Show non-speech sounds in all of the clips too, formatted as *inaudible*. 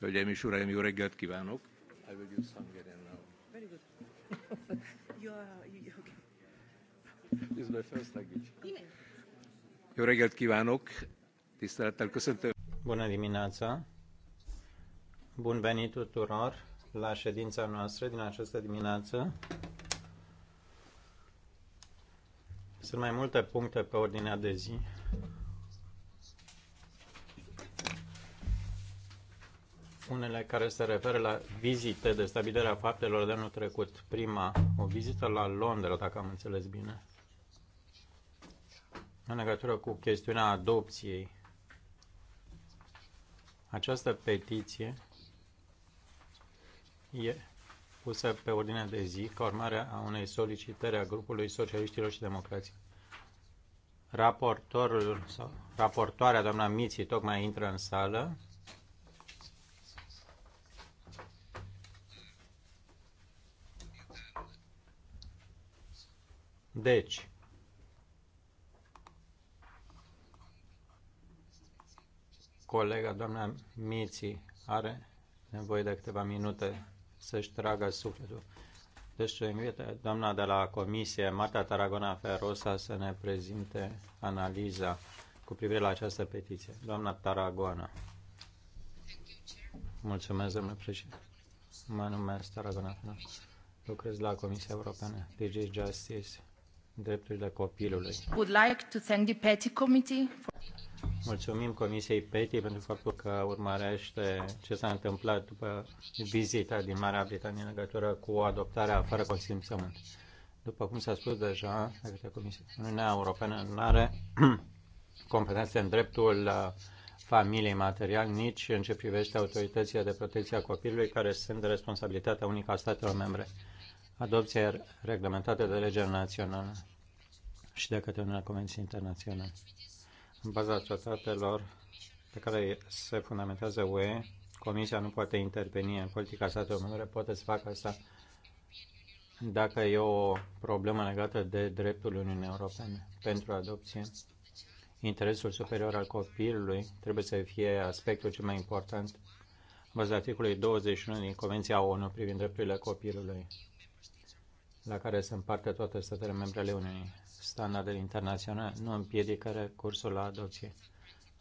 Hölgyeim és Uraim, jó reggelt kívánok! I will use Hungarian now. Very good. you are, you, okay. This is my first language. Jó reggelt kívánok! Tisztelettel köszöntöm! Bună dimineața! Bun venit tuturor la ședința noastră din această dimineață. Sunt mai multe puncte pe ordinea de zi. unele care se referă la vizite de stabilire a faptelor de anul trecut. Prima, o vizită la Londra, dacă am înțeles bine, în legătură cu chestiunea adopției. Această petiție e pusă pe ordinea de zi ca urmare a unei solicitări a grupului socialiștilor și democrații. Raportorul sau raportoarea, doamna Miții, tocmai intră în sală. Deci, colega doamna Miții are nevoie de câteva minute să-și tragă sufletul. Deci o invită doamna de la comisie, Marta Taragona Ferosa, să ne prezinte analiza cu privire la această petiție. Doamna Taragona. Mulțumesc, domnule președinte. Mă numesc Taragona Ferosa. Lucrez la Comisia Europeană, DG Justice drepturile copilului. Would like to thank the PETI committee for... Mulțumim Comisiei PETI pentru faptul că urmărește ce s-a întâmplat după vizita din Marea Britanie în legătură cu adoptarea fără consimțământ. După cum s-a spus deja, Comisia, Uniunea Europeană nu are *clears throat* competențe în dreptul uh, familiei material, nici în ce privește autoritățile de protecție a copilului, care sunt de responsabilitatea unică a statelor membre. Adopția reglementată de legea națională și de către unele convenții internaționale. În baza tratatelor pe care se fundamentează UE, Comisia nu poate interveni în politica statelor membre, poate să facă asta dacă e o problemă legată de dreptul Uniunii Europene pentru adopție. Interesul superior al copilului trebuie să fie aspectul cel mai important în baza articolului 21 din Convenția ONU privind drepturile copilului, la care sunt parte toate statele membre ale Uniunii standardele internaționale nu împiedică recursul la adopție.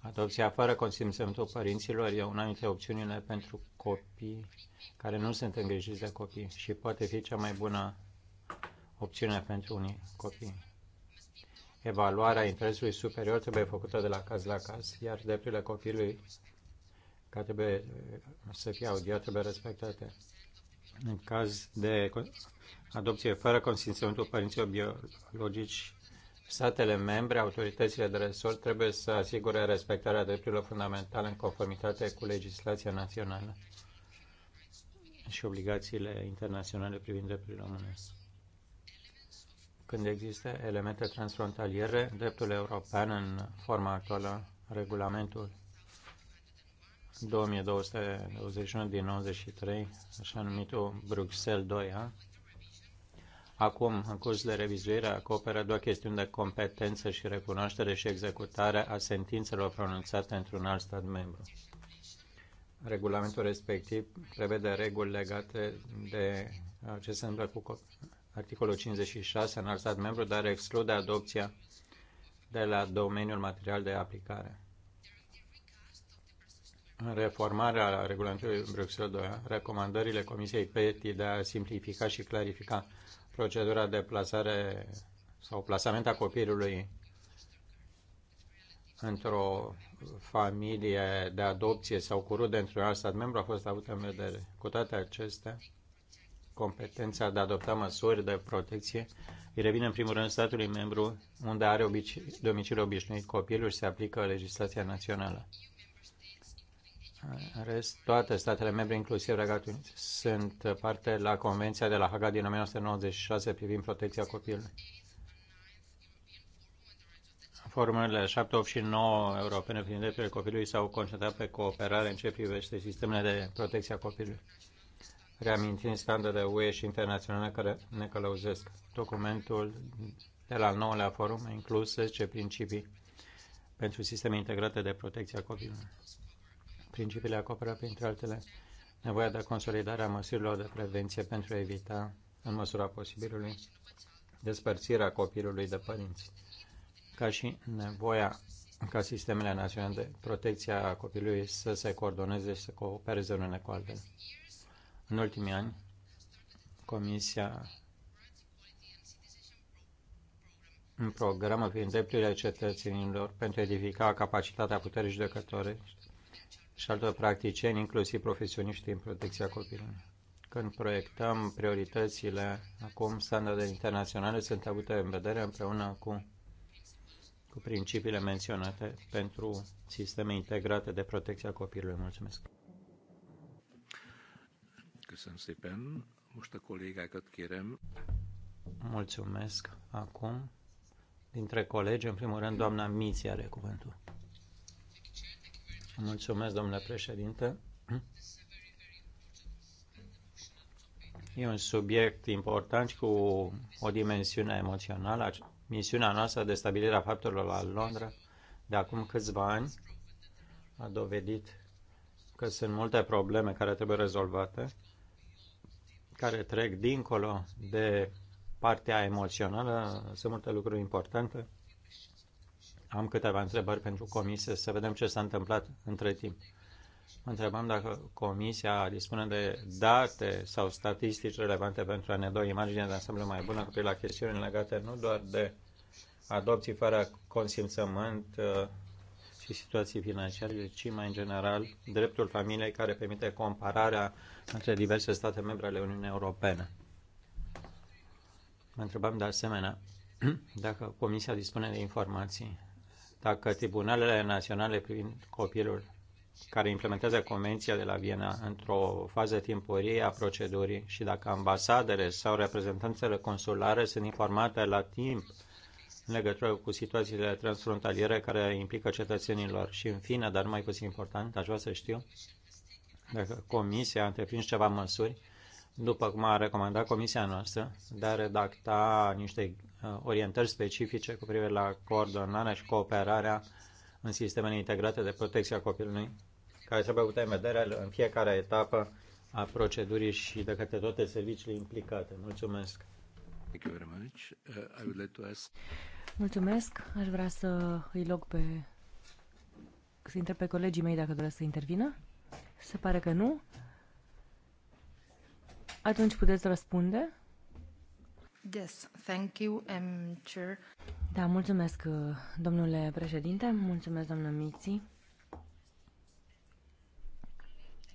Adopția fără consimțământul părinților e una dintre opțiunile pentru copii care nu sunt îngrijiți de copii și poate fi cea mai bună opțiune pentru unii copii. Evaluarea interesului superior trebuie făcută de la caz la caz, iar drepturile copilului care trebuie să fie audiat trebuie respectate. În caz de adopție fără consimțământul părinților biologici, statele membre, autoritățile de resort trebuie să asigure respectarea drepturilor fundamentale în conformitate cu legislația națională și obligațiile internaționale privind drepturile omului. Când există elemente transfrontaliere, dreptul european în forma actuală, regulamentul 2221 din 93, așa numitul Bruxelles 2A. Acum, în curs de revizuire, acoperă doar chestiuni de competență și recunoaștere și executare a sentințelor pronunțate într-un alt stat membru. Regulamentul respectiv prevede reguli legate de uh, ce se întâmplă cu articolul 56 în alt stat membru, dar exclude adopția de la domeniul material de aplicare reformarea regulamentului Bruxelles 2, recomandările Comisiei PETI de a simplifica și clarifica procedura de plasare sau plasament a copilului într-o familie de adopție sau cu rude într-un alt stat membru a fost avută în vedere. Cu toate acestea, competența de a adopta măsuri de protecție îi revine în primul rând statului membru unde are obici- domiciliu obișnuit copilul și se aplică legislația națională. În rest, toate statele membre, inclusiv Regatul Unit, sunt parte la Convenția de la Haga din 1996 privind protecția copilului. Formulele 7, 8 și 9 europene privind drepturile copilului s-au concentrat pe cooperare în ce privește sistemele de protecție a copilului, reamintind standarde UE și internaționale care ne călăuzesc. Documentul de la 9-lea forum a inclus 10 principii pentru sisteme integrate de protecție a copilului Principiile acoperă, printre altele, nevoia de consolidare a măsurilor de prevenție pentru a evita, în măsura posibilului, despărțirea copilului de părinți, ca și nevoia ca sistemele naționale de protecție a copilului să se coordoneze și să coopereze unele cu altele. În ultimii ani, Comisia în programă prin drepturile cetățenilor pentru a edifica capacitatea puterii judecătorești și altor practicieni, inclusiv profesioniști în protecția copilului. Când proiectăm prioritățile, acum standardele internaționale sunt avute în vedere împreună cu, cu principiile menționate pentru sisteme integrate de protecție a copilului. Mulțumesc! Mulțumesc. Acum, dintre colegi, în primul rând, doamna Miți are cuvântul. Mulțumesc, domnule președinte. E un subiect important cu o dimensiune emoțională. Misiunea noastră de stabilire a faptelor la Londra de acum câțiva ani a dovedit că sunt multe probleme care trebuie rezolvate, care trec dincolo de partea emoțională. Sunt multe lucruri importante am câteva întrebări pentru comisie, să vedem ce s-a întâmplat între timp. Mă întrebam dacă comisia dispune de date sau statistici relevante pentru a ne da o imagine de ansamblu mai bună cu la chestiuni legate nu doar de adopții fără consimțământ uh, și situații financiare, ci mai în general dreptul familiei care permite compararea între diverse state membre ale Uniunii Europene. Mă întrebam de asemenea *clears throat* dacă Comisia dispune de informații dacă tribunalele naționale privind copilul care implementează Convenția de la Viena într-o fază timpurie a procedurii și dacă ambasadele sau reprezentanțele consulare sunt informate la timp în legătură cu situațiile transfrontaliere care implică cetățenilor. Și în fine, dar mai puțin important, aș vrea să știu dacă Comisia a întreprins ceva măsuri, după cum a recomandat Comisia noastră, de a redacta niște Uh, orientări specifice cu privire la coordonarea și cooperarea în sistemele integrate de protecție a copilului, care trebuie avute în vedere în fiecare etapă a procedurii și de către toate serviciile implicate. Mulțumesc! Thank you very much. Uh, I would like to ask... Mulțumesc! Aș vrea să îi loc pe... să intre pe colegii mei dacă doresc să intervină. Se pare că nu. Atunci puteți răspunde. Yes, thank you, um, Chair. Da, mulțumesc, uh, domnule președinte, mulțumesc, doamnă Miții.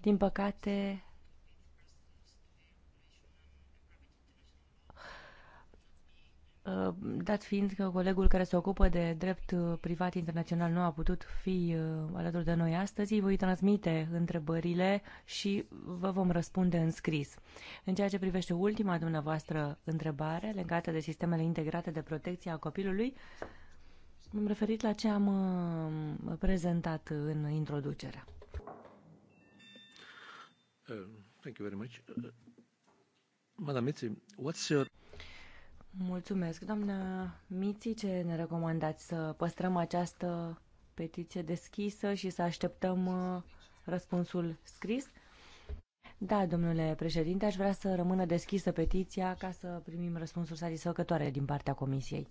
Din păcate, Uh, dat fiind că colegul care se ocupă de drept privat internațional nu a putut fi uh, alături de noi astăzi, voi transmite întrebările și vă vom răspunde în scris. În ceea ce privește ultima dumneavoastră întrebare legată de sistemele integrate de protecție a copilului, m-am referit la ce am uh, prezentat în introducere. Uh, thank you very much. Uh, Madam Mitzi, what's your... Mulțumesc, doamna Miți, ce ne recomandați să păstrăm această petiție deschisă și să așteptăm uh, răspunsul scris? Da, domnule președinte, aș vrea să rămână deschisă petiția ca să primim răspunsuri satisfăcătoare din partea comisiei.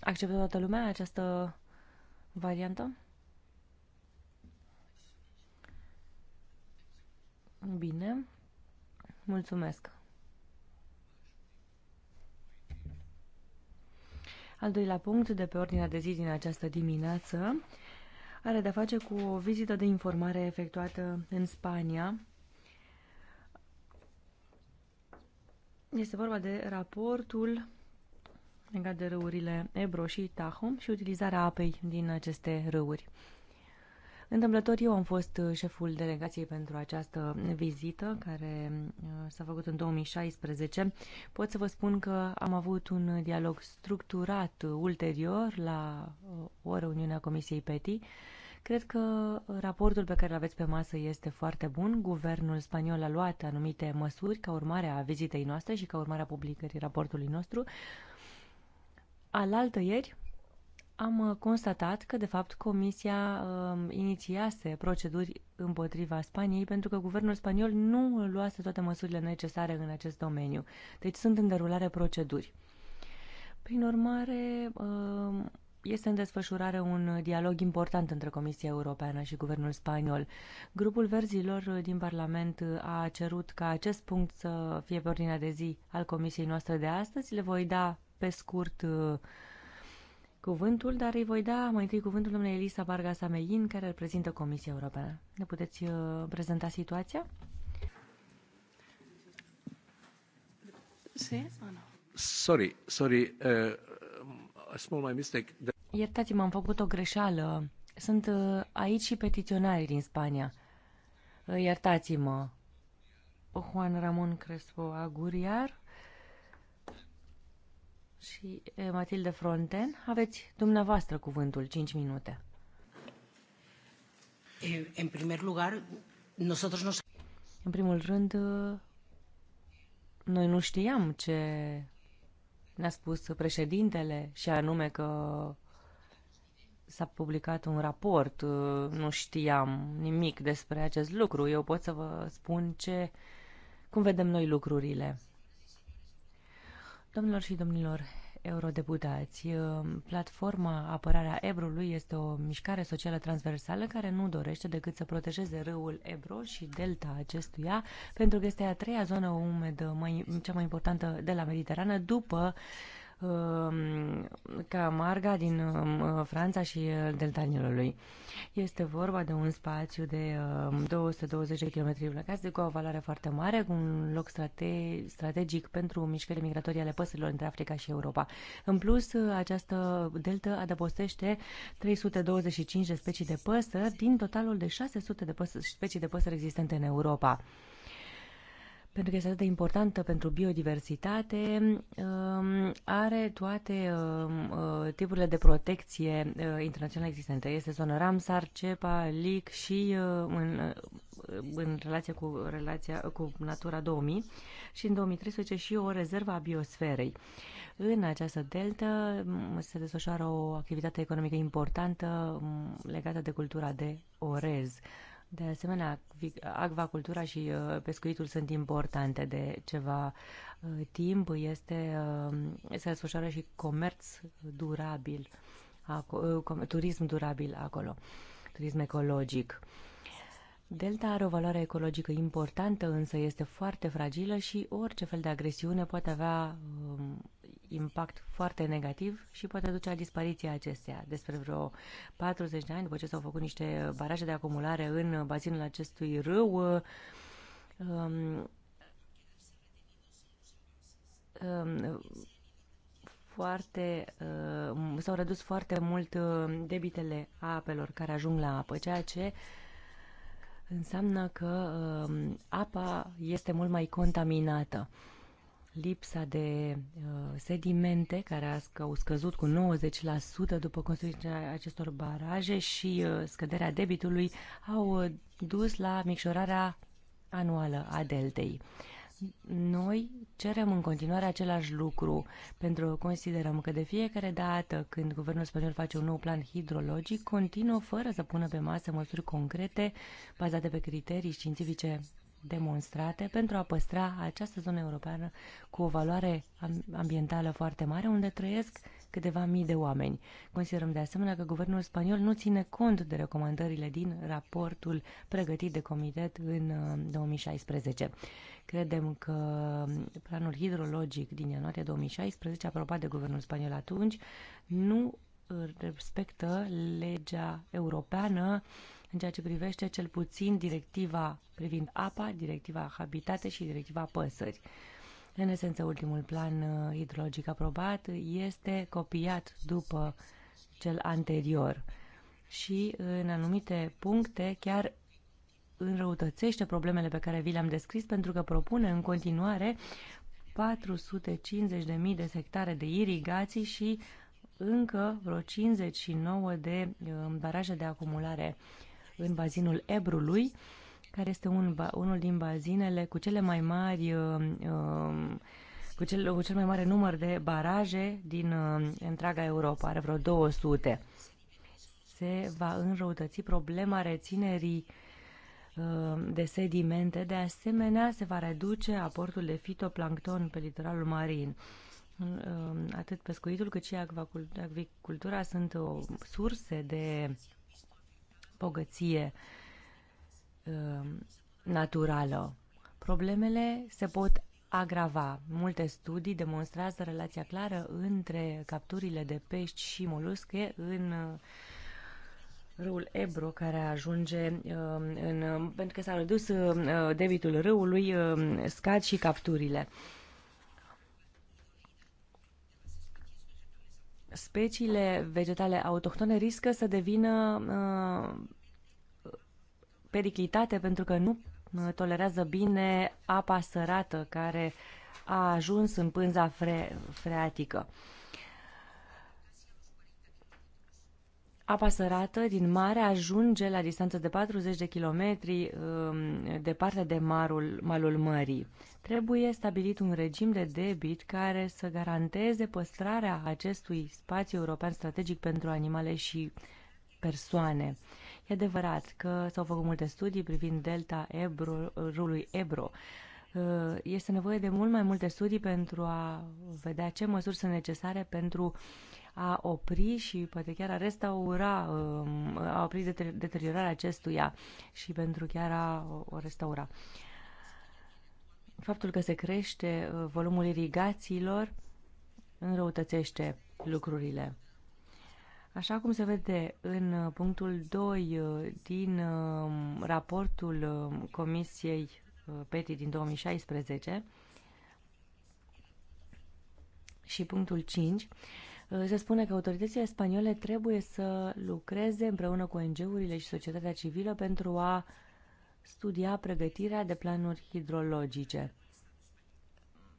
Acceptă toată lumea această variantă? Bine, mulțumesc. Al doilea punct de pe ordinea de zi din această dimineață are de-a face cu o vizită de informare efectuată în Spania. Este vorba de raportul legat de râurile Ebro și Tahom și utilizarea apei din aceste râuri. Întâmplător eu am fost uh, șeful delegației pentru această vizită care uh, s-a făcut în 2016. Pot să vă spun că am avut un dialog structurat uh, ulterior la o reuniune a Comisiei PETI. Cred că raportul pe care îl aveți pe masă este foarte bun. Guvernul spaniol a luat anumite măsuri ca urmare a vizitei noastre și ca urmare a publicării raportului nostru. Alaltă ieri, am uh, constatat că, de fapt, Comisia uh, inițiase proceduri împotriva Spaniei pentru că guvernul spaniol nu luase toate măsurile necesare în acest domeniu. Deci sunt în derulare proceduri. Prin urmare, um, este în desfășurare un dialog important între Comisia Europeană și Guvernul Spaniol. Grupul Verzilor din Parlament a cerut ca acest punct să fie pe ordinea de zi al Comisiei noastre de astăzi. Le voi da pe scurt uh, cuvântul, dar îi voi da mai întâi cuvântul domnului Elisa Varga Samein, care reprezintă Comisia Europeană. Ne puteți uh, prezenta situația? Sorry, sorry, uh, a small my mistake. Iertați-mă, am făcut o greșeală. Sunt uh, aici și petiționari din Spania. Uh, iertați-mă. Juan Ramon Crespo Aguriar și eh, Matilde Fronten. Aveți dumneavoastră cuvântul, 5 minute. În eh, primul lugar, nosotros nos... În primul rând, eh, noi nu știam ce ne-a spus președintele și anume că s-a publicat un raport, nu știam nimic despre acest lucru. Eu pot să vă spun ce, cum vedem noi lucrurile. Domnilor și domnilor eurodeputați, platforma Apărarea Ebrului este o mișcare socială transversală care nu dorește decât să protejeze râul Ebro și delta acestuia, pentru că este a treia zonă umedă mai, cea mai importantă de la Mediterană după uh, Um, ca Marga din um, Franța și uh, Delta Nilului. Este vorba de un spațiu de 220 um, de km de cu o valoare foarte mare, cu un loc strate- strategic pentru mișcările migratorii ale păsărilor între Africa și Europa. În plus, uh, această Delta adăpostește 325 de specii de păsări din totalul de 600 de specii de păsări existente în Europa pentru că este atât de importantă pentru biodiversitate, um, are toate um, uh, tipurile de protecție uh, internațională existente. Este zona Ramsar, CEPA, LIC și uh, în, în relație cu, relația cu Natura 2000 și în 2013 și o rezervă a biosferei. În această deltă um, se desfășoară o activitate economică importantă legată de cultura de orez. De asemenea, acvacultura și uh, pescuitul sunt importante de ceva uh, timp. Este, uh, se desfășoară și comerț durabil, turism durabil acolo, turism ecologic. Delta are o valoare ecologică importantă, însă este foarte fragilă și orice fel de agresiune poate avea um, impact foarte negativ și poate duce la dispariția acesteia. Despre vreo 40 de ani, după ce s-au făcut niște baraje de acumulare în bazinul acestui râu, um, um, foarte, uh, s-au redus foarte mult uh, debitele apelor care ajung la apă, ceea ce înseamnă că uh, apa este mult mai contaminată. Uh, lipsa de uh, sedimente, care a, au scăzut cu 90% după construirea acestor baraje și uh, scăderea debitului, au uh, dus la micșorarea anuală a deltei. Noi cerem în continuare același lucru, pentru că considerăm că de fiecare dată când guvernul spaniol face un nou plan hidrologic, continuă fără să pună pe masă măsuri concrete bazate pe criterii științifice demonstrate pentru a păstra această zonă europeană cu o valoare ambientală foarte mare, unde trăiesc câteva mii de oameni. Considerăm de asemenea că guvernul spaniol nu ține cont de recomandările din raportul pregătit de comitet în 2016. Uh, Credem că planul hidrologic din ianuarie 2016, aprobat de guvernul spaniol atunci, nu respectă legea europeană uh, în ceea ce privește cel puțin directiva privind apa, directiva habitate și directiva păsări. În esență, ultimul plan uh, hidrologic aprobat este copiat după cel anterior și în anumite puncte chiar înrăutățește problemele pe care vi le-am descris pentru că propune în continuare 450.000 de sectare de irigații și încă vreo 59 de uh, baraje de acumulare în bazinul Ebrului, care este un, unul din bazinele cu cele mai mari uh, um, cu cel, cu cel mai mare număr de baraje din uh, întreaga Europa, are vreo 200. Se va înrăutăți problema reținerii uh, de sedimente, de asemenea se va reduce aportul de fitoplancton pe litoralul marin. Atât pescuitul cât și acvicultura sunt o surse de bogăție um, naturală. Problemele se pot agrava. Multe studii demonstrează relația clară între capturile de pești și molusche în uh, râul Ebro, care ajunge um, în, pentru că s-a redus uh, debitul râului, um, scad și capturile. speciile vegetale autohtone riscă să devină uh, periclitate pentru că nu uh, tolerează bine apa sărată care a ajuns în pânza fre freatică. Apa sărată din mare ajunge la distanță de 40 de kilometri um, departe de marul, malul mării. Trebuie stabilit un regim de debit care să garanteze păstrarea acestui spațiu european strategic pentru animale și persoane. E adevărat că s-au făcut multe studii privind delta Ebro, rului uh, Ebro. Este nevoie de mult mai multe studii pentru a vedea ce măsuri sunt necesare pentru a opri și poate chiar a restaura, um, a opri deteriorarea acestuia și pentru chiar a o restaura faptul că se crește uh, volumul irigațiilor înrăutățește lucrurile. Așa cum se vede în uh, punctul 2 uh, din um, raportul um, Comisiei PETI din 2016 și punctul 5, se spune că autoritățile spaniole trebuie să lucreze împreună cu ONG-urile și societatea civilă pentru a studia pregătirea de planuri hidrologice.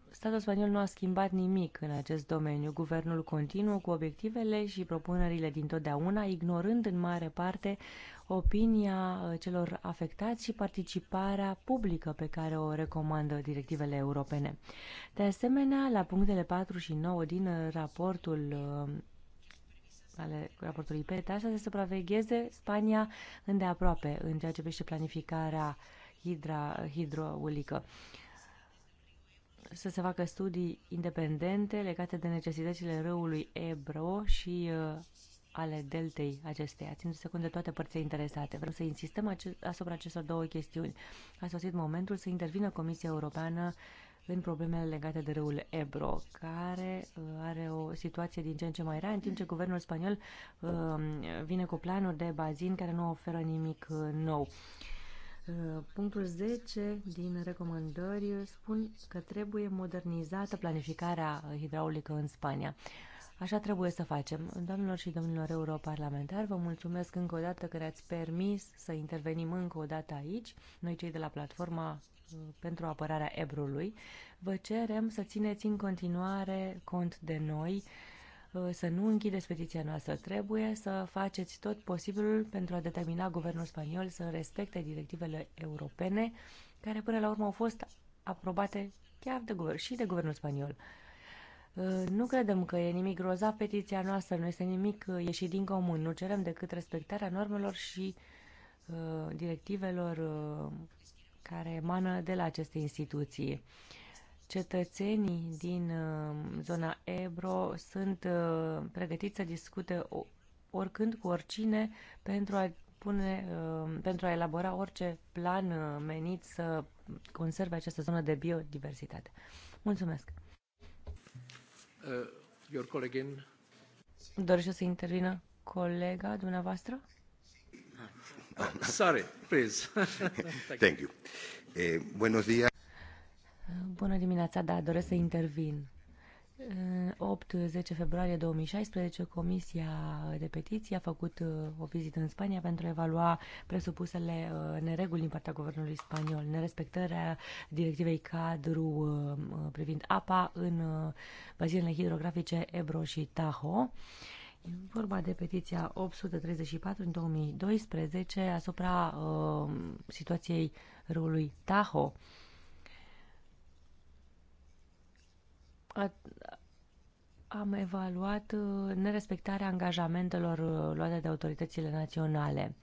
Statul spaniol nu a schimbat nimic în acest domeniu. Guvernul continuă cu obiectivele și propunerile totdeauna, ignorând în mare parte opinia uh, celor afectați și participarea publică pe care o recomandă directivele europene. De asemenea, la punctele 4 și 9 din uh, raportul uh, ale raportului PETA, să se supravegheze Spania îndeaproape în ceea ce privește planificarea hidra, hidroulică. Să se facă studii independente legate de necesitățile râului Ebro și uh, ale deltei acesteia, ținându-se cont de toate părțile interesate. Vreau să insistăm ace- asupra acestor două chestiuni. A sosit momentul să intervină Comisia Europeană uh, în problemele legate de râul Ebro, care uh, are o situație din ce în ce mai rea, în timp ce guvernul spaniol uh, vine cu planuri de bazin care nu oferă nimic uh, nou. Punctul 10 din recomandări spun că trebuie modernizată planificarea hidraulică în Spania. Așa trebuie să facem. Doamnelor și domnilor europarlamentari, vă mulțumesc încă o dată că ne-ați permis să intervenim încă o dată aici, noi cei de la platforma pentru apărarea Ebrului. Vă cerem să țineți în continuare cont de noi, uh, să nu închideți petiția noastră. Trebuie să faceți tot posibilul pentru a determina guvernul spaniol să respecte directivele europene, care până la urmă au fost aprobate chiar de guvern, și de guvernul spaniol. Uh, nu credem că e nimic grozav petiția noastră, nu este nimic uh, ieșit din comun. Nu cerem decât respectarea normelor și directivelor care emană de la aceste instituții. Cetățenii din uh, zona Ebro sunt uh, pregătiți să discute oricând cu oricine pentru a pune, uh, pentru a elabora orice plan menit să conserve această zonă de biodiversitate. Mulțumesc! Uh, your colleague... Dorește să intervină colega dumneavoastră? Da. *laughs* Sorry, please. *laughs* Thank you. Eh, buenos días. Bună dimineața, da, doresc să intervin. 8-10 eh, februarie 2016, Comisia de Petiții a făcut eh, o vizită în Spania pentru a evalua presupusele eh, nereguli din partea guvernului spaniol, nerespectarea directivei cadru privind apa în bazinele hidrografice Ebro și Tahoe vorba de petiția 834 în 2012 asupra uh, situației râului Taho. am evaluat uh, nerespectarea angajamentelor uh, luate de autoritățile naționale.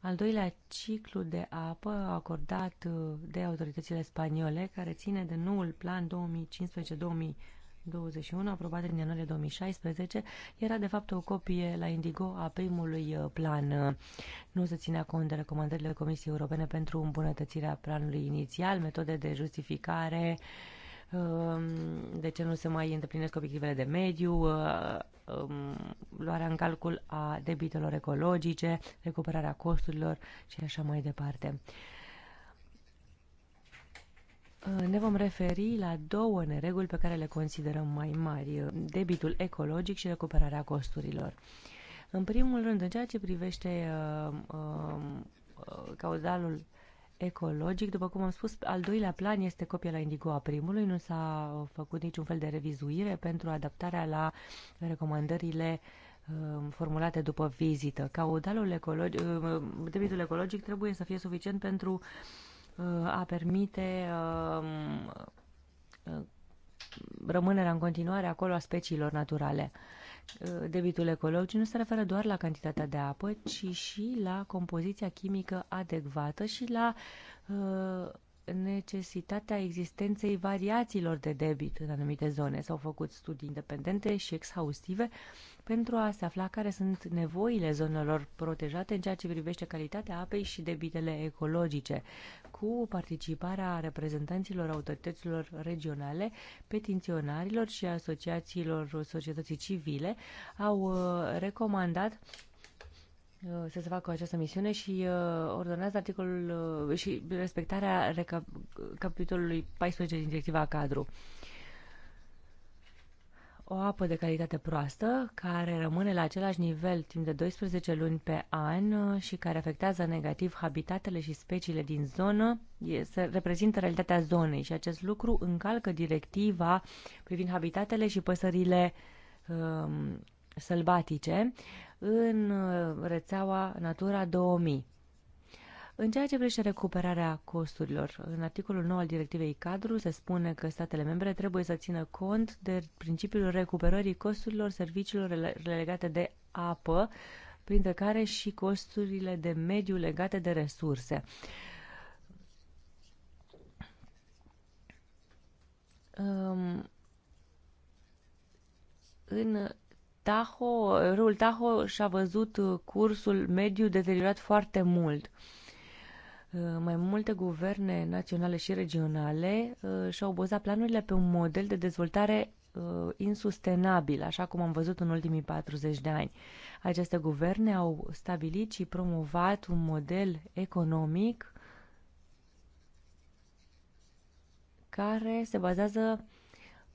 Al doilea ciclu de apă acordat uh, de autoritățile spaniole, care ține de noul plan 2015-2020, 21, aprobată în ianuarie 2016, era de fapt o copie la Indigo a primului uh, plan. Nu se ținea cont de recomandările Comisiei Europene pentru îmbunătățirea planului inițial, metode de justificare, um, de ce nu se mai îndeplinesc obiectivele de mediu, uh, um, luarea în calcul a debitelor ecologice, recuperarea costurilor și așa mai departe. Uh, ne vom referi la două nereguli pe care le considerăm mai mari, uh, debitul ecologic și recuperarea costurilor. În primul rând, în ceea ce privește uh, um, uh, caudalul ecologic, după cum am spus, al doilea plan este copia la indigo a primului, nu s-a uh, făcut niciun fel de revizuire pentru adaptarea la recomandările um, formulate după vizită. Caudalul ecologic, debitul ecologic trebuie să fie suficient pentru uh, a permite um, uh, rămânerea în continuare acolo a speciilor naturale. Uh, debitul ecologic nu se referă doar la cantitatea de apă, ci și la compoziția chimică adecvată și la uh, necesitatea existenței variațiilor de debit în anumite zone. S-au făcut studii independente și exhaustive pentru a se afla care sunt nevoile zonelor protejate în ceea ce privește calitatea apei și debitele ecologice, cu participarea reprezentanților autorităților regionale, petiționarilor și asociațiilor societății civile, au uh, recomandat Uh, să se facă această misiune și uh, ordonează articolul uh, și respectarea capitolului 14 din directiva cadru. O apă de calitate proastă care rămâne la același nivel timp de 12 luni pe an și care afectează negativ habitatele și speciile din zonă este, reprezintă realitatea zonei și acest lucru încalcă directiva privind habitatele și păsările um, sălbatice în uh, rețeaua Natura 2000. În ceea ce privește recuperarea costurilor, în articolul 9 al directivei cadru se spune că statele membre trebuie să țină cont de principiul recuperării costurilor serviciilor legate de apă, printre care și costurile de mediu legate de resurse. Um, în Tahoe, râul Tahoe și-a văzut uh, cursul mediu deteriorat foarte mult. Uh, mai multe guverne naționale și regionale uh, și-au bozat planurile pe un model de dezvoltare insustenabil, așa cum am văzut în ultimii 40 de ani. Aceste guverne au stabilit și promovat un model economic care se bazează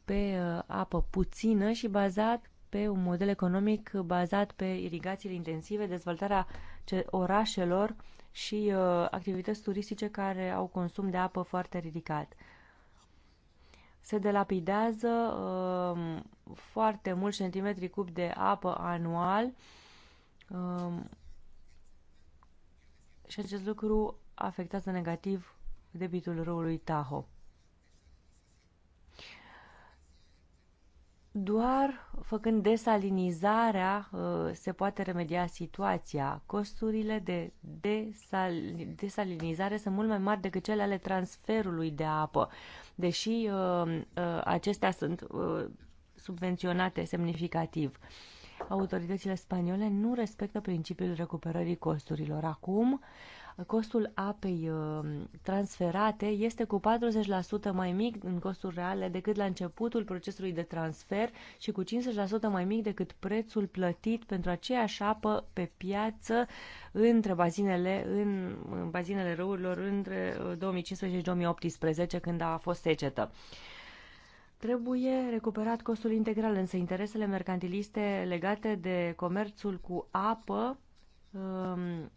pe apă puțină și bazat pe un model economic bazat pe irigațiile intensive, dezvoltarea orașelor și uh, activități turistice care au consum de apă foarte ridicat se delapidează uh, foarte mulți centimetri cub de apă anual uh, și acest lucru afectează negativ debitul râului Tahoe. Doar făcând desalinizarea uh, se poate remedia situația. Costurile de desalinizare sunt mult mai mari decât cele ale transferului de apă, deși uh, uh, acestea sunt subvenționate semnificativ. Autoritățile spaniole nu respectă principiul recuperării costurilor. Acum, costul apei uh, transferate este cu 40% mai mic în costuri reale decât la începutul procesului de transfer și cu 50% mai mic decât prețul plătit pentru aceeași apă pe piață între bazinele, în, în bazinele râurilor între 2015 uh, și 2018 când a fost secetă. Trebuie recuperat costul integral, însă interesele mercantiliste legate de comerțul cu apă um,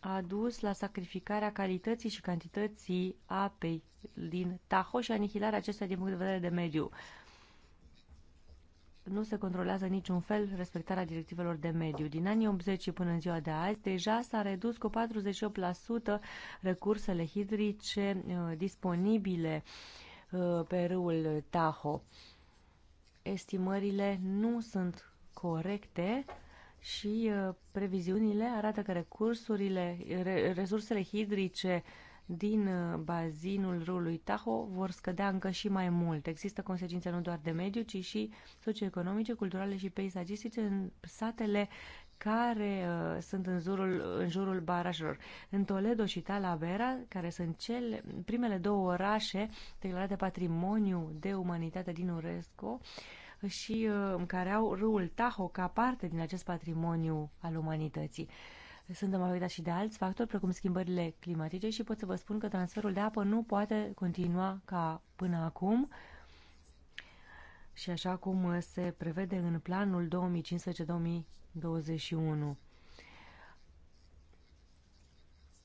a dus la sacrificarea calității și cantității apei din Tahoe și anihilarea acestea din punct de vedere de mediu. Nu se controlează niciun fel respectarea directivelor de mediu. Din anii 80 până în ziua de azi, deja s-a redus cu 48% recursele hidrice uh, disponibile uh, pe râul Tahoe. Estimările nu sunt corecte și uh, previziunile arată că recursurile, resursele hidrice din uh, bazinul râului Taho vor scădea încă și mai mult. Există consecințe nu doar de mediu, ci și socioeconomice, culturale și peisagistice în satele care uh, sunt în jurul, în jurul barajelor. În Toledo și Talavera, care sunt cele, primele două orașe declarate patrimoniu de umanitate din UNESCO, uh, și uh, care au râul Tahoe ca parte din acest patrimoniu al umanității. Suntem afectați și de alți factori, precum schimbările climatice și pot să vă spun că transferul de apă nu poate continua ca până acum și așa cum uh, se prevede în planul 2015-2021.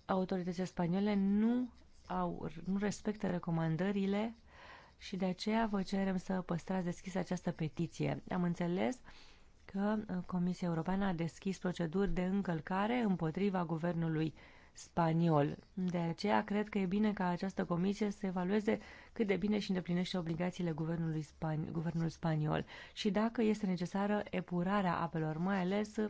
Autoritățile spaniole nu, au, nu respectă recomandările și de aceea vă cerem să păstrați deschis această petiție. Am înțeles că uh, Comisia Europeană a deschis proceduri de încălcare împotriva guvernului spaniol. De aceea cred că e bine ca această comisie să evalueze cât de bine și îndeplinește obligațiile guvernului Span- guvernul spaniol și dacă este necesară epurarea apelor, mai ales uh,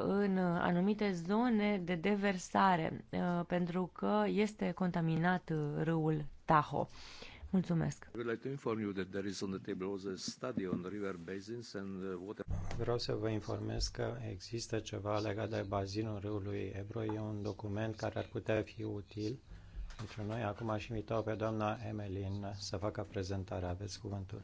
în anumite zone de deversare, uh, pentru că este contaminat râul Tahoe. Mulțumesc. Vreau să vă informez că există ceva legat de bazinul râului Ebro. E un document care ar putea fi util pentru noi. Acum aș invita pe doamna Emelin să facă prezentarea. Aveți cuvântul.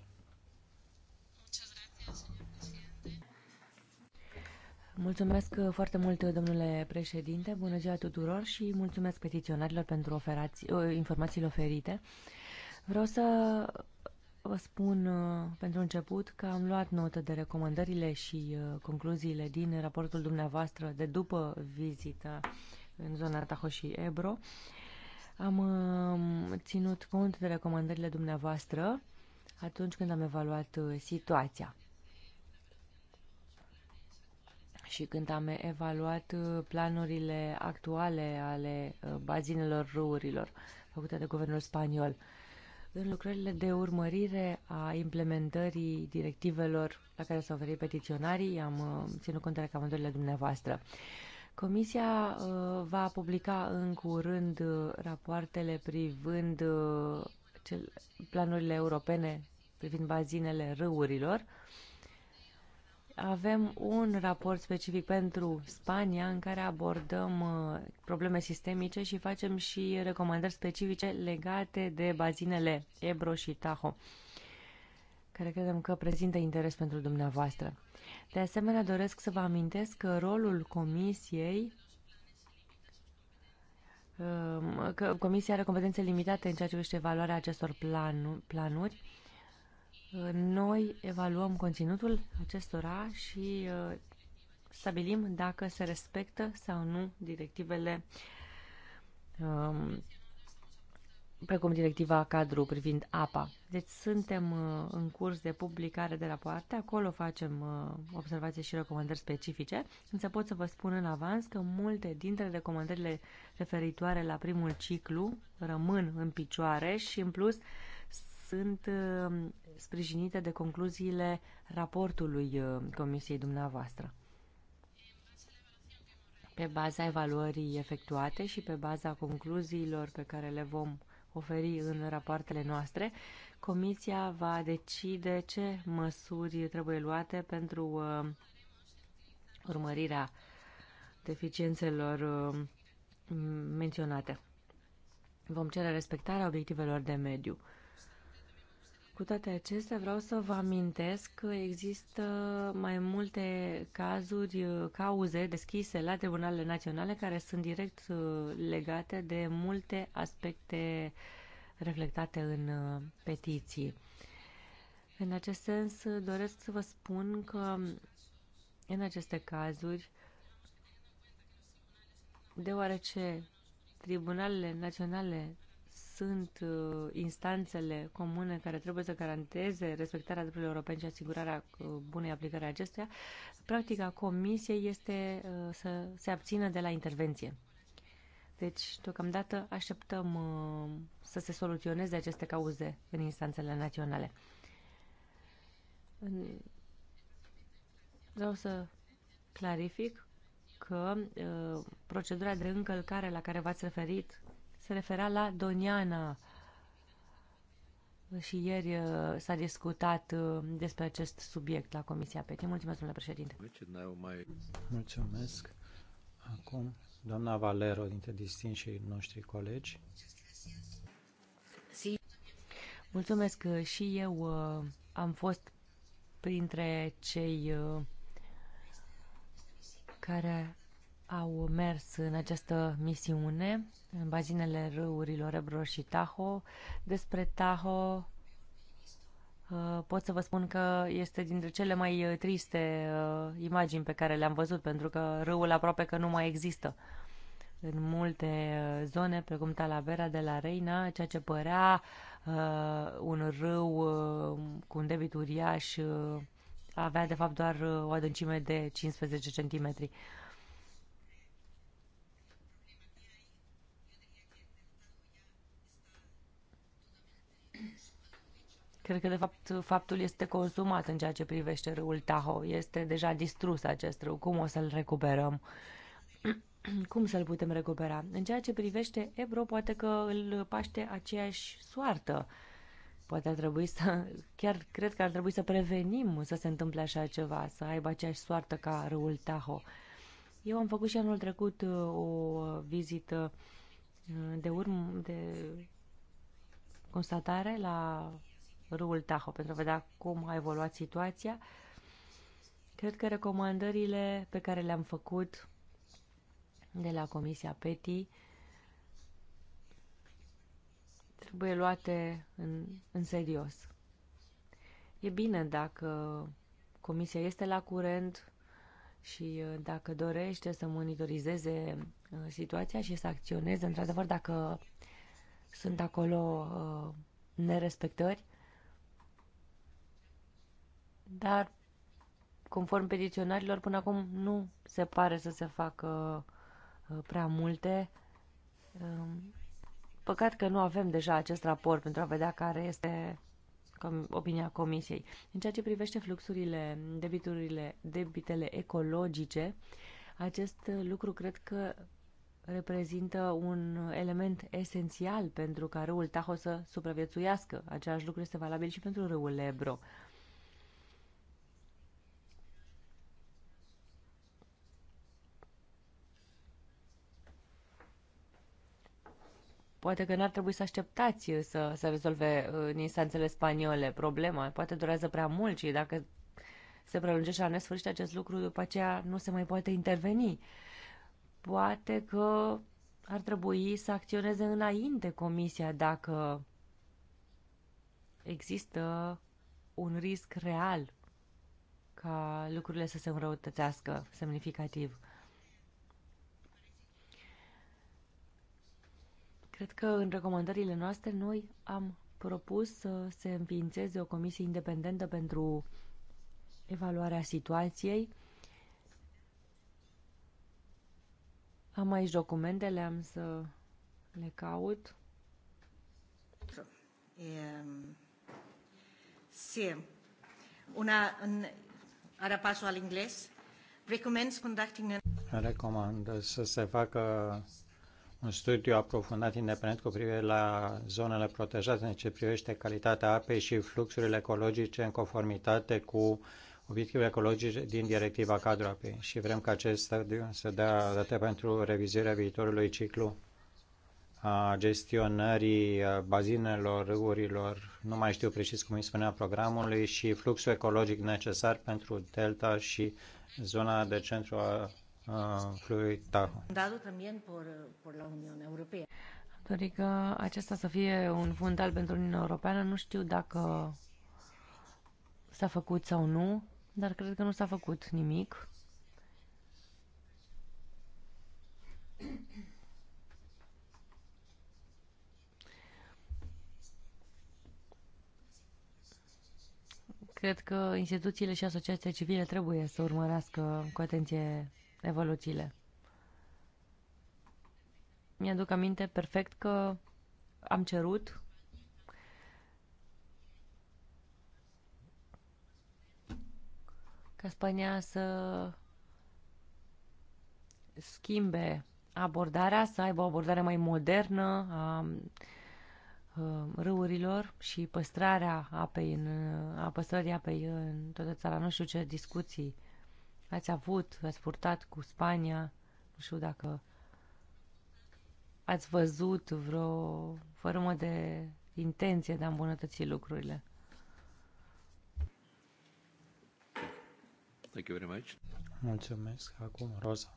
Mulțumesc uh, foarte mult, uh, domnule președinte. Bună ziua tuturor și mulțumesc petiționarilor pentru oferați, uh, informațiile oferite. Vreau să vă spun pentru început că am luat notă de recomandările și concluziile din raportul dumneavoastră de după vizita în zona Tahoe și Ebro. Am um, ținut cont de recomandările dumneavoastră atunci când am evaluat situația și când am evaluat uh, planurile actuale ale uh, bazinelor râurilor făcute de guvernul spaniol. În lucrările de urmărire a implementării directivelor la care s-au oferit petiționarii, am uh, ținut cont de recomandările dumneavoastră. Comisia va publica în curând rapoartele privind planurile europene privind bazinele râurilor avem un raport specific pentru Spania în care abordăm uh, probleme sistemice și facem și recomandări specifice legate de bazinele Ebro și Tahoe, care credem că prezintă interes pentru dumneavoastră. De asemenea, doresc să vă amintesc că rolul Comisiei um, că Comisia are competențe limitate în ceea ce privește valoarea acestor planuri, planuri noi evaluăm conținutul acestora și uh, stabilim dacă se respectă sau nu directivele um, precum directiva cadru privind apa. Deci suntem uh, în curs de publicare de rapoarte, acolo facem uh, observații și recomandări specifice, însă pot să vă spun în avans că multe dintre recomandările referitoare la primul ciclu rămân în picioare și în plus sunt uh, sprijinite de concluziile raportului uh, Comisiei dumneavoastră. Pe baza evaluării efectuate și pe baza concluziilor pe care le vom oferi în rapoartele noastre, Comisia va decide ce măsuri trebuie luate pentru uh, urmărirea deficiențelor menționate. Vom cere respectarea obiectivelor de mediu. Cu toate acestea, vreau să vă amintesc că există mai multe cazuri, uh, cauze deschise la tribunalele naționale care sunt direct uh, legate de multe aspecte reflectate în uh, petiții. În acest sens, doresc să vă spun că în aceste cazuri, deoarece tribunalele naționale sunt uh, instanțele comune care trebuie să garanteze respectarea drepturilor europene și asigurarea uh, bunei aplicări a acestuia, practica comisiei este uh, să se abțină de la intervenție. Deci, deocamdată, așteptăm să se soluționeze aceste cauze în instanțele naționale. Vreau să clarific că uh, procedura de încălcare la care v-ați referit se referea la Doniana. Și ieri uh, s-a discutat uh, despre acest subiect la Comisia PETI. Mulțumesc, domnule președinte. Mulțumesc. Acum, doamna Valero, dintre distinșii noștri colegi. Mulțumesc uh, și eu am fost printre cei care au mers în această misiune în bazinele râurilor Ebro și Taho. Despre taho, uh, pot să vă spun că este dintre cele mai uh, triste uh, imagini pe care le-am văzut, pentru că râul aproape că nu mai există în multe zone, precum Talavera de la Reina, ceea ce părea un râu cu un debit uriaș avea de fapt doar o adâncime de 15 centimetri. Cred că, de fapt, faptul este consumat în ceea ce privește râul Tahoe. Este deja distrus acest râu. Cum o să-l recuperăm? *clears throat* Cum să-l putem recupera? În ceea ce privește Ebro, poate că îl paște aceeași soartă. Poate ar trebui să, *laughs* chiar cred că ar trebui să prevenim să se întâmple așa ceva, să aibă aceeași soartă ca râul Tahoe. Eu am făcut și anul trecut uh, o vizită uh, de urmă, de constatare la râul Tahoe pentru a vedea cum a evoluat situația. Cred că recomandările pe care le-am făcut de la Comisia PETI trebuie luate în, în serios. E bine dacă Comisia este la curent și uh, dacă dorește să monitorizeze uh, situația și să acționeze, într-adevăr, dacă sunt acolo uh, nerespectări, dar conform petiționarilor până acum nu se pare să se facă uh, prea multe. Uh, păcat că nu avem deja acest raport pentru a vedea care este opinia Comisiei. În ceea ce privește fluxurile, debiturile, debitele ecologice, acest lucru cred că reprezintă un element esențial pentru ca râul Taho să supraviețuiască. Același lucru este valabil și pentru râul Ebro. Poate că n-ar trebui să așteptați să se rezolve în uh, instanțele spaniole problema. Poate durează prea mult și dacă se prelungește la nesfârșit acest lucru, după aceea nu se mai poate interveni. Uh, Poate că ar trebui să acționeze înainte comisia dacă există un risc real ca lucrurile să se înrăutățească semnificativ. Cred că în recomandările noastre noi am propus să se înființeze o comisie independentă pentru evaluarea situației Am aici documentele, am să le caut. Um, sì, una, un, ara passo all'inglese. Recommends conducting an... Recomand să se facă un studiu aprofundat independent cu privire la zonele protejate în ce privește calitatea apei și fluxurile ecologice în conformitate cu uh, obiective ecologice din directiva cadru API și vrem ca acest stadiu să dea date pentru revizuirea viitorului ciclu a gestionării bazinelor, râurilor, nu mai știu precis cum îi spunea programului, și fluxul ecologic necesar pentru delta și zona de centru a, a fluviului Tahoe. Am dorit că acesta să fie un fundal pentru Uniunea Europeană. Nu știu dacă s-a făcut sau nu dar cred că nu s-a făcut nimic. Cred că instituțiile și asociațiile civile trebuie să urmărească cu atenție evoluțiile. Mi-aduc aminte perfect că am cerut ca Spania să schimbe abordarea, să aibă o abordare mai modernă a râurilor și păstrarea apei în, a păstrării apei în toată țara. Nu știu ce discuții ați avut, ați purtat cu Spania, nu știu dacă ați văzut vreo formă de intenție de a îmbunătăți lucrurile. Thank you very much. Mulțumesc. Acum, Rosa.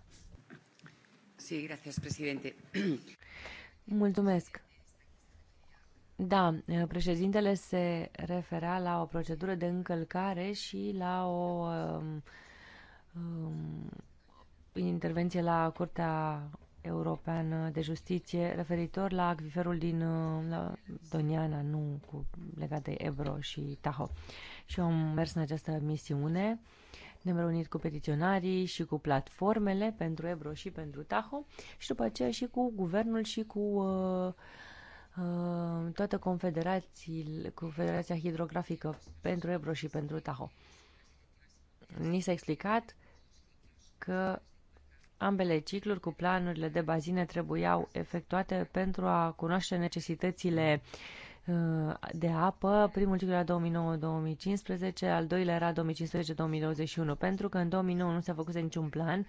Sí, gracias, presidente. Mulțumesc. Da, președintele se refera la o procedură de încălcare și la o um, um, intervenție la Curtea Europeană de Justiție referitor la acviferul din uh, la Doniana, nu cu legat de Ebro și Tahoe. Și am mers în această misiune. Uh, ne-am reunit cu petiționarii și cu platformele pentru Ebro și pentru Taho și după aceea și cu guvernul și cu uh, uh, toată confederațiile, Confederația Hidrografică pentru Ebro și pentru Taho. Ni s-a explicat că ambele cicluri cu planurile de bazine trebuiau efectuate pentru a cunoaște necesitățile uh, Uh, de apă, primul ciclu era 2009-2015, al doilea era 2015-2021, pentru că în 2009 nu s-a făcut niciun plan.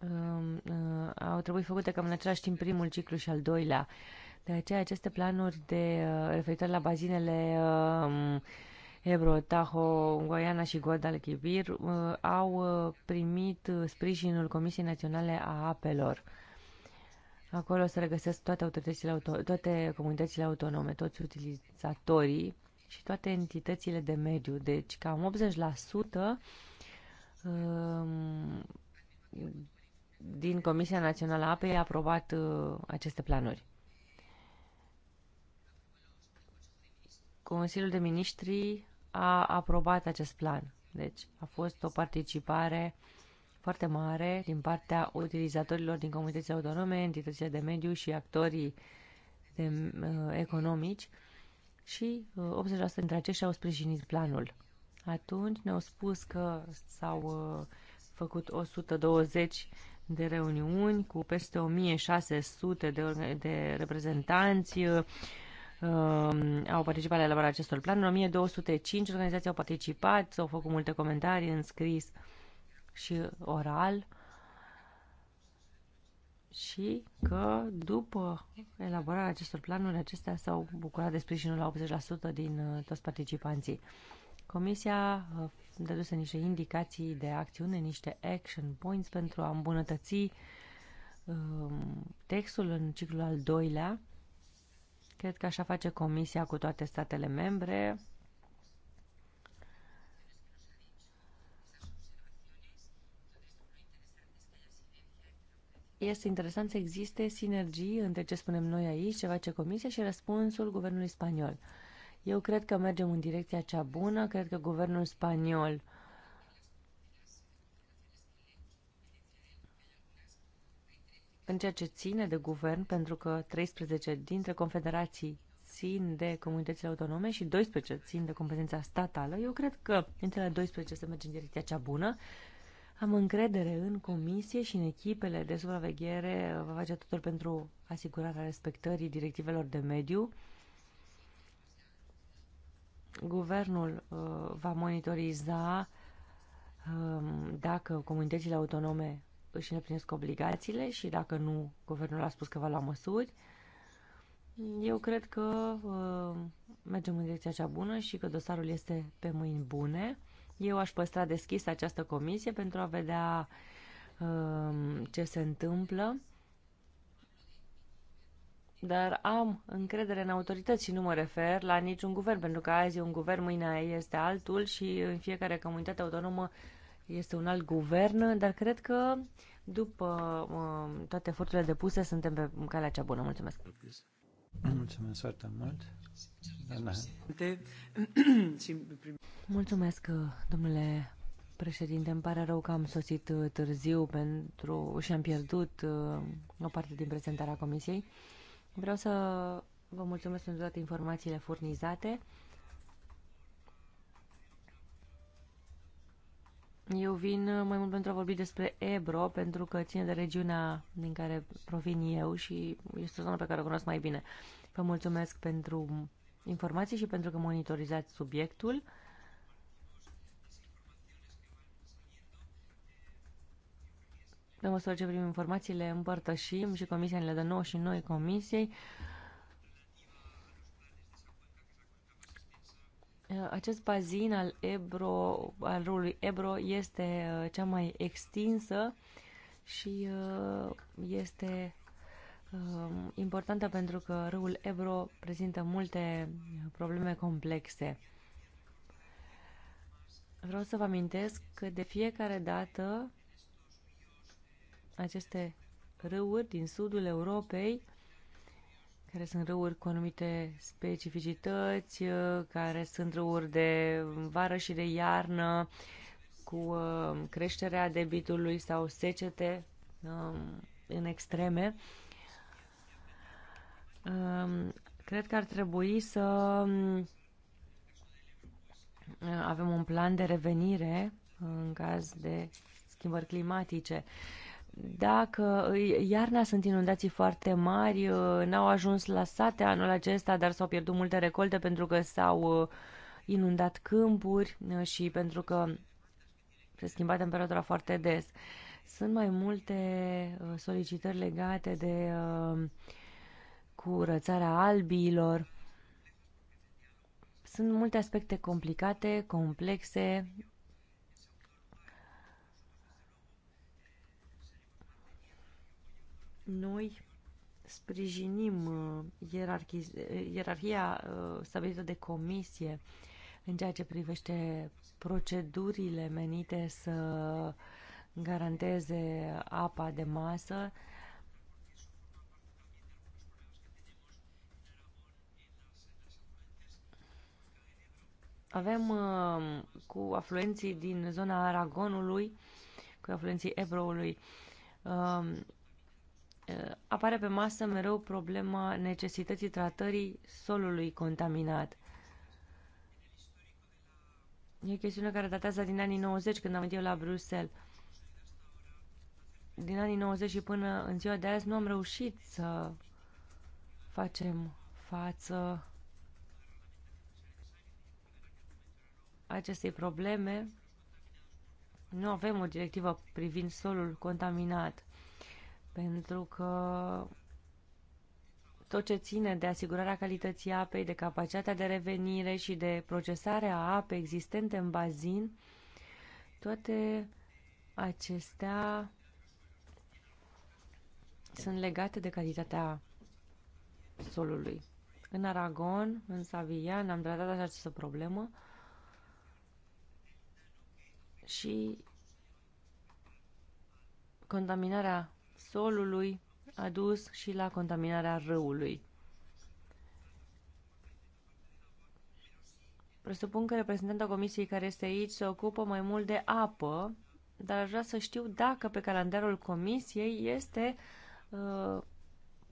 Um, uh, au trebuit făcute cam în același timp primul ciclu și al doilea. De aceea aceste planuri de uh, referitor la bazinele um, Ebro, Tahoe, Guayana și Guadalquivir au primit sprijinul Comisiei Naționale a Apelor. Acolo să regăsesc toate autoritățile, auto toate comunitățile autonome, toți utilizatorii și toate entitățile de mediu. Deci cam 80% um, din Comisia Națională a Apei a aprobat uh, aceste planuri. Consiliul de Ministri a aprobat acest plan. Deci a fost o participare uh, foarte mare din partea utilizatorilor din comunitățile autonome, entitățile de mediu și actorii de, uh, economici și uh, 80% dintre aceștia au sprijinit planul. Atunci ne-au spus că s-au uh, făcut 120 de reuniuni cu peste 1600 de, de reprezentanți, uh, um, au participat la elaborarea acestor planuri, 1205 organizații au participat, s-au făcut multe comentarii în scris. Uh, și oral și că după elaborarea acestor planuri, acestea s-au bucurat de sprijinul la 80% din uh, toți participanții. Comisia uh, dăduse niște indicații de acțiune, niște action points pentru a îmbunătăți um, textul în ciclul al doilea. Cred că așa face Comisia cu toate statele membre este interesant să existe sinergii între ce spunem noi aici, ce face Comisia și răspunsul guvernului spaniol. Eu cred că mergem în direcția cea bună, cred că guvernul spaniol în ceea ce ține de guvern, pentru că 13 dintre confederații țin de comunitățile autonome și 12 țin de competența statală, eu cred că între la 12 se merge în direcția cea bună am încredere în comisie și în echipele de supraveghere. Uh, va face totul pentru asigurarea respectării directivelor de mediu. Guvernul uh, va monitoriza um, uh, dacă comunitățile autonome își îndeplinesc obligațiile și dacă nu, guvernul a spus că va lua măsuri. Eu cred că uh, mergem în direcția cea bună și că dosarul este pe mâini bune. Eu aș păstra deschis această comisie pentru a vedea uh, ce se întâmplă, dar am încredere în autorități și nu mă refer la niciun guvern, pentru că azi e un guvern, mâine este altul și în fiecare comunitate autonomă este un alt guvern, dar cred că după uh, toate eforturile depuse suntem pe calea cea bună. Mulțumesc! Mulțumesc foarte mult! Mulțumesc, domnule președinte. Îmi pare rău că am sosit uh, târziu pentru și am pierdut uh, o parte din prezentarea comisiei. Vreau să vă mulțumesc pentru toate informațiile furnizate. Eu vin uh, mai mult pentru a vorbi despre Ebro, pentru că ține de regiunea din care provin eu și este o zonă pe care o cunosc mai bine. Vă mulțumesc pentru informații și pentru că monitorizați subiectul. Pe măsură ce primim informații, le împărtășim și comisia ne le dă nouă și noi comisiei. Acest bazin al Ebro, al râului Ebro este uh, cea mai extinsă și uh, este Uh, importantă pentru că râul Ebro prezintă multe probleme complexe. Vreau să vă amintesc că de fiecare dată aceste râuri din sudul Europei, care sunt râuri cu anumite specificități, uh, care sunt râuri de vară și de iarnă, cu uh, creșterea debitului sau secete um, în extreme, Cred că ar trebui să avem un plan de revenire în caz de schimbări climatice. Dacă iarna sunt inundații foarte mari, uh, n-au ajuns la sate anul acesta, dar s-au pierdut multe recolte pentru că s-au uh, inundat câmpuri uh, și pentru că se schimba temperatura foarte des. Sunt mai multe solicitări legate de uh, curățarea albiilor. Sunt multe aspecte complicate, complexe. Noi sprijinim uh, uh, ierarhia uh, stabilită de comisie în ceea ce privește procedurile menite să garanteze apa de masă, Avem uh, cu afluenții din zona Aragonului, cu afluenții Ebroului, um, uh, apare pe masă mereu problema necesității tratării solului contaminat. E o chestiune care datează din anii 90, când am venit eu la Bruxelles. Din anii 90 și până în ziua de azi nu am reușit să facem față acestei probleme, nu avem o directivă privind solul contaminat, pentru că tot ce ține de asigurarea calității apei, de capacitatea de revenire și de procesare a apei existente în bazin, toate acestea sunt legate de calitatea solului. În Aragon, în Savian, am tratat această problemă și contaminarea solului a dus și la contaminarea râului. Presupun că reprezentanta comisiei care este aici se ocupă mai mult de apă, dar aș vrea să știu dacă pe calendarul comisiei este uh,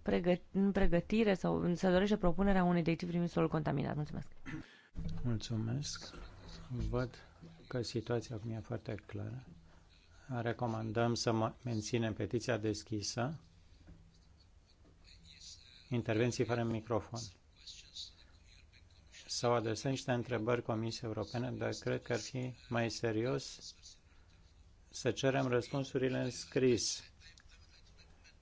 pregăt în pregătire sau se dorește propunerea unei directive privind solul contaminat. Mulțumesc! Mulțumesc! Văd că situația acum e foarte clară. Recomandăm să menținem petiția deschisă. Intervenții fără microfon. Sau adresăm niște întrebări Comisiei Europene, dar cred că ar fi mai serios să cerem răspunsurile în scris.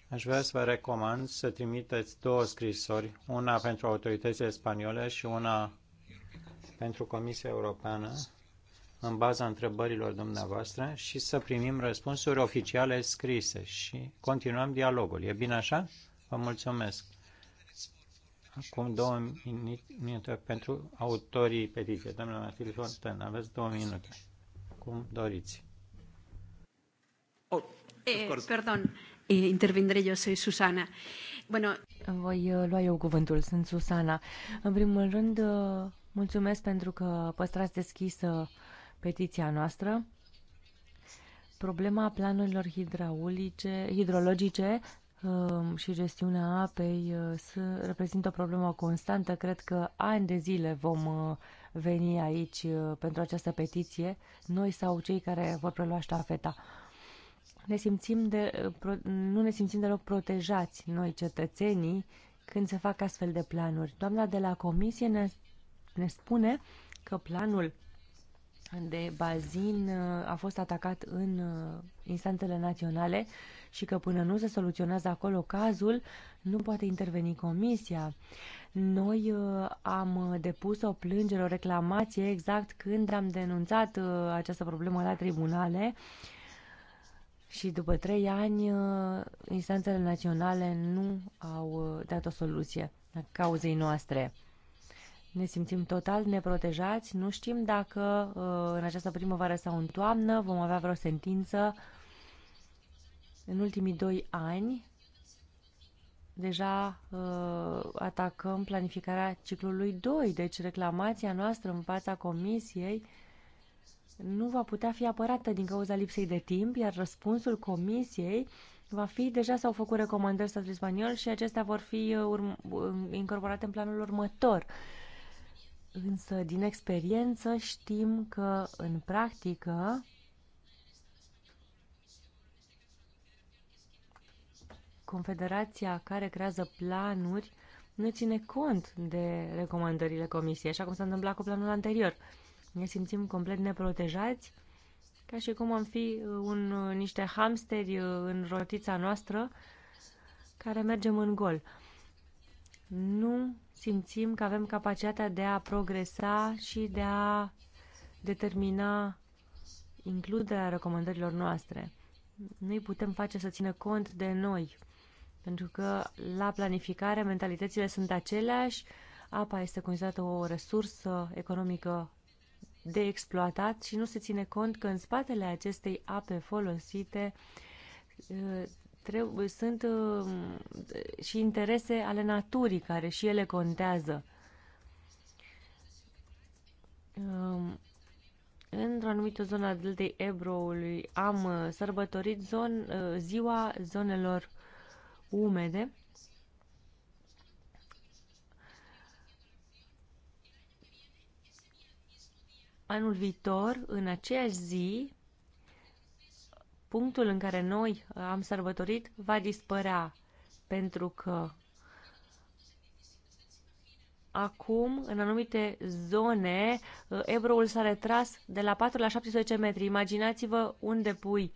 Aș vrea să vă recomand să trimiteți două scrisori, una pentru autoritățile spaniole și una pentru Comisia Europeană în baza întrebărilor dumneavoastră și să primim răspunsuri oficiale scrise și continuăm dialogul. E bine așa? Vă mulțumesc. Acum două minute pentru autorii petiție. Doamna Matilde Fonten, aveți două minute. Cum doriți. Oh, eh, perdon, eh, intervindere, eu, soy Susana. Bueno... Voi eh, lua eu cuvântul, sunt Susana. În primul rând, eh, mulțumesc pentru că păstrați deschisă uh, petiția noastră problema planurilor hidraulice, hidrologice um, și gestiunea apei uh, reprezintă o problemă constantă. Cred că ani de zile vom uh, veni aici uh, pentru această petiție, noi sau cei care vor prelua ștafeta. Ne simțim de, nu ne simțim deloc protejați noi cetățenii când se fac astfel de planuri. Doamna de la comisie ne, ne spune că planul de bazin uh, a fost atacat în uh, instanțele naționale și că până nu se soluționează acolo cazul, nu poate interveni comisia. Noi uh, am depus o plângere, o reclamație exact când am denunțat această problemă la tribunale și după trei ani instanțele naționale nu au dat o soluție cauzei noastre ne simțim total neprotejați, nu știm dacă uh, în această primăvară sau în toamnă vom avea vreo sentință. În ultimii doi ani deja uh, atacăm planificarea ciclului 2, deci reclamația noastră în fața comisiei nu va putea fi apărată din cauza lipsei de timp, iar răspunsul comisiei va fi, deja s-au făcut recomandări statului spaniol și acestea vor fi uh, incorporate în planul următor. Însă, din experiență, știm că, în practică, confederația care creează planuri nu ține cont de recomandările comisiei, așa cum s-a întâmplat cu planul anterior. Ne simțim complet neprotejați, ca și cum am fi uh, un, uh, niște hamsteri uh, în rotița noastră care mergem în gol. Nu simțim că avem capacitatea de a progresa și de a determina includerea recomandărilor noastre. îi putem face să țină cont de noi, pentru că la planificare mentalitățile sunt aceleași, apa este considerată o resursă economică de exploatat și nu se ține cont că în spatele acestei ape folosite trebuie, sunt uh, și interese ale naturii care și ele contează. Um, într-o anumită zonă a deltei Ebroului am uh, sărbătorit zon, uh, ziua zonelor umede. Anul viitor, în aceeași zi, punctul în care noi uh, am sărbătorit va dispărea, pentru că acum, în anumite zone, uh, Ebroul s-a retras de la 4 la 17 metri. Imaginați-vă unde pui,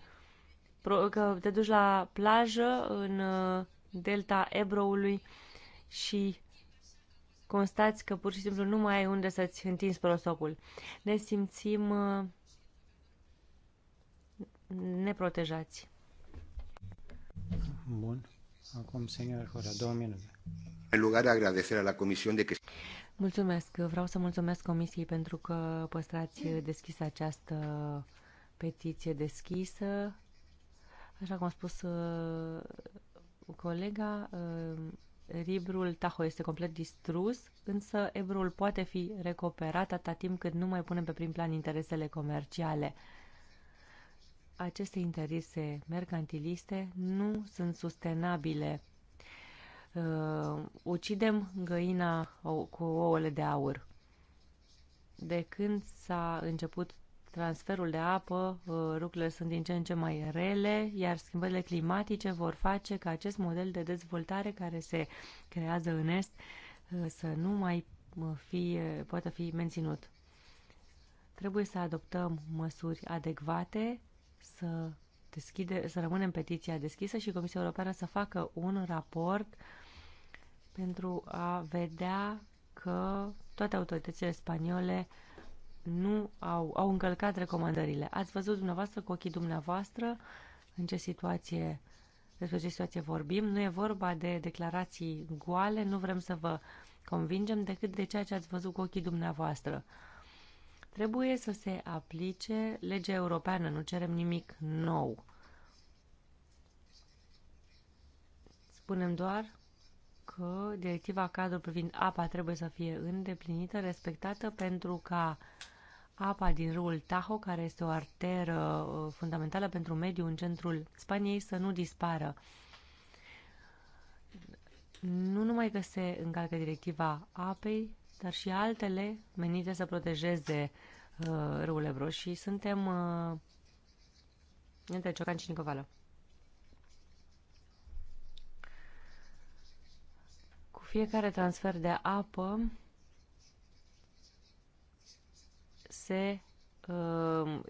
că te duci la plajă în uh, delta Ebroului și constați că pur și simplu nu mai ai unde să-ți întinzi prosopul. Ne simțim neprotejați. Bun. Acum, senior Horea, două minute. În lugar de agradecer la Comisión de că... Mulțumesc. Vreau să mulțumesc Comisiei pentru că păstrați deschis această petiție deschisă. Așa cum a spus uh, colega, uh, Ribrul Taho este complet distrus, însă Ebrul poate fi recuperat atâta timp cât nu mai punem pe prim plan interesele comerciale aceste interese mercantiliste nu sunt sustenabile. Uh, ucidem găina cu ouăle de aur. De când s-a început transferul de apă, lucrurile uh, sunt din ce în ce mai rele, iar schimbările climatice vor face ca acest model de dezvoltare care se creează în Est uh, să nu mai uh, fie poată fi menținut. Trebuie să adoptăm măsuri adecvate să, deschide, să rămânem petiția deschisă și Comisia Europeană să facă un raport pentru a vedea că toate autoritățile spaniole nu au, au încălcat recomandările. Ați văzut dumneavoastră cu ochii dumneavoastră în ce situație, despre ce situație vorbim. Nu e vorba de declarații goale, nu vrem să vă convingem decât de ceea ce ați văzut cu ochii dumneavoastră. Trebuie să se aplice legea europeană, nu cerem nimic nou. Spunem doar că directiva cadru privind apa trebuie să fie îndeplinită, respectată pentru ca apa din râul Tahoe, care este o arteră uh, fundamentală pentru mediu în centrul Spaniei, să nu dispară. Nu numai că se încalcă directiva apei, dar și altele menite să protejeze uh, râul Ebro și suntem uh, între Ciocan și Nicovală. Cu fiecare transfer de apă se uh,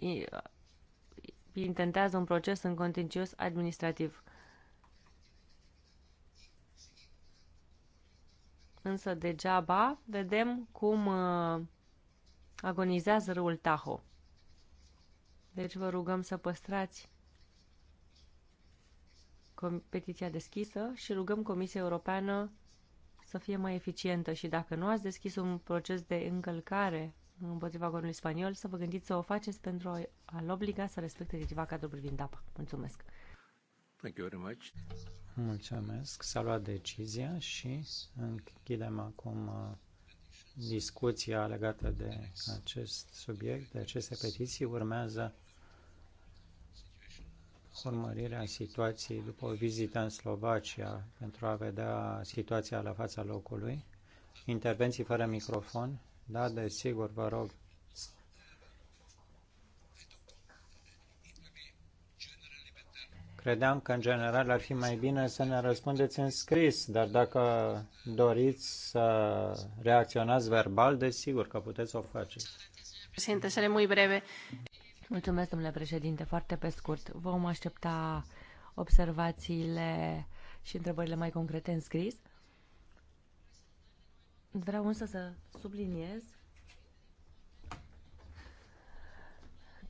intentează un proces în contencios administrativ. Uh, însă degeaba vedem cum uh, agonizează râul Taho. Deci vă rugăm să păstrați competiția deschisă și rugăm Comisia Europeană să fie mai eficientă și dacă nu ați deschis un proces de încălcare împotriva guvernului spaniol, să vă gândiți să o faceți pentru a-l obliga să respecte directiva cadrul privind apa. Mulțumesc! Thank you very much. Mulțumesc. S-a luat decizia și închidem acum uh, discuția legată de acest subiect, de aceste petiții. Urmează urmărirea situației după o vizită în Slovacia pentru a vedea situația la fața locului. Intervenții fără microfon. Da, desigur, vă rog. Credeam că, în general, ar fi mai bine să ne răspundeți în scris, dar dacă doriți să reacționați verbal, desigur că puteți să o faceți. Președinte, să muy breve. Mulțumesc, domnule președinte, foarte pe scurt. Vom aștepta observațiile și întrebările mai concrete în scris. Vreau însă să subliniez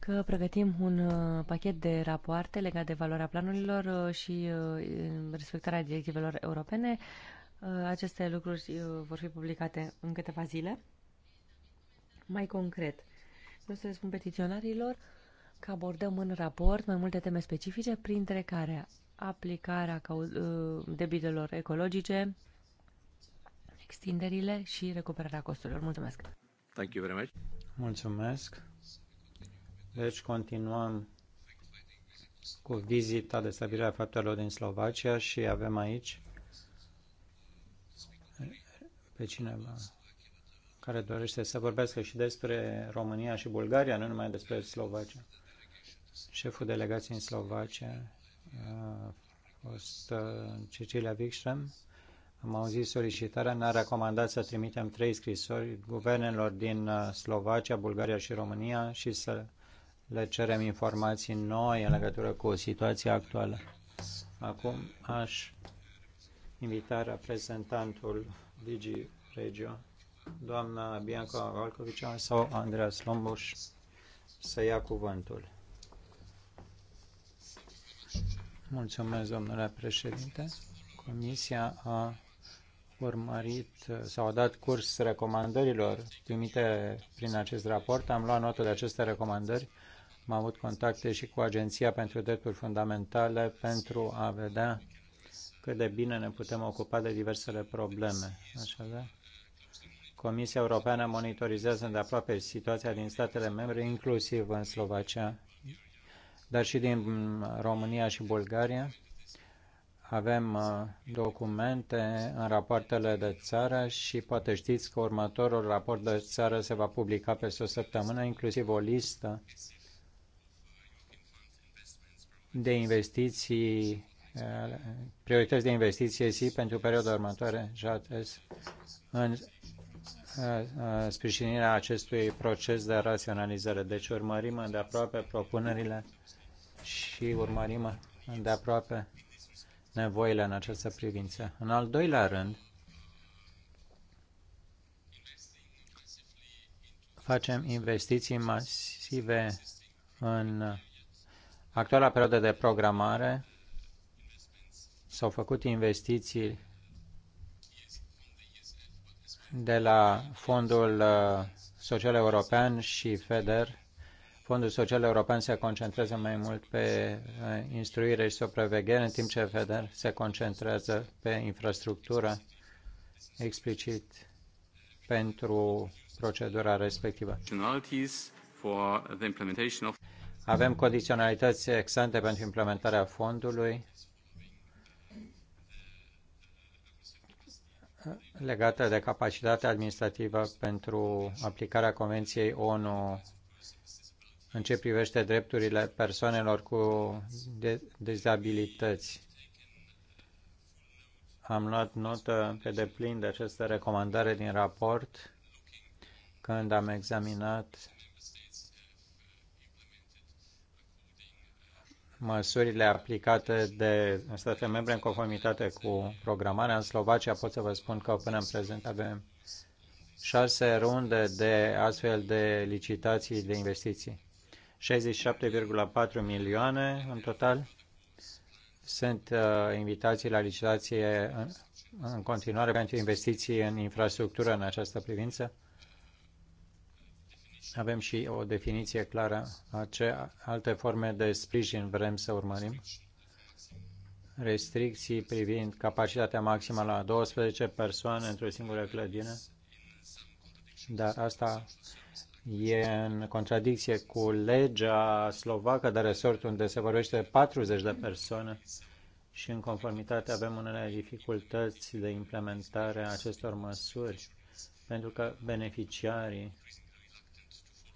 că pregătim un uh, pachet de rapoarte legat de valoarea planurilor uh, și uh, respectarea directivelor europene. Aceste lucruri vor fi publicate în câteva zile. Mai concret, vreau să le spun petiționarilor că abordăm în raport mai multe teme specifice, printre care aplicarea debitelor ecologice, extinderile și recuperarea costurilor. Mulțumesc! Thank you very much. Mulțumesc! Deci continuăm cu vizita de stabilire a faptelor din Slovacia și avem aici pe cineva care dorește să vorbească și despre România și Bulgaria, nu numai despre Slovacia. Șeful delegației în Slovacia a fost uh, Cecilia Wikström. Am auzit solicitarea, ne-a recomandat să trimitem trei scrisori guvernelor din uh, Slovacia, Bulgaria și România și să le cerem informații noi în legătură cu situația actuală. Acum aș invita reprezentantul Digi Regio, doamna Bianca Valcovicea sau Andreas Slomboș, să ia cuvântul. Mulțumesc, domnule președinte. Comisia a urmărit sau a dat curs recomandărilor primite prin acest raport. Am luat notă de aceste recomandări am avut contacte și cu Agenția pentru Drepturi Fundamentale pentru a vedea cât de bine ne putem ocupa de diversele probleme. da? Comisia Europeană monitorizează de aproape situația din statele membre, inclusiv în Slovacia, dar și din România și Bulgaria. Avem uh, documente în rapoartele de țară și poate știți că următorul raport de țară se va publica peste o săptămână, inclusiv o listă de investiții, priorități de investiție SI pentru perioada următoare, JATES, în sprijinirea acestui proces de raționalizare. Deci urmărim îndeaproape propunerile și urmărim îndeaproape nevoile în această privință. În al doilea rând, facem investiții masive în actuala perioadă de programare s-au făcut investiții de la Fondul uh, Social European și FEDER. Fondul Social European se concentrează mai mult pe uh, instruire și supraveghere, în timp ce FEDER se concentrează pe infrastructură explicit pentru procedura respectivă avem condiționalități exante pentru implementarea fondului legată de capacitatea administrativă pentru aplicarea Convenției ONU în ce privește drepturile persoanelor cu de- dizabilități. Am luat notă pe deplin de această recomandare din raport când am examinat măsurile aplicate de state membre în conformitate cu programarea. În Slovacia pot să vă spun că până în prezent avem șase runde de astfel de licitații de investiții. 67,4 milioane în total sunt uh, invitații la licitație în, în continuare pentru investiții în infrastructură în această privință. Avem și o definiție clară a ce alte forme de sprijin vrem să urmărim. Restricții privind capacitatea maximă la 12 persoane într-o singură clădină, dar asta e în contradicție cu legea slovacă de resort unde se vorbește 40 de persoane și în conformitate avem unele dificultăți de implementare a acestor măsuri pentru că beneficiarii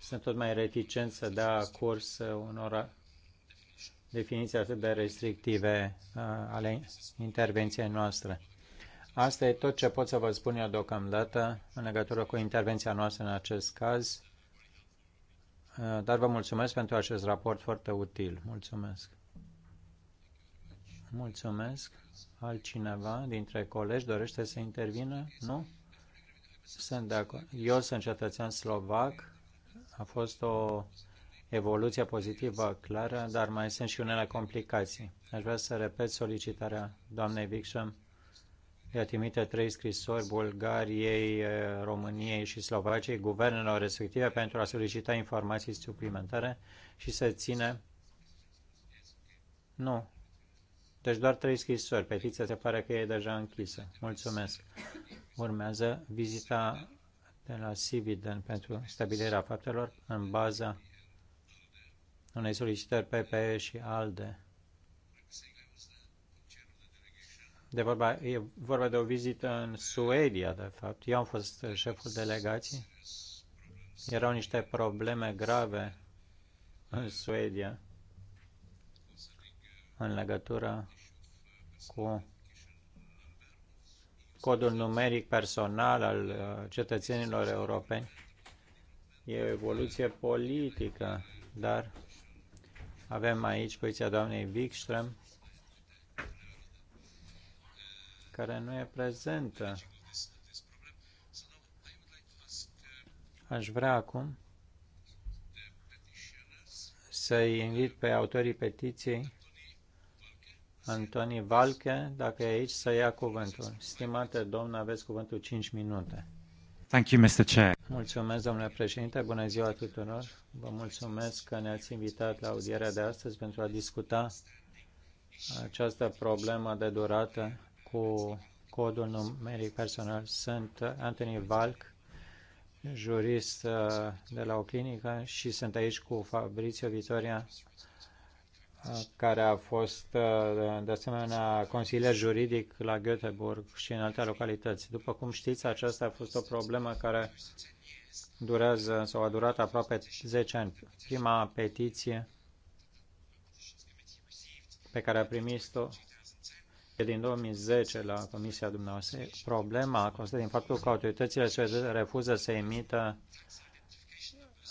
sunt tot mai reticent să dea curs unor definiții atât de restrictive uh, ale intervenției noastre. Asta e tot ce pot să vă spun eu deocamdată în legătură cu intervenția noastră în acest caz, uh, dar vă mulțumesc pentru acest raport foarte util. Mulțumesc! Mulțumesc! Altcineva dintre colegi dorește să intervină? Nu? Sunt de acord. Eu sunt cetățean slovac a fost o evoluție pozitivă clară, dar mai sunt și unele complicații. Aș vrea să repet solicitarea doamnei Vixam de a trimite trei scrisori Bulgariei, României și Slovaciei, guvernelor respective, pentru a solicita informații suplimentare și să ține. Nu. Deci doar trei scrisori. Petiția se pare că e deja închisă. Mulțumesc. Urmează vizita de la Sividen pentru stabilirea faptelor în baza unei solicitări PPE și ALDE. De vorba, e vorba de o vizită în Suedia, de fapt. Eu am fost șeful delegației. Erau niște probleme grave în Suedia în legătură cu codul numeric personal al uh, cetățenilor europeni. E o evoluție politică, dar avem aici poziția doamnei Wikström, care nu e prezentă. Aș vrea acum să-i invit pe autorii petiției Antoni Valche, dacă e aici, să ia cuvântul. Stimate domn, aveți cuvântul 5 minute. Thank you, Mr. Chair. Mulțumesc, domnule președinte. Bună ziua tuturor. Vă mulțumesc că ne-ați invitat la audierea de astăzi pentru a discuta această problemă de durată cu codul numeric personal. Sunt Anthony Valk, jurist uh, de la o clinică și sunt aici cu Fabrizio Vitoria, care a fost uh, de asemenea consilier juridic la Göteborg și în alte localități. După cum știți, aceasta a fost o problemă care durează sau a durat aproape 10 ani. Prima petiție pe care a primit-o din 2010 la Comisia dumneavoastră. Problema constă din faptul că autoritățile se refuză să emită uh,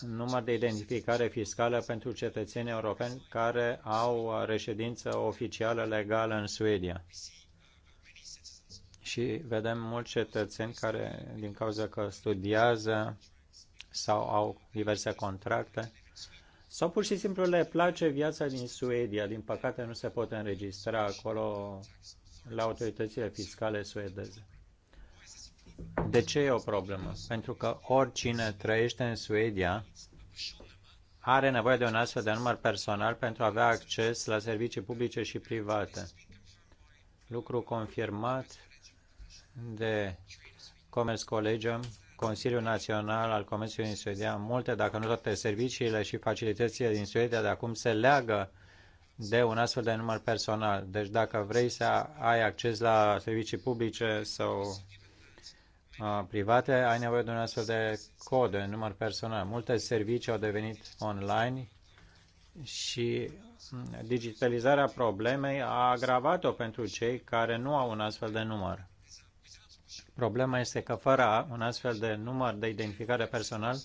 număr de identificare fiscală pentru cetățenii europeni care au reședință oficială legală în Suedia. Și vedem mulți cetățeni care, din cauza că studiază sau au diverse contracte, sau pur și simplu le place viața din Suedia. Din păcate nu se pot înregistra acolo la autoritățile fiscale suedeze. De ce e o problemă? Pentru că oricine trăiește în Suedia are nevoie de un astfel de număr personal pentru a avea acces la servicii publice și private. Lucru confirmat de Commerce Collegium, Consiliul Național al Comerțului din Suedia. Multe, dacă nu toate, serviciile și facilitățile din Suedia de acum se leagă de un astfel de număr personal. Deci dacă vrei să ai acces la servicii publice sau private, ai nevoie de un astfel de cod, de număr personal. Multe servicii au devenit online și digitalizarea problemei a agravat-o pentru cei care nu au un astfel de număr. Problema este că fără un astfel de număr de identificare personal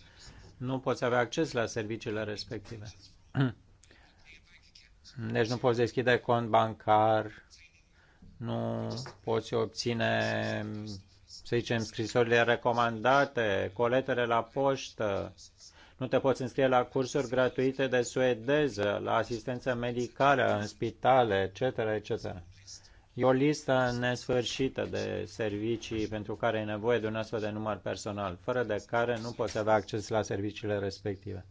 nu poți avea acces la serviciile respective. *clears throat* Deci nu poți deschide cont bancar, nu poți obține să zicem, scrisorile recomandate, coletele la poștă, nu te poți înscrie la cursuri gratuite de suedeză, la asistență medicală în spitale, etc., etc. E o listă nesfârșită de servicii pentru care e nevoie de un astfel de număr personal, fără de care nu poți avea acces la serviciile respective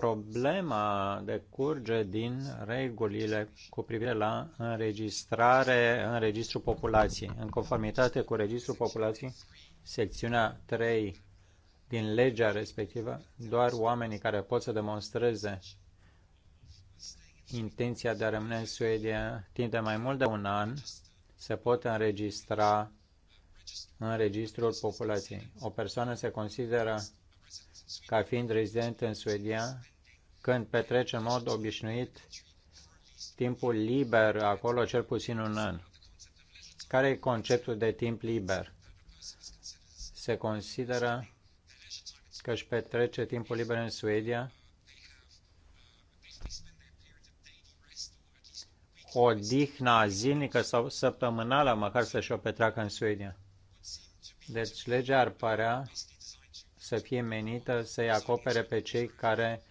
problema decurge din regulile cu privire la înregistrare în Registrul Populației. În conformitate cu Registrul Populației, secțiunea 3 din legea respectivă, doar oamenii care pot să demonstreze intenția de a rămâne în Suedia timp de mai mult de un an se pot înregistra în Registrul Populației. O persoană se consideră ca fiind rezident în Suedia, când petrece în mod obișnuit timpul liber acolo cel puțin un an. Care e conceptul de timp liber? Se consideră că își petrece timpul liber în Suedia odihna zilnică sau săptămânală, măcar să și-o petreacă în Suedia. Deci legea ar părea să fie menită să-i acopere pe cei care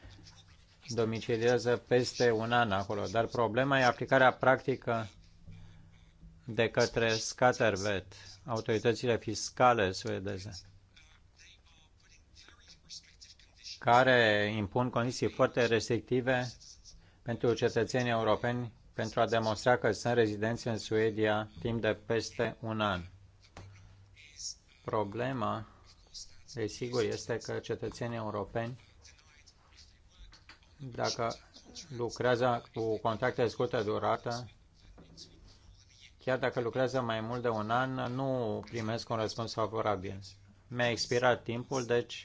domiciliază peste un an acolo. Dar problema e aplicarea practică de către Scattervet, autoritățile fiscale suedeze, care impun condiții foarte restrictive pentru cetățenii europeni pentru a demonstra că sunt rezidenți în Suedia timp de peste un an. Problema desigur, este că cetățenii europeni, dacă lucrează cu contracte de scurtă durată, chiar dacă lucrează mai mult de un an, nu primesc un răspuns favorabil. Mi-a expirat timpul, deci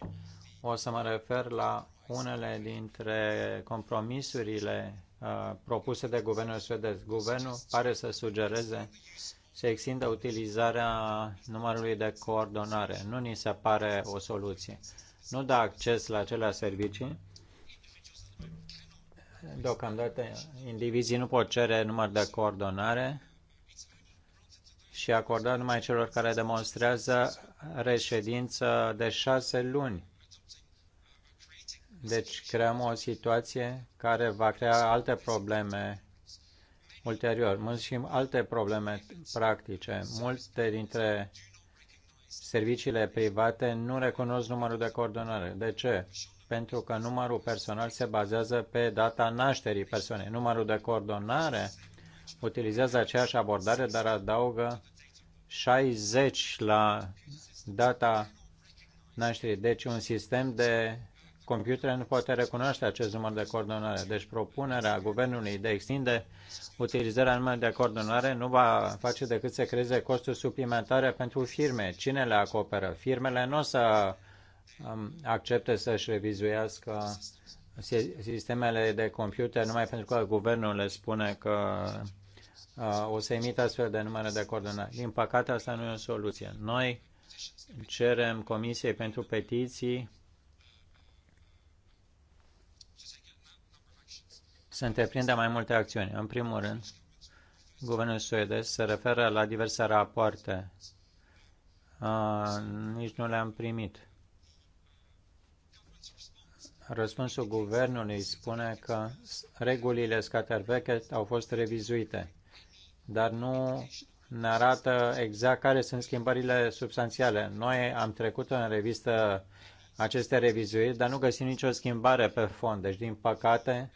o să mă refer la unele dintre compromisurile uh, propuse de guvernul suedez. Guvernul pare să sugereze se extindă utilizarea numărului de coordonare. Nu ni se pare o soluție. Nu da acces la acelea servicii. Deocamdată, indivizii nu pot cere număr de coordonare și acorda numai celor care demonstrează reședință de șase luni. Deci creăm o situație care va crea alte probleme ulterior. Mulți și alte probleme practice. Multe dintre serviciile private nu recunosc numărul de coordonare. De ce? Pentru că numărul personal se bazează pe data nașterii persoanei. Numărul de coordonare utilizează aceeași abordare, dar adaugă 60 la data nașterii. Deci un sistem de computere nu poate recunoaște acest număr de coordonare. Deci propunerea guvernului de extinde utilizarea numărului de coordonare nu va face decât să creeze costuri suplimentare pentru firme. Cine le acoperă? Firmele nu o să um, accepte să-și revizuiască sistemele de computer numai pentru că guvernul le spune că uh, o să emită astfel de numere de coordonare. Din păcate, asta nu e o soluție. Noi cerem Comisiei pentru Petiții să întreprindă mai multe acțiuni. În primul rând, guvernul suedez se referă la diverse rapoarte. A, nici nu le-am primit. Răspunsul guvernului spune că regulile scăteri-veche au fost revizuite, dar nu ne arată exact care sunt schimbările substanțiale. Noi am trecut în revistă aceste revizuiri, dar nu găsim nicio schimbare pe fond. Deci, din păcate,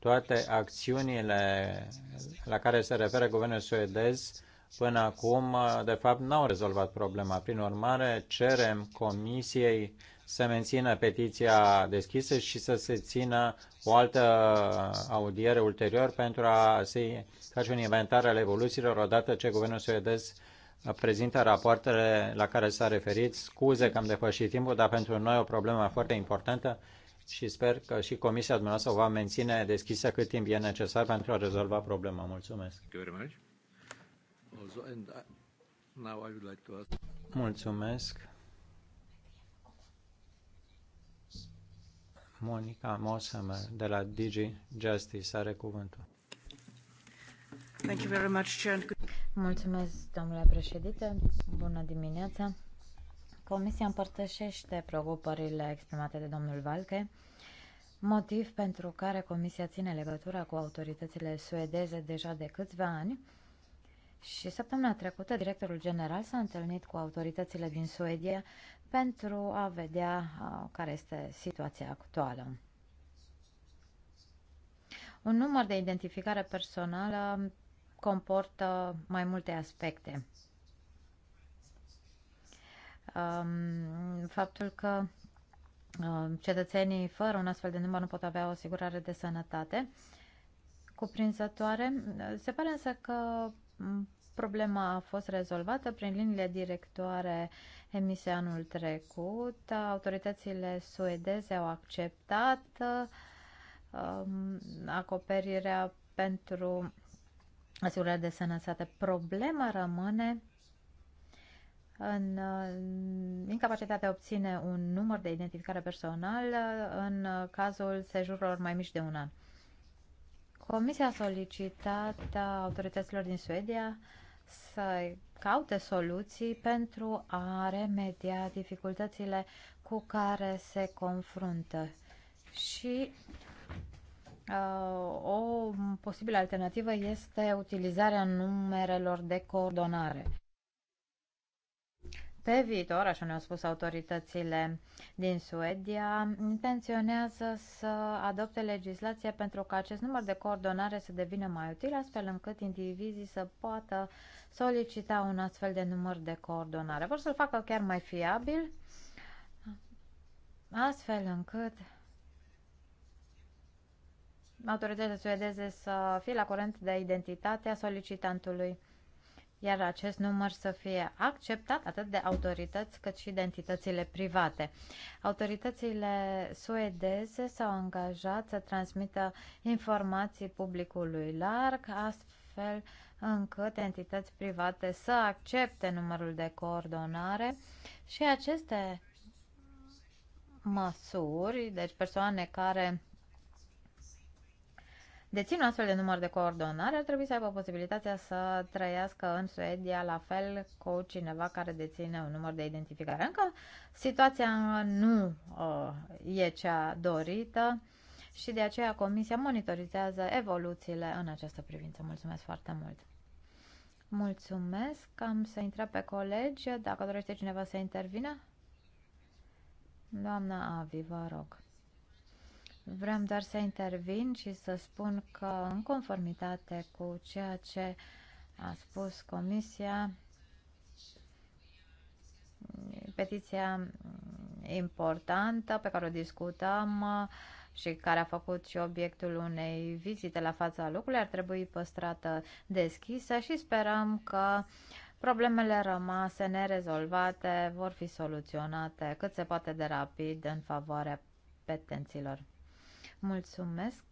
toate acțiunile la care se referă guvernul suedez până acum, de fapt, n-au rezolvat problema. Prin urmare, cerem Comisiei să mențină petiția deschisă și să se țină o altă audiere ulterior pentru a se face un inventar al evoluțiilor odată ce guvernul suedez prezintă rapoartele la care s-a referit. Scuze că am depășit timpul, dar pentru noi o problemă foarte importantă și sper că și comisia dumneavoastră o va menține deschisă cât timp e necesar pentru a rezolva problema. Mulțumesc! Uh, Mulțumesc! Monica Moshammer de la DG Justice are cuvântul. Thank you very much, Mulțumesc, domnule președinte. Bună dimineața. Comisia împărtășește preocupările exprimate de domnul Valke, motiv pentru care Comisia ține legătura cu autoritățile suedeze deja de câțiva ani și săptămâna trecută directorul general s-a întâlnit cu autoritățile din Suedia pentru a vedea care este situația actuală. Un număr de identificare personală comportă mai multe aspecte um, faptul că um, cetățenii fără un astfel de număr nu pot avea o asigurare de sănătate cuprinzătoare. Se pare însă că problema a fost rezolvată prin liniile directoare emise anul trecut. Autoritățile suedeze au acceptat um, acoperirea pentru asigurarea de sănătate. Problema rămâne în uh, incapacitatea de a obține un număr de identificare personală uh, în uh, cazul sejurilor mai mici de un an. Comisia a solicitat autorităților din Suedia să caute soluții pentru a remedia dificultățile cu care se confruntă și uh, o posibilă alternativă este utilizarea numerelor de coordonare. Pe viitor, așa ne-au spus autoritățile din Suedia, intenționează să adopte legislația pentru ca acest număr de coordonare să devină mai util, astfel încât indivizii să poată solicita un astfel de număr de coordonare. Vor să-l facă chiar mai fiabil, astfel încât autoritățile suedeze să fie la curent de identitatea solicitantului iar acest număr să fie acceptat atât de autorități cât și de entitățile private. Autoritățile suedeze s-au angajat să transmită informații publicului larg, astfel încât entități private să accepte numărul de coordonare și aceste măsuri, deci persoane care dețin un astfel de număr de coordonare ar trebui să aibă posibilitatea să trăiască în Suedia la fel cu cineva care deține un număr de identificare. Încă situația nu uh, e cea dorită și de aceea Comisia monitorizează evoluțiile în această privință. Mulțumesc foarte mult! Mulțumesc! Am să intre pe colegi. Dacă dorește cineva să intervină? Doamna Avi, vă rog. Vreau doar să intervin și să spun că, în conformitate cu ceea ce a spus Comisia, petiția importantă pe care o discutăm uh, și care a făcut și obiectul unei vizite la fața locului ar trebui păstrată deschisă și sperăm că problemele rămase nerezolvate vor fi soluționate cât se poate de rapid în favoarea petenților. Mulțumesc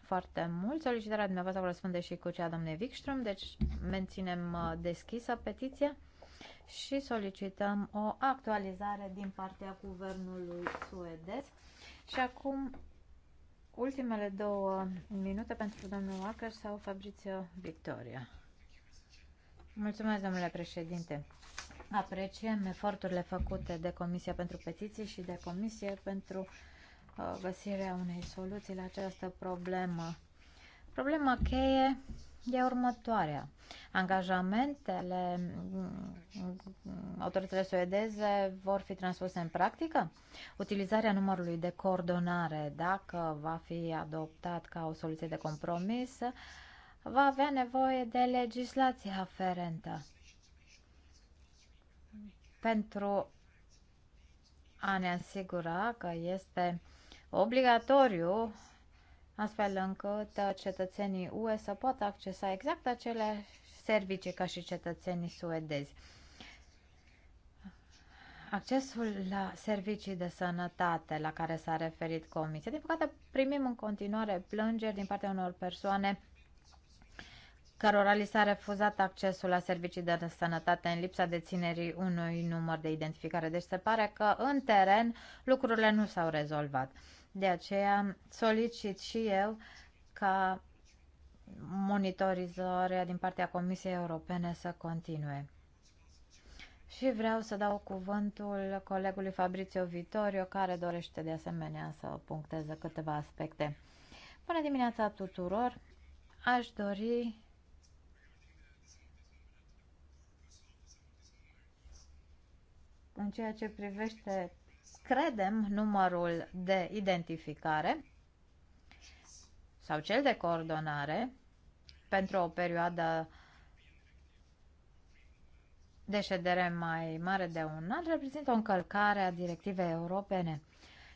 foarte mult. Solicitarea dumneavoastră răspunde și cu cea a domnului Wikström, deci menținem uh, deschisă petiția și solicităm o actualizare din partea guvernului suedez. Și acum ultimele două minute pentru domnul Wacker sau Fabrizio Victoria. Mulțumesc, domnule președinte. Apreciem eforturile făcute de Comisia pentru Petiții și de Comisie pentru uh, Uh, găsirea unei soluții la această problemă. Problema cheie e următoarea. Angajamentele mm, autoritățile suedeze vor fi transpuse în practică? Utilizarea numărului de coordonare, dacă va fi adoptat ca o soluție de compromis, va avea nevoie de legislație aferentă pentru a ne asigura că este obligatoriu astfel încât uh, cetățenii UE să poată accesa exact acele servicii ca și cetățenii suedezi. Accesul la servicii de sănătate la care s-a referit Comisia. Din păcate, primim în continuare plângeri din partea unor persoane cărora li s-a refuzat accesul la servicii de sănătate în lipsa deținerii unui număr de identificare. Deci se pare că în teren lucrurile nu s-au rezolvat. De aceea solicit și eu ca monitorizarea din partea Comisiei Europene să continue. Și vreau să dau cuvântul colegului Fabrizio Vitorio, care dorește de asemenea să puncteze câteva aspecte. Bună dimineața tuturor! Aș dori în ceea ce privește credem numărul de identificare sau cel de coordonare pentru o perioadă de ședere mai mare de un an reprezintă o încălcare a directivei europene.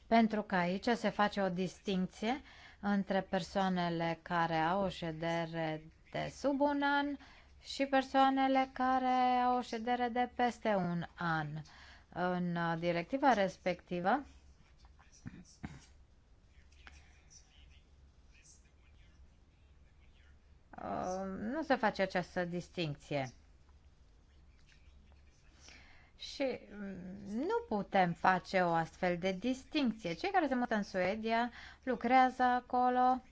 Pentru că aici se face o distinție între persoanele care au o ședere de sub un an și persoanele care au o ședere de peste un an în uh, directiva respectivă uh, nu se face această distinție. Și mm, nu putem face o astfel de distinție. Cei care se mută în Suedia lucrează acolo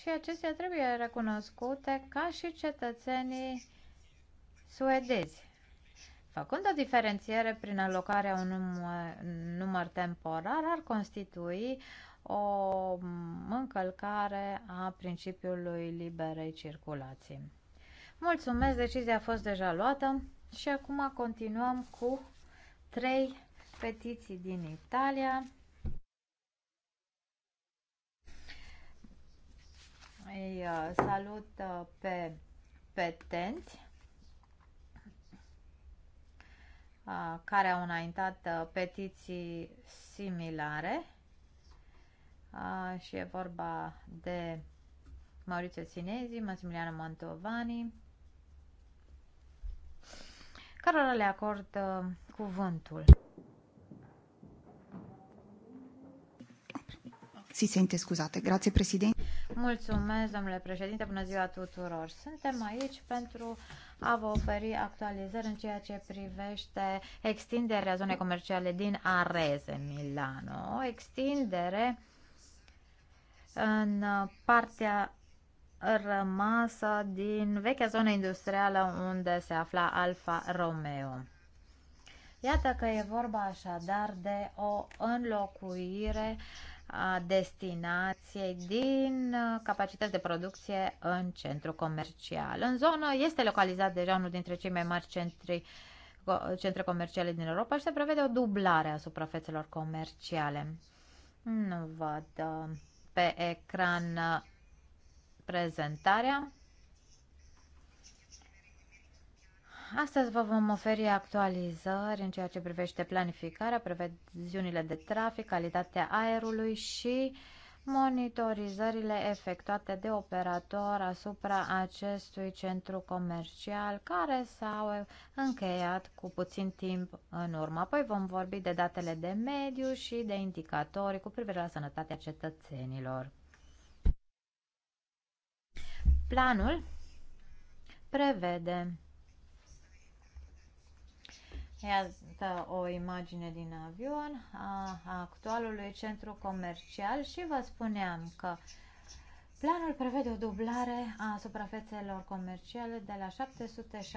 și acestea trebuie recunoscute ca și cetățenii suedezi, făcând o diferențiere prin alocarea unui număr, număr temporar, ar constitui o încălcare a principiului liberei circulații. Mulțumesc, decizia a fost deja luată și acum continuăm cu trei petiții din Italia. Îi uh, salut uh, pe petenți care au înaintat petiții similare și e vorba de Maurizio Sinezi, Massimiliano Mantovani, care le acord cuvântul. Si sente scuzate. Grazie, Mulțumesc, domnule președinte. Bună ziua tuturor. Suntem aici pentru a vă oferi actualizări în ceea ce privește extinderea zonei comerciale din Areze, Milano. O extindere în partea rămasă din vechea zonă industrială unde se afla Alfa Romeo. Iată că e vorba așadar de o înlocuire uh, a destinației din uh, capacități de producție în centru comercial. În zonă este localizat deja unul dintre cei mai mari centri, centre comerciale din Europa și se prevede o dublare a suprafețelor comerciale. Nu văd uh, pe ecran uh, prezentarea. Astăzi vă vom oferi actualizări în ceea ce privește planificarea, previziunile de trafic, calitatea aerului și monitorizările efectuate de operator asupra acestui centru comercial care s-au încheiat cu puțin timp în urmă. Apoi vom vorbi de datele de mediu și de indicatori cu privire la sănătatea cetățenilor. Planul prevede Iată o imagine din avion a actualului centru comercial și vă spuneam că planul prevede o dublare a suprafețelor comerciale de la 770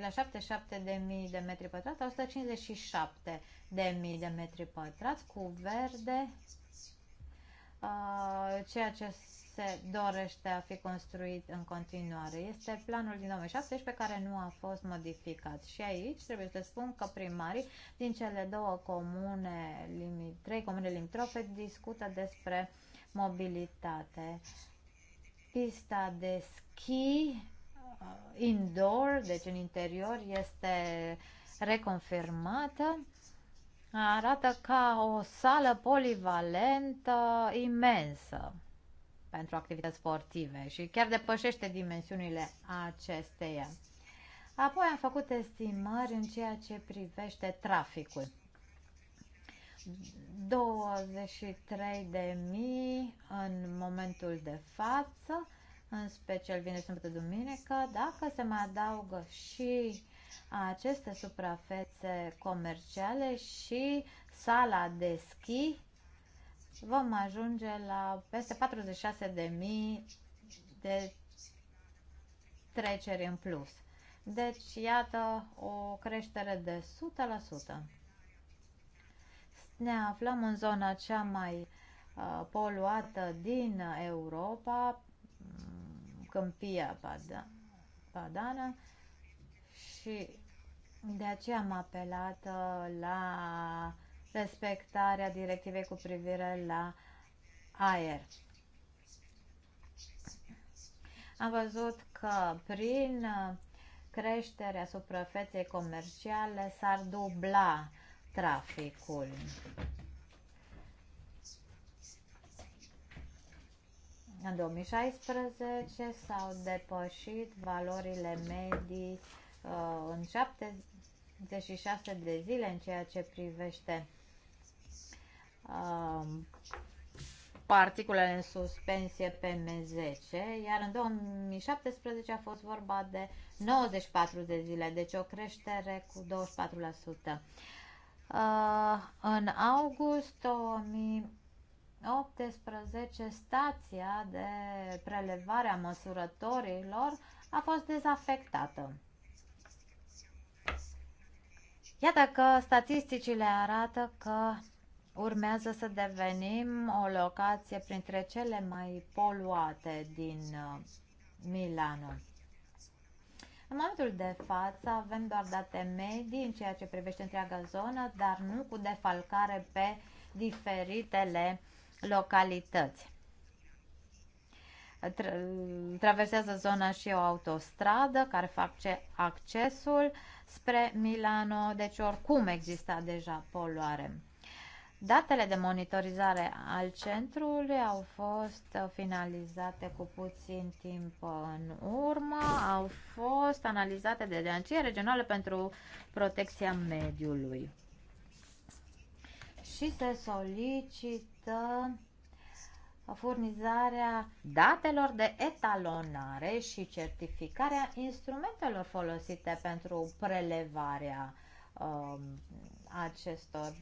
la 77 de metri pătrați la 157.000 de metri pătrați cu verde uh, ceea ce se dorește a fi construit în continuare. Este planul din 2017 pe care nu a fost modificat. Și aici trebuie să spun că primarii din cele două comune, trei comune limitrofe, discută despre mobilitate. Pista de schi uh, indoor, deci în interior, este reconfirmată. Arată ca o sală polivalentă imensă pentru activități sportive și chiar depășește dimensiunile acesteia. Apoi am făcut estimări în ceea ce privește traficul. 23.000 în momentul de față, în special vineri, sâmbătă, duminică, dacă se mai adaugă și aceste suprafețe comerciale și sala de schi, vom ajunge la peste 46.000 de de treceri în plus. Deci, iată o creștere de 100%. Ne aflăm în zona cea mai uh, poluată din Europa, mm, Câmpia Padană, și de aceea am apelat uh, la respectarea directivei cu privire la aer. Am văzut că prin creșterea suprafeței comerciale s-ar dubla traficul. În 2016 s-au depășit valorile medii uh, în 76 de zile în ceea ce privește Um, particulele în suspensie PM10, iar în 2017 a fost vorba de 94 de zile, deci o creștere cu 24%. Uh, în august 2018, stația de prelevare a măsurătorilor a fost dezafectată. Iată că statisticile arată că urmează să devenim o locație printre cele mai poluate din uh, Milano. În momentul de față avem doar date medii în ceea ce privește întreaga zonă, dar nu cu defalcare pe diferitele localități. Tra traversează zona și o autostradă care face accesul spre Milano, deci oricum exista deja poluare. Datele de monitorizare al centrului au fost finalizate cu puțin timp în urmă, au fost analizate de Agenția Regională pentru Protecția Mediului și se solicită furnizarea datelor de etalonare și certificarea instrumentelor folosite pentru prelevarea um, acestor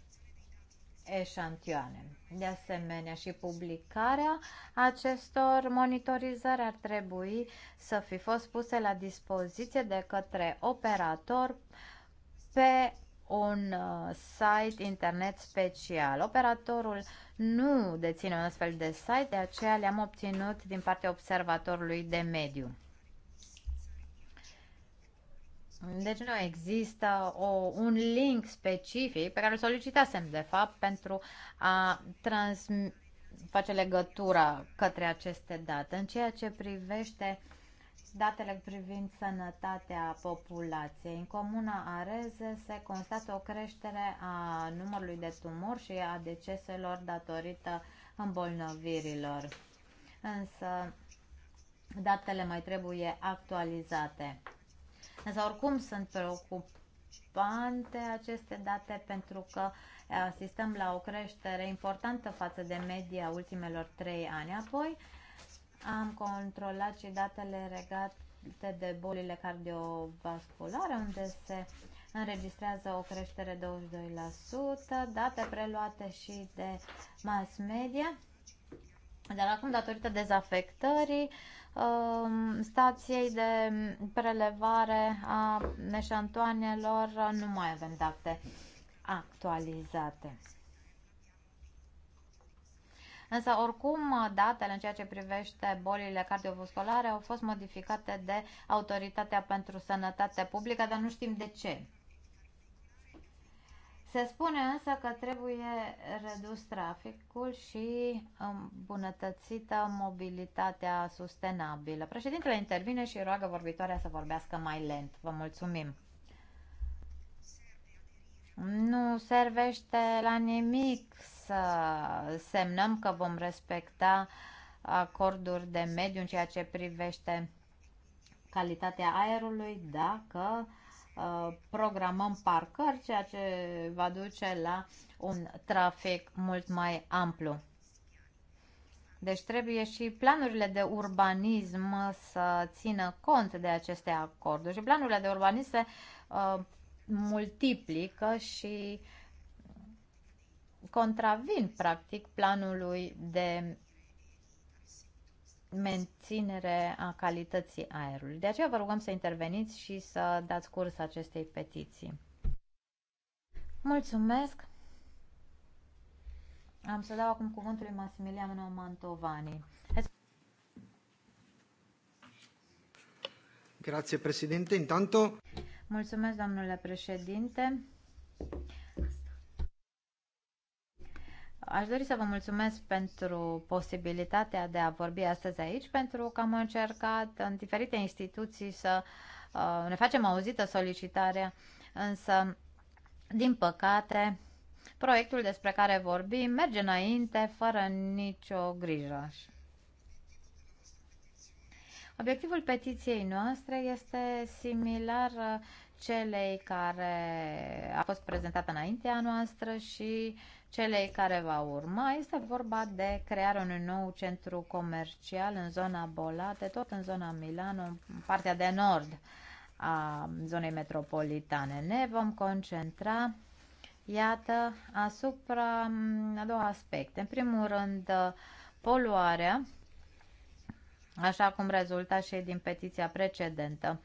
eșantioane. De asemenea, și publicarea acestor monitorizări ar trebui să fi fost puse la dispoziție de către operator pe un uh, site internet special. Operatorul nu deține un astfel de site, de aceea le-am obținut din partea observatorului de mediu. Deci nu există o, un link specific pe care îl solicitasem, de fapt, pentru a trans face legătura către aceste date. În ceea ce privește datele privind sănătatea populației, în comuna Areze se constată o creștere a numărului de tumori și a deceselor datorită îmbolnăvirilor. Însă, datele mai trebuie actualizate. Însă oricum sunt preocupante aceste date pentru că eh, asistăm la o creștere importantă față de media ultimelor trei ani. Apoi am controlat și datele regate de bolile cardiovasculare, unde se înregistrează o creștere 22%, date preluate și de mass media. Dar acum, datorită dezafectării, uh, Um, stației de prelevare a neșantoanelor nu mai avem date actualizate. Însă, oricum, datele în ceea ce privește bolile cardiovasculare au fost modificate de Autoritatea pentru Sănătate Publică, dar nu știm de ce. Se spune însă că trebuie redus traficul și îmbunătățită mobilitatea sustenabilă. Președintele intervine și roagă vorbitoarea să vorbească mai lent. Vă mulțumim! Nu servește la nimic să semnăm că vom respecta acorduri de mediu în ceea ce privește calitatea aerului dacă Uh, programăm parcări, ceea ce va duce la un trafic mult mai amplu. Deci trebuie și planurile de urbanism să țină cont de aceste acorduri. Și planurile de urbanism se uh, multiplică și contravin, practic, planului de menținere a calității aerului. De aceea vă rugăm să interveniți și să dați curs acestei petiții. Mulțumesc! Am să dau acum cuvântul lui Massimiliano Mantovani. Grazie, președinte. Intanto... Mulțumesc, domnule președinte. Aș dori să vă mulțumesc pentru posibilitatea de a vorbi astăzi aici, pentru că am încercat în diferite instituții să uh, ne facem auzită solicitarea, însă, din păcate, proiectul despre care vorbim merge înainte fără nicio grijă. Obiectivul petiției noastre este similar celei care a fost prezentată înaintea noastră și celei care va urma. Este vorba de crearea unui nou centru comercial în zona Bolate, tot în zona Milano, în partea de nord a zonei metropolitane. Ne vom concentra iată, asupra a două aspecte. În primul rând, poluarea, așa cum rezulta și din petiția precedentă.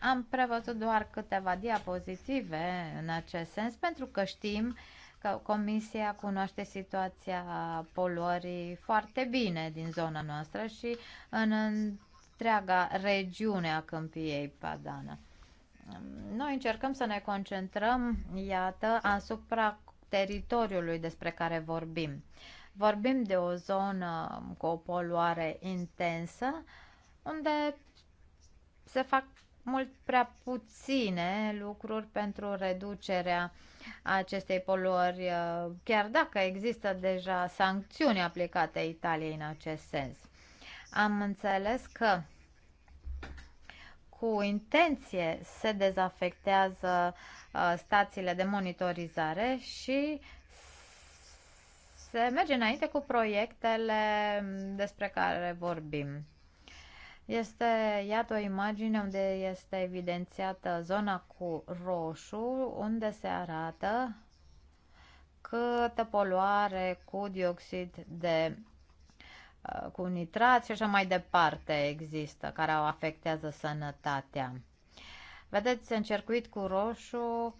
Am prevăzut doar câteva diapozitive în acest sens pentru că știm că Comisia cunoaște situația poluării foarte bine din zona noastră și în întreaga regiune a câmpiei Padană. Noi încercăm să ne concentrăm, iată, asupra teritoriului despre care vorbim. Vorbim de o zonă cu o poluare intensă, unde se fac mult prea puține lucruri pentru reducerea acestei poluări, uh, chiar dacă există deja sancțiuni aplicate Italiei în acest sens. Am înțeles că cu intenție se dezafectează uh, stațiile de monitorizare și se merge înainte cu proiectele despre care vorbim. Este, iată, o imagine unde este evidențiată zona cu roșu, unde se arată câtă poluare cu dioxid de uh, cu nitrat și așa mai departe există, care o afectează sănătatea. Vedeți, în circuit cu roșu,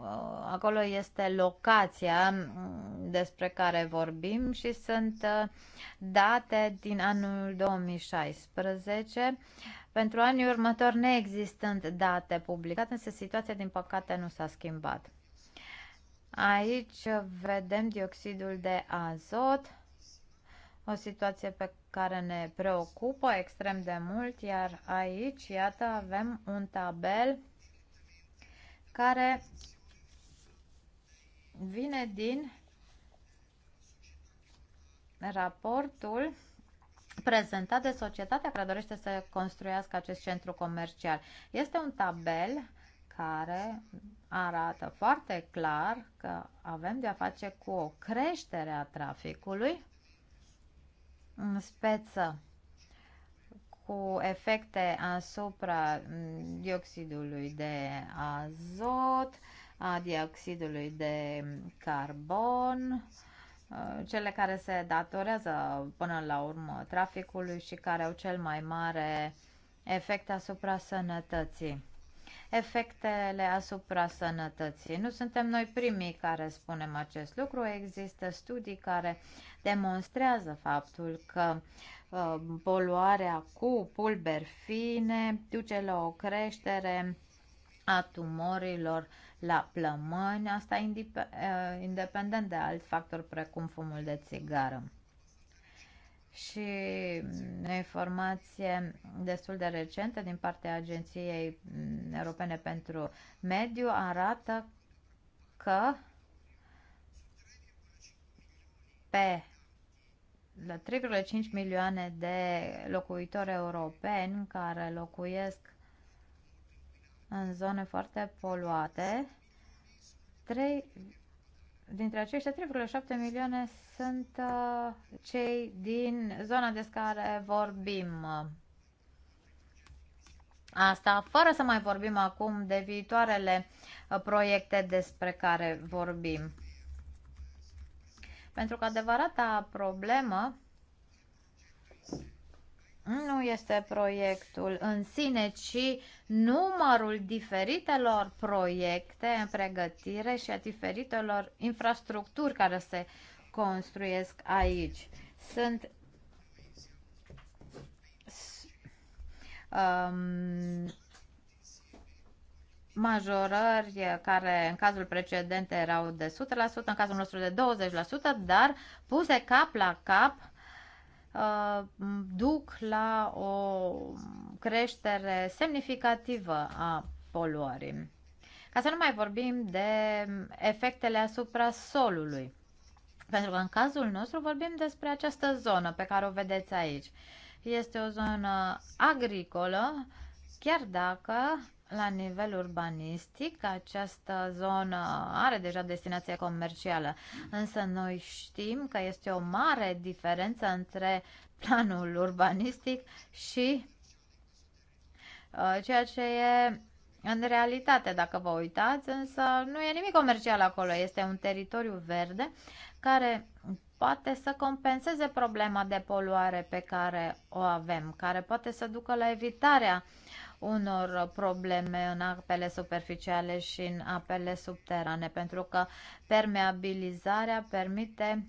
Uh, acolo este locația mm, despre care vorbim și sunt uh, date din anul 2016. Pentru anii următori neexistând date publicate, însă situația din păcate nu s-a schimbat. Aici vedem dioxidul de azot, o situație pe care ne preocupă extrem de mult, iar aici, iată, avem un tabel care vine din raportul prezentat de societatea care dorește să construiască acest centru comercial. Este un tabel care arată foarte clar că avem de-a face cu o creștere a traficului în speță cu efecte asupra mm, dioxidului de azot, a dioxidului de carbon, uh, cele care se datorează până la urmă traficului și care au cel mai mare efect asupra sănătății. Efectele asupra sănătății. Nu suntem noi primii care spunem acest lucru. Există studii care demonstrează faptul că uh, poluarea cu pulberi fine duce la o creștere a tumorilor la plămâni, asta uh, independent de alt factor precum fumul de țigară. Și mm, o informație destul de recentă din partea Agenției mm, Europene pentru Mediu arată că pe la 3,5 milioane de locuitori europeni care locuiesc în zone foarte poluate. 3, dintre aceștia, 3,7 milioane sunt uh, cei din zona de care vorbim. Asta fără să mai vorbim acum de viitoarele uh, proiecte despre care vorbim. Pentru că adevărata problemă nu este proiectul în sine, ci numărul diferitelor proiecte în pregătire și a diferitelor infrastructuri care se construiesc aici. Sunt um, majorări care în cazul precedent erau de 100%, în cazul nostru de 20%, dar puse cap la cap Uh, duc la o creștere semnificativă a poluării. Ca să nu mai vorbim de efectele asupra solului. Pentru că în cazul nostru vorbim despre această zonă pe care o vedeți aici. Este o zonă agricolă, chiar dacă la nivel urbanistic, această zonă are deja destinație comercială, însă noi știm că este o mare diferență între planul urbanistic și uh, ceea ce e în realitate, dacă vă uitați, însă nu e nimic comercial acolo, este un teritoriu verde care poate să compenseze problema de poluare pe care o avem, care poate să ducă la evitarea uh, unor probleme în apele superficiale și în apele subterane, pentru că permeabilizarea permite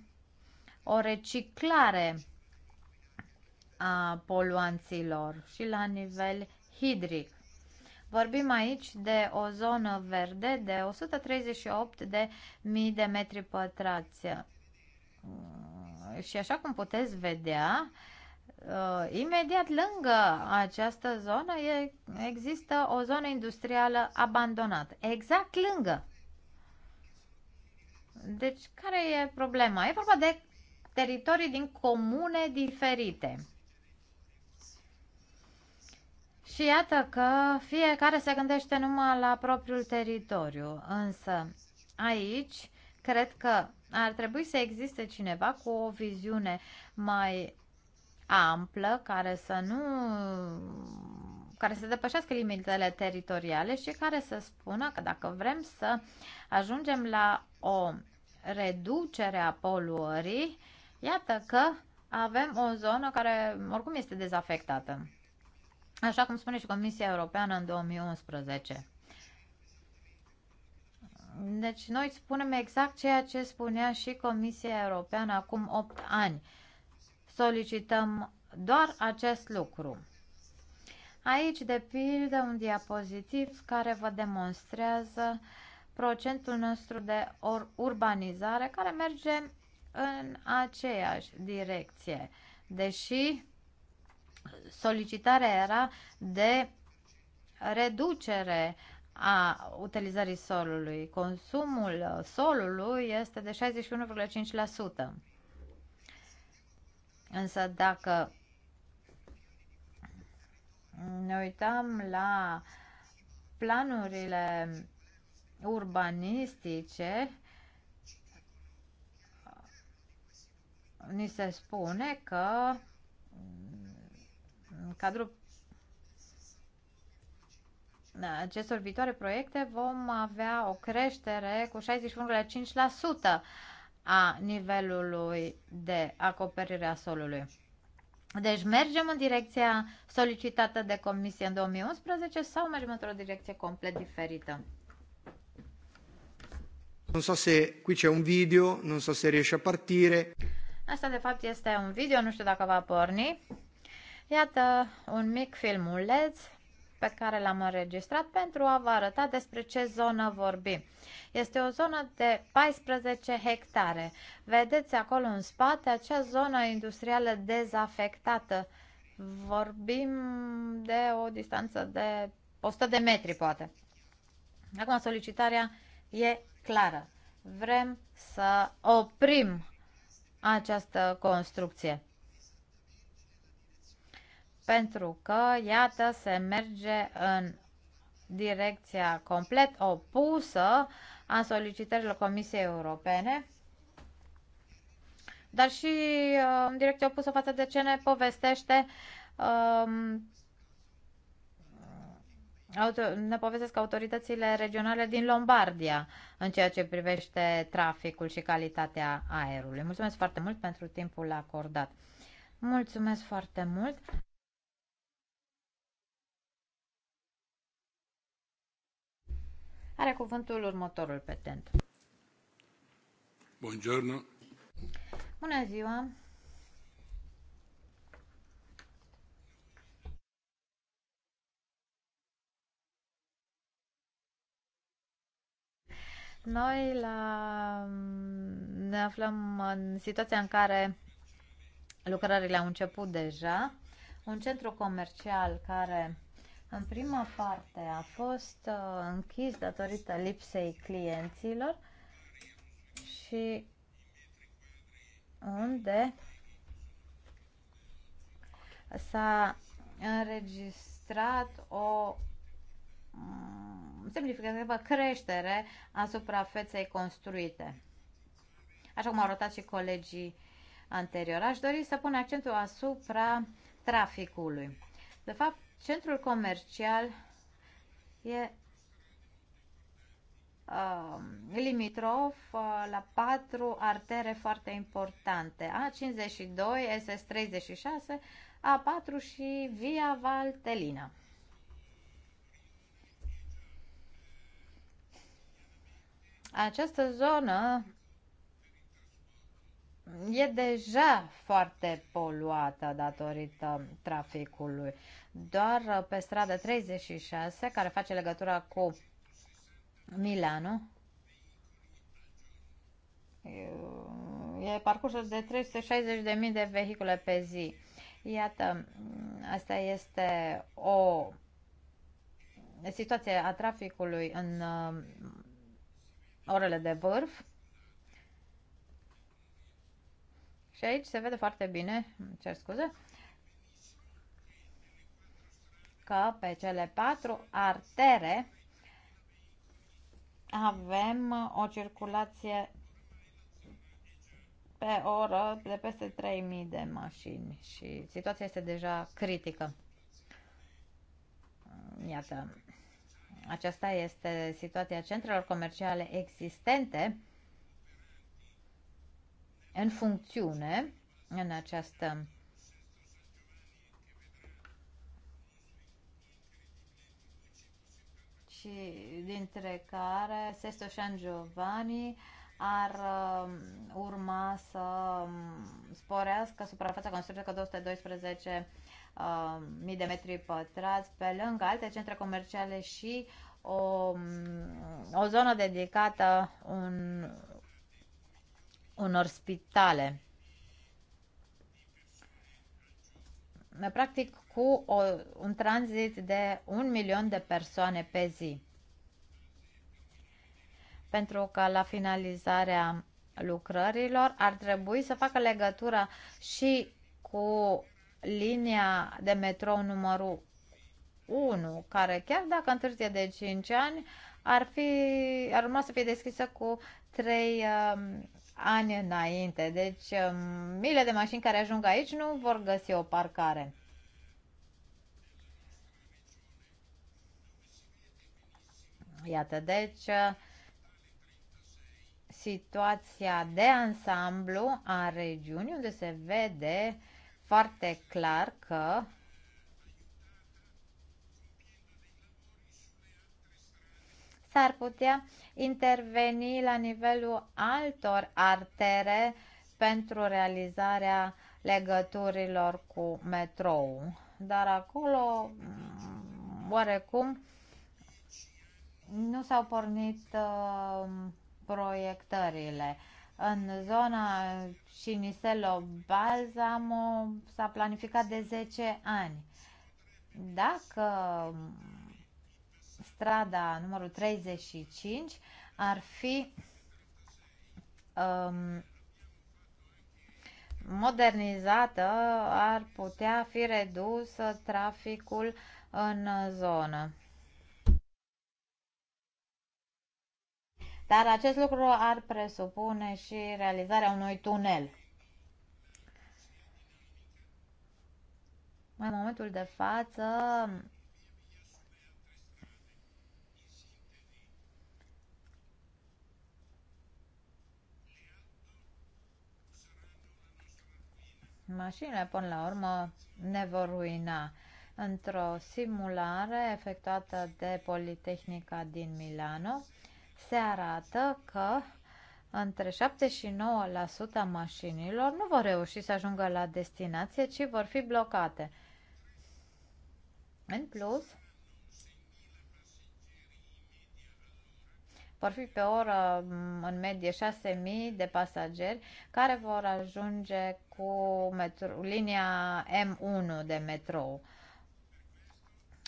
o reciclare a poluanților și la nivel hidric. Vorbim aici de o zonă verde de 138 de mii de metri pătrați. Și așa cum puteți vedea, uh, uh, imediat lângă această zonă e, există o zonă industrială abandonată. Exact lângă. Deci, care e problema? E vorba de teritorii din comune diferite. Și iată că fiecare se gândește numai la propriul teritoriu, însă aici cred că ar trebui să existe cineva cu o viziune mai amplă care să nu care să depășească limitele teritoriale și care să spună că dacă vrem să ajungem la o reducere a poluării, iată că avem o zonă care oricum este dezafectată. Așa cum spune și Comisia Europeană în 2011. Deci noi spunem exact ceea ce spunea și Comisia Europeană acum 8 ani solicităm doar acest lucru. Aici, de pildă, un diapozitiv care vă demonstrează procentul nostru de urbanizare care merge în aceeași direcție, deși solicitarea era de reducere a utilizării solului. Consumul solului este de 61,5%. Însă dacă ne uităm la planurile urbanistice, ni se spune că în cadrul acestor viitoare proiecte vom avea o creștere cu 61,5% a nivelului de acoperire a solului. Deci mergem în direcția solicitată de comisie în 2011 sau mergem într-o direcție complet diferită? Nu so se qui c'è un video, nu so se riesce a partire. Asta de fapt este un video, nu știu dacă va porni. Iată un mic filmuleț pe care l-am înregistrat pentru a vă arăta despre ce zonă vorbim. Este o zonă de 14 hectare. Vedeți acolo în spate acea zonă industrială dezafectată. Vorbim de o distanță de 100 de metri, poate. Acum solicitarea e clară. Vrem să oprim această construcție pentru că, iată, se merge în direcția complet opusă a solicitărilor Comisiei Europene, dar și uh, în direcția opusă față de ce ne povestește uh, auto- ne povestesc autoritățile regionale din Lombardia în ceea ce privește traficul și calitatea aerului. Mulțumesc foarte mult pentru timpul acordat. Mulțumesc foarte mult! Are cuvântul următorul petent. Buongiorno. Bună ziua. Noi la, ne aflăm în situația în care lucrările au început deja. Un centru comercial care în prima parte a fost uh, închis datorită lipsei clienților și unde s-a înregistrat o mm, semnificativă creștere a suprafeței construite. Așa cum au arătat și colegii anterior, aș dori să pun accentul asupra traficului. De fapt, Centrul comercial e uh, limitrof uh, la patru artere foarte importante. A52, SS36, A4 și Via Valtelina. Această zonă e deja foarte poluată datorită traficului. Doar uh, pe strada 36, care face legătura cu Milano, e parcursul de 360.000 de vehicule pe zi. Iată, asta este o situație a traficului în uh, orele de vârf Și aici se vede foarte bine, cer scuze, că pe cele patru artere avem o circulație pe oră de peste 3000 de mașini și situația este deja critică. Iată, aceasta este situația centrelor comerciale existente în funcțiune în această și dintre care Sesto San Giovanni ar um, urma să um, sporească suprafața construită cu um, 212 mii de metri pătrați, pe lângă alte centre comerciale și o, o zonă dedicată un, unor spitale. Practic cu o, un tranzit de un milion de persoane pe zi. Pentru că la finalizarea lucrărilor ar trebui să facă legătura și cu linia de metrou numărul 1, care chiar dacă întârzie de 5 ani, ar fi ar urma să fie deschisă cu 3 uh, um, ani înainte. Deci uh, miile de mașini care ajung aici nu vor găsi o parcare. Iată, deci uh, situația de ansamblu a regiunii unde se vede foarte clar că s-ar putea interveni la nivelul altor artere pentru realizarea legăturilor cu metrou. Dar acolo, mm, oarecum, nu s-au pornit uh, proiectările. În zona cinisello balsamo s-a planificat de 10 ani. Dacă strada numărul 35 ar fi um, modernizată, ar putea fi redus traficul în zonă. Dar acest lucru ar presupune și realizarea unui tunel. În momentul de față, Mașinile, până la urmă, ne vor ruina. Într-o simulare efectuată de Politehnica din Milano, se arată că între 7 și 9% a mașinilor nu vor reuși să ajungă la destinație, ci vor fi blocate. În plus, vor fi pe oră mm, în medie 6.000 de pasageri care vor ajunge cu metro, linia M1 de metrou.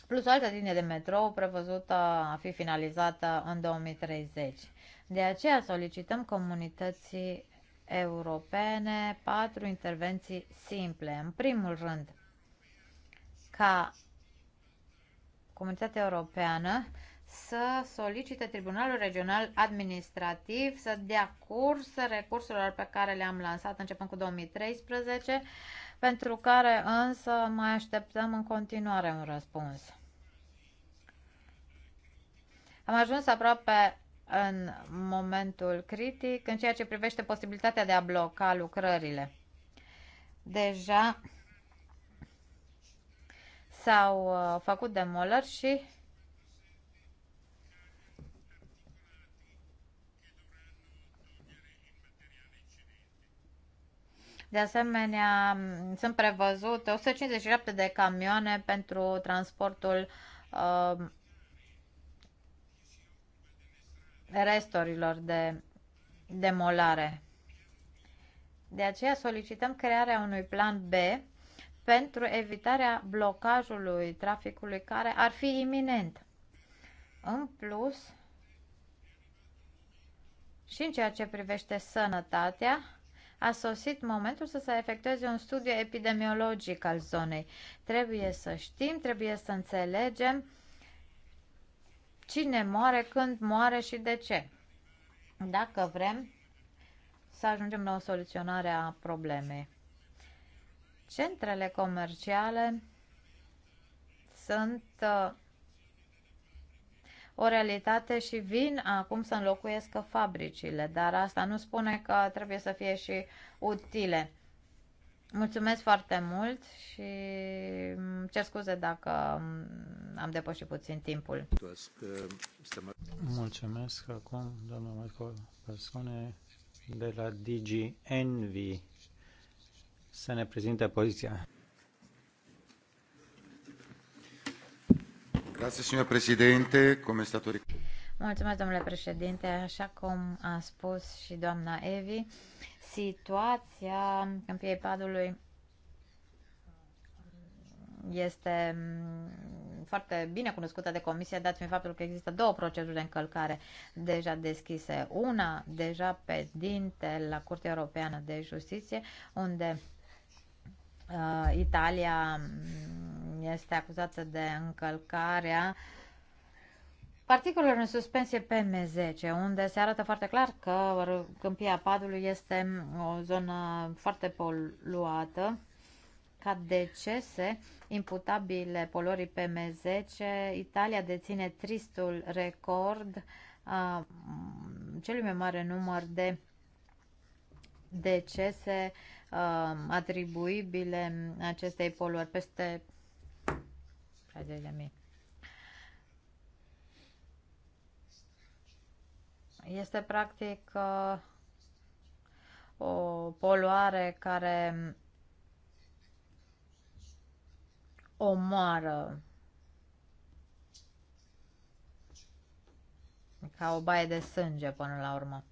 Plus o altă linie de metrou prevăzută a fi finalizată în 2030. De aceea solicităm comunității europene patru intervenții simple. În primul rând, ca comunitatea europeană să solicite Tribunalul Regional Administrativ să dea curs recursurilor pe care le-am lansat începând cu 2013, pentru care însă mai așteptăm în continuare un răspuns. Am ajuns aproape în momentul critic în ceea ce privește posibilitatea de a bloca lucrările. Deja s-au uh, făcut demolări și De asemenea, mm, sunt prevăzute 157 de camioane pentru transportul uh, restorilor de demolare. De aceea solicităm crearea unui plan B pentru evitarea blocajului traficului care ar fi iminent. În plus, și în ceea ce privește sănătatea, a sosit momentul să se efectueze un studiu epidemiologic al zonei. Trebuie să știm, trebuie să înțelegem cine moare, când moare și de ce. Dacă vrem să ajungem la o soluționare a problemei. Centrele comerciale sunt uh, o realitate și vin acum să înlocuiesc fabricile, dar asta nu spune că trebuie să fie și utile. Mulțumesc foarte mult și cer scuze dacă am depășit puțin timpul. Mulțumesc acum, doamna Marco, persoane de la DG Envy să ne prezinte poziția. Mulțumesc, domnule președinte. Așa cum a spus și doamna Evi, situația Câmpiei Padului este mm, foarte bine cunoscută de comisie, dat fiind faptul că există două proceduri de încălcare deja deschise. Una deja pe dinte la Curtea Europeană de Justiție, unde uh, Italia mm, este acuzată de încălcarea particulelor în suspensie PM10, unde se arată foarte clar că câmpia Padului este o zonă foarte poluată ca decese imputabile polorii PM10, Italia deține tristul record uh, celui mai mare număr de decese uh, atribuibile acestei poluări, peste 60.000. Este practic uh, o poluare care omoară ca o baie de sânge până la urmă.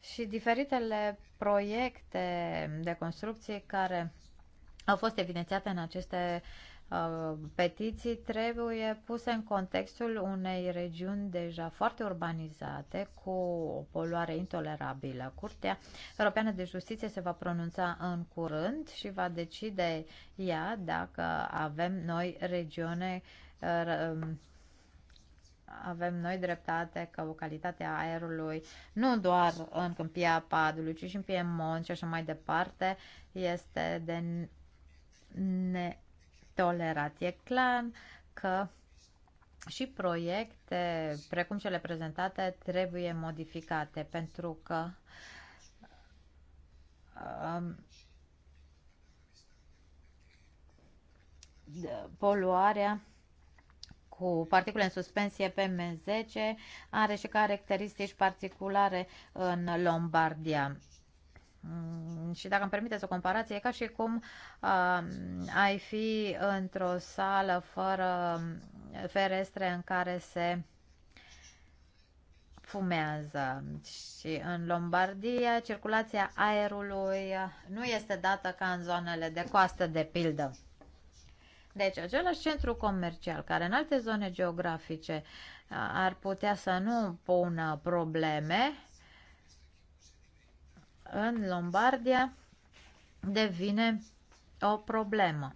Și diferitele proiecte de construcții care au fost evidențiate în aceste Uh, petiții trebuie puse în contextul unei regiuni deja foarte urbanizate cu o poluare intolerabilă. Curtea Europeană de Justiție se va pronunța în curând și va decide ea dacă avem noi regiune uh, um, avem noi dreptate că o calitatea aerului, nu doar în Câmpia Padului, ci și în Piemont și așa mai departe, este de ne tolerat. E clar că și proiecte, precum cele prezentate, trebuie modificate pentru că um, poluarea cu particule în suspensie PM10 are și caracteristici particulare în Lombardia. Mm, și dacă îmi permiteți o comparație, e ca și cum uh, ai fi într-o sală fără mm, ferestre în care se fumează. Și în Lombardia circulația aerului nu este dată ca în zonele de coastă, de pildă. Deci, același centru comercial, care în alte zone geografice uh, ar putea să nu pună probleme, în Lombardia devine o problemă.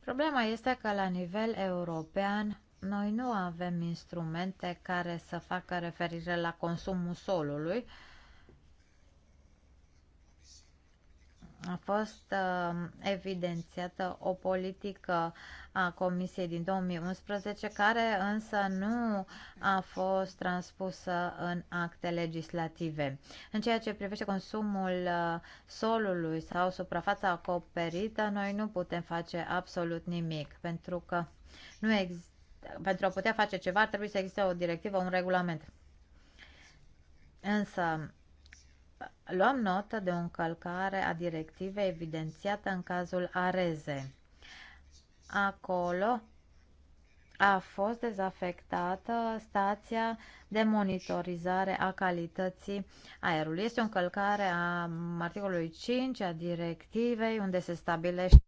Problema este că la nivel european noi nu avem instrumente care să facă referire la consumul solului, a fost uh, evidențiată o politică a Comisiei din 2011, care însă nu a fost transpusă în acte legislative. În ceea ce privește consumul uh, solului sau suprafața acoperită, noi nu putem face absolut nimic, pentru că nu există pentru a putea face ceva ar trebui să existe o directivă, un regulament. Însă, luăm notă de o încălcare a directivei evidențiată în cazul Areze. Acolo a fost dezafectată stația de monitorizare a calității aerului. Este o încălcare a articolului 5 a directivei unde se stabilește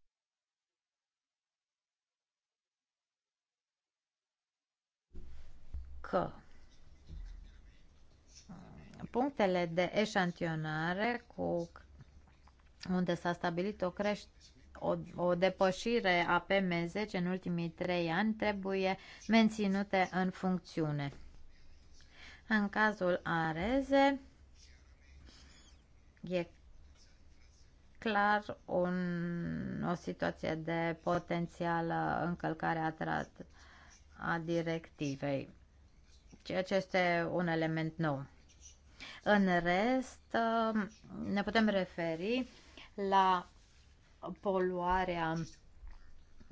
că punctele de eșantionare cu unde s-a stabilit o creș o, o depășire a PM10 în ultimii trei ani trebuie menținute în funcțiune. În cazul areze e clar un, o situație de potențială încălcare a, trat, a directivei, ceea ce este un element nou. În rest, um, ne putem referi la poluarea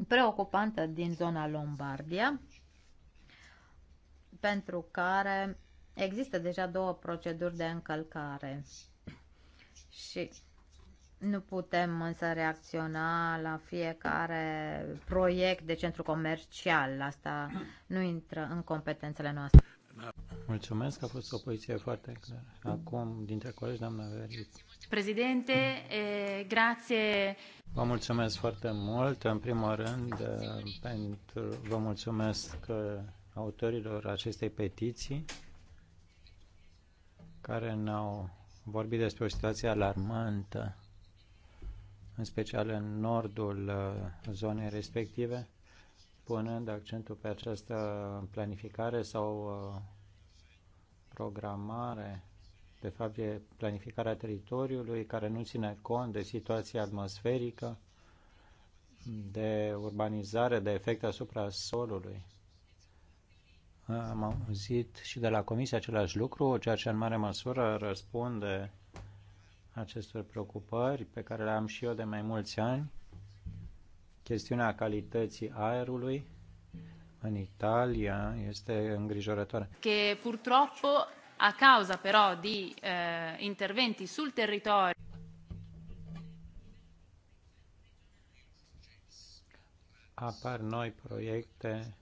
preocupantă din zona Lombardia, pentru care există deja două proceduri de încălcare și nu putem însă reacționa la fiecare proiect de centru comercial. Asta nu intră în competențele noastre. Mulțumesc, a fost o poziție foarte clară. Acum, dintre colegi, doamna Verit. Președinte, grație. Vă mulțumesc foarte mult, în primul rând, pentru, vă mulțumesc autorilor acestei petiții care ne-au vorbit despre o situație alarmantă, în special în nordul zonei respective punând accentul pe această planificare sau uh, programare. De fapt, e planificarea teritoriului care nu ține cont de situația atmosferică, de urbanizare, de efect asupra solului. Am auzit și de la Comisie același lucru, ceea ce în mare măsură răspunde acestor preocupări pe care le am și eu de mai mulți ani Chestiunea calității aerului în Italia este îngrijorătoare. Che purtroppo a causa però di eh, interventi sul territorio apar noi proiecte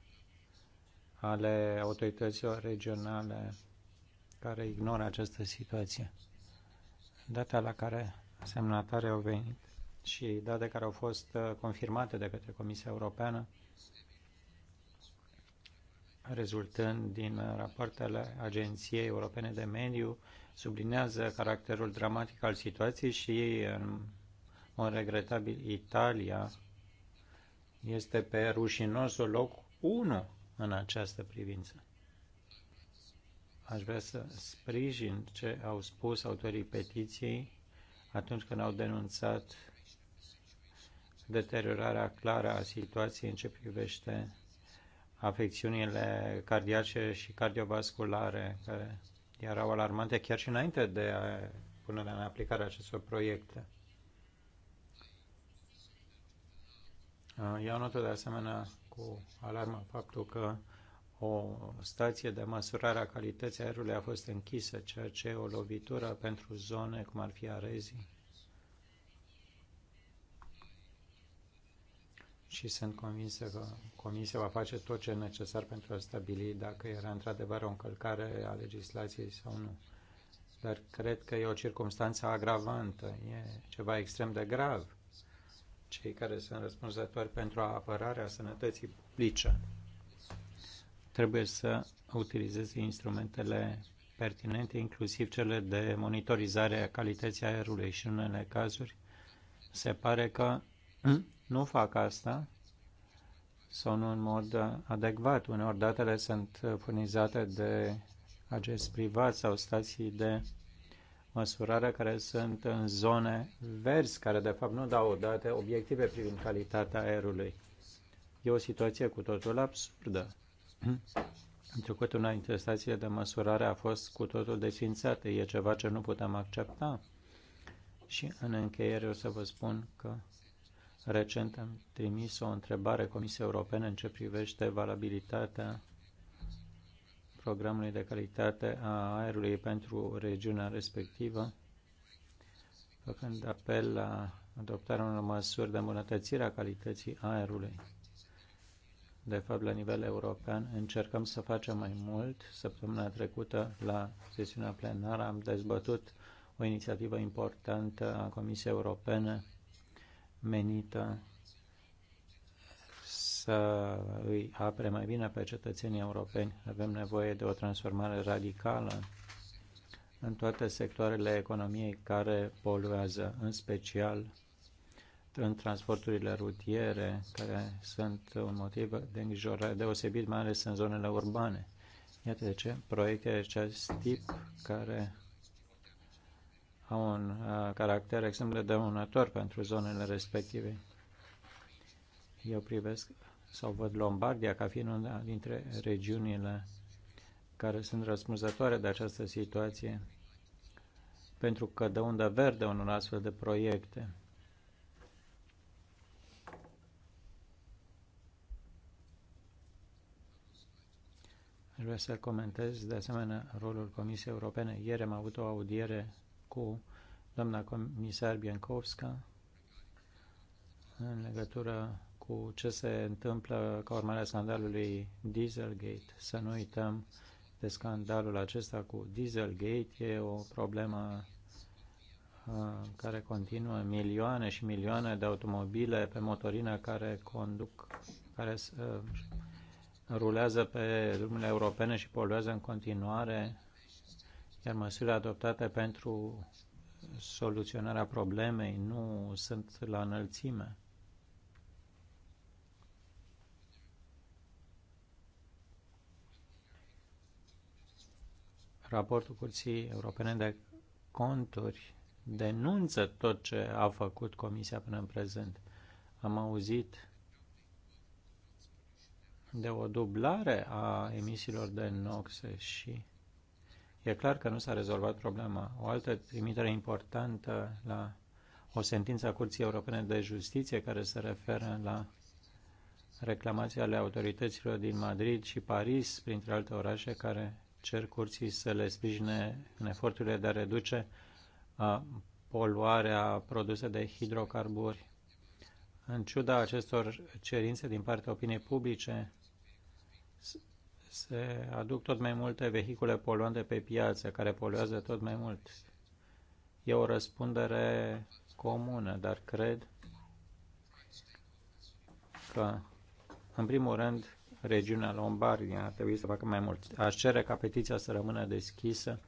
ale autorităților regionale care ignoră această situație. Data la care semnatare au venit și date care au fost uh, confirmate de către Comisia Europeană, rezultând din uh, rapoartele Agenției Europene de Mediu, sublinează caracterul dramatic al situației și, în mod regretabil, Italia este pe rușinosul loc 1 în această privință. Aș vrea să sprijin ce au spus autorii petiției atunci când au denunțat deteriorarea clară a situației în ce privește afecțiunile cardiace și cardiovasculare, care erau alarmante chiar și înainte de punerea în aplicare acestor proiecte. Iau notă de asemenea cu alarmă faptul că o stație de măsurare a calității aerului a fost închisă, ceea ce e o lovitură pentru zone cum ar fi Arezii și sunt convinsă că Comisia va face tot ce e necesar pentru a stabili dacă era într-adevăr o încălcare a legislației sau nu. Dar cred că e o circunstanță agravantă, e ceva extrem de grav. Cei care sunt răspunzători pentru apărarea sănătății publice trebuie să utilizeze instrumentele pertinente, inclusiv cele de monitorizare a calității aerului și în unele cazuri se pare că *clears throat* nu fac asta sau nu în mod adecvat. Uneori datele sunt furnizate de agenți privați sau stații de măsurare care sunt în zone verzi, care de fapt nu dau date obiective privind calitatea aerului. E o situație cu totul absurdă. *clears throat* Întrucât una dintre stațiile de măsurare a fost cu totul desfințată, e ceva ce nu putem accepta. Și în încheiere o să vă spun că Recent am trimis o întrebare Comisiei Europene în ce privește valabilitatea programului de calitate a aerului pentru regiunea respectivă, făcând apel la adoptarea unor măsuri de îmbunătățire a calității aerului. De fapt, la nivel european, încercăm să facem mai mult. Săptămâna trecută, la sesiunea plenară, am dezbătut o inițiativă importantă a Comisiei Europene menită să îi apre mai bine pe cetățenii europeni. Avem nevoie de o transformare radicală în toate sectoarele economiei care poluează, în special în transporturile rutiere, care sunt un motiv de îngrijorare deosebit, mai ales în zonele urbane. Iată de ce proiecte de acest tip care au un uh, caracter extrem de dăunător pentru zonele respective. Eu privesc sau văd Lombardia ca fiind una dintre regiunile care sunt răspunzătoare de această situație pentru că dă undă verde unor astfel de proiecte. Aș vrea să comentez de asemenea rolul Comisiei Europene. Ieri am avut o audiere cu doamna comisar Biancovska în legătură cu ce se întâmplă ca urmare a scandalului Dieselgate. Să nu uităm de scandalul acesta cu Dieselgate. E o problemă uh, care continuă milioane și milioane de automobile pe motorină care conduc, care uh, rulează pe drumurile europene și poluează în continuare iar măsurile adoptate pentru soluționarea problemei nu sunt la înălțime. Raportul Curții Europene de Conturi denunță tot ce a făcut Comisia până în prezent. Am auzit de o dublare a emisiilor de noxe și E clar că nu s-a rezolvat problema. O altă trimitere importantă la o sentință a Curții Europene de Justiție care se referă la reclamații ale autorităților din Madrid și Paris, printre alte orașe, care cer curții să le sprijine în eforturile de a reduce poluarea produsă de hidrocarburi. În ciuda acestor cerințe din partea opiniei publice, se aduc tot mai multe vehicule poluante pe piață, care poluează tot mai mult. E o răspundere comună, dar cred că, în primul rând, regiunea Lombardia ar trebui să facă mai mult. Aș cere ca petiția să rămână deschisă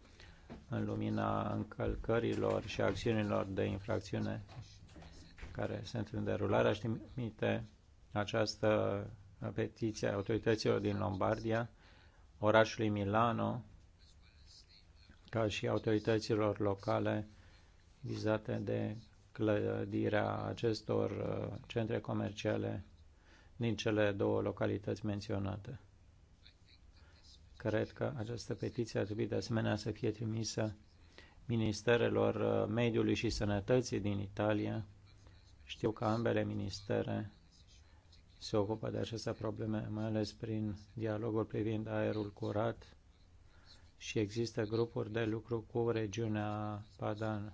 în lumina încălcărilor și acțiunilor de infracțiune care sunt în derulare. Aș trimite această petiție autorităților din Lombardia orașului Milano, ca și autorităților locale vizate de clădirea acestor uh, centre comerciale din cele două localități menționate. Cred că această petiție ar trebui de asemenea să fie trimisă Ministerelor uh, Mediului și Sănătății din Italia. Știu că ambele ministere se ocupă de aceste probleme, mai ales prin dialogul privind aerul curat și există grupuri de lucru cu regiunea Padan.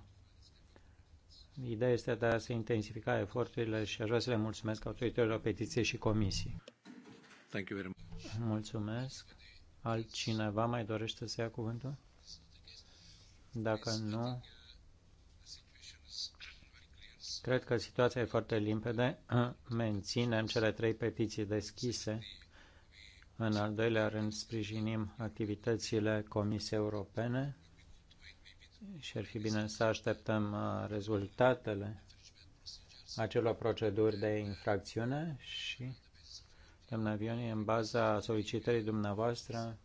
Ideea este de a se intensifica eforturile și aș vrea să le mulțumesc autorităților petiției și comisii. Thank you very much. Mulțumesc. Altcineva mai dorește să ia cuvântul? Dacă nu, Cred că situația e foarte limpede. *clears throat* Menținem cele trei petiții deschise. În al doilea rând, sprijinim activitățile Comisiei Europene și ar fi bine să așteptăm uh, rezultatele acelor proceduri de infracțiune și, doamna Vioni, în baza solicitării dumneavoastră,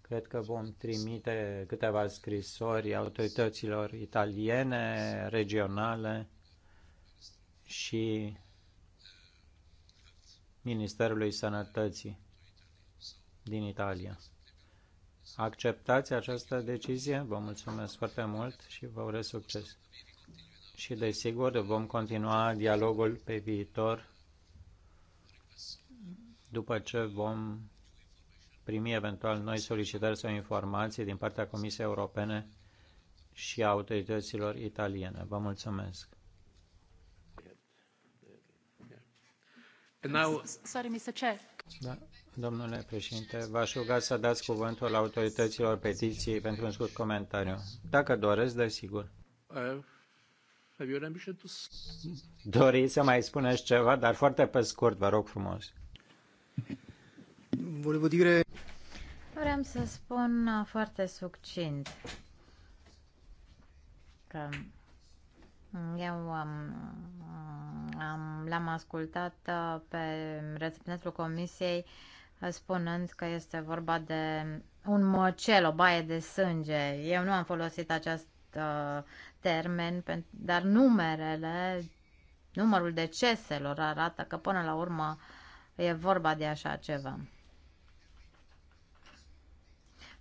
cred că vom trimite câteva scrisori autorităților italiene, regionale, și Ministerului Sănătății din Italia. Acceptați această decizie? Vă mulțumesc foarte mult și vă urez succes. Și desigur vom continua dialogul pe viitor după ce vom primi eventual noi solicitări sau informații din partea Comisiei Europene și autorităților italiene. Vă mulțumesc! Da, domnule președinte, v-aș ruga să dați cuvântul autorităților petiției pentru un scurt comentariu. Dacă doresc, desigur. Uh, Doriți să mai spuneți ceva, dar foarte pe scurt, vă rog frumos. Vreau să spun foarte succint că eu am am, l-am ascultat uh, pe reprezentantul comisiei uh, spunând că este vorba de un măcel, o baie de sânge. Eu nu am folosit acest uh, termen, dar numerele, numărul deceselor arată că până la urmă e vorba de așa ceva.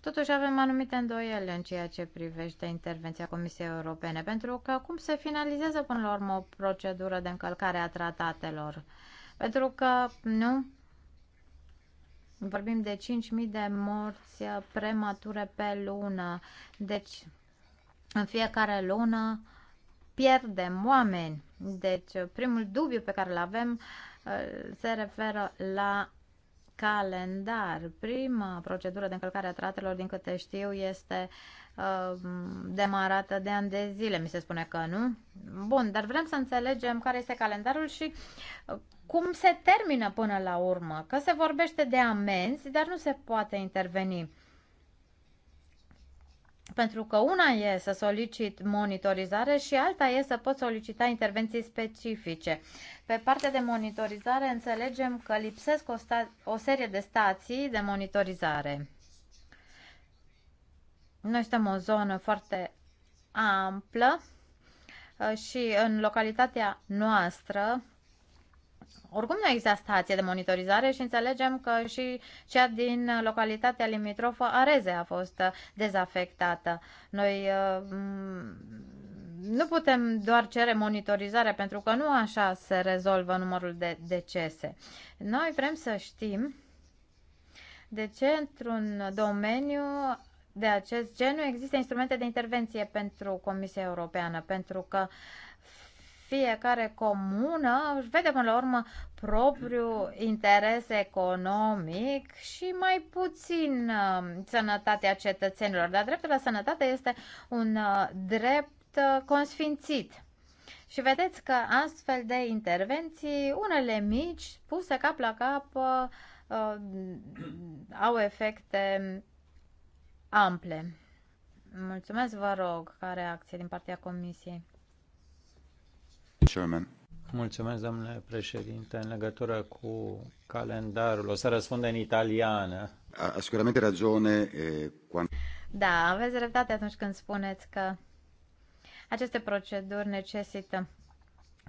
Totuși avem anumite îndoiele în ceea ce privește intervenția Comisiei Europene, pentru că cum se finalizează până la urmă o procedură de încălcare a tratatelor? Pentru că, nu, vorbim de 5.000 de morți premature pe lună, deci în fiecare lună pierdem oameni. Deci primul dubiu pe care îl avem uh, se referă la calendar. Prima procedură de încălcare a tratelor, din câte știu, este uh, demarată de ani de zile, mi se spune că nu. Bun, dar vrem să înțelegem care este calendarul și uh, cum se termină până la urmă, că se vorbește de amenzi, dar nu se poate interveni. Pentru că una e să solicit monitorizare și alta e să pot solicita intervenții specifice. Pe partea de monitorizare înțelegem că lipsesc o, o serie de stații de monitorizare. Noi suntem o zonă foarte amplă uh, și în localitatea noastră oricum nu există stație de monitorizare și înțelegem că și cea din localitatea limitrofă Areze a fost dezafectată. Noi uh, nu putem doar cere monitorizare pentru că nu așa se rezolvă numărul de decese. Noi vrem să știm de ce într-un domeniu de acest gen nu există instrumente de intervenție pentru Comisia Europeană, pentru că uh, fiecare comună își vede până la urmă propriu interes economic și mai puțin uh, sănătatea cetățenilor. Dar dreptul la sănătate este un uh, drept uh, consfințit. Și vedeți că astfel de intervenții, unele mici, puse cap la cap, au efecte ample. Mulțumesc, vă rog, ca reacție din partea Comisiei. Chairman. Mulțumesc, domnule președinte. În legătură cu calendarul, o să răspund în italiană. A, sicuramente ragione. E, quando... Da, aveți dreptate atunci când spuneți că aceste proceduri necesită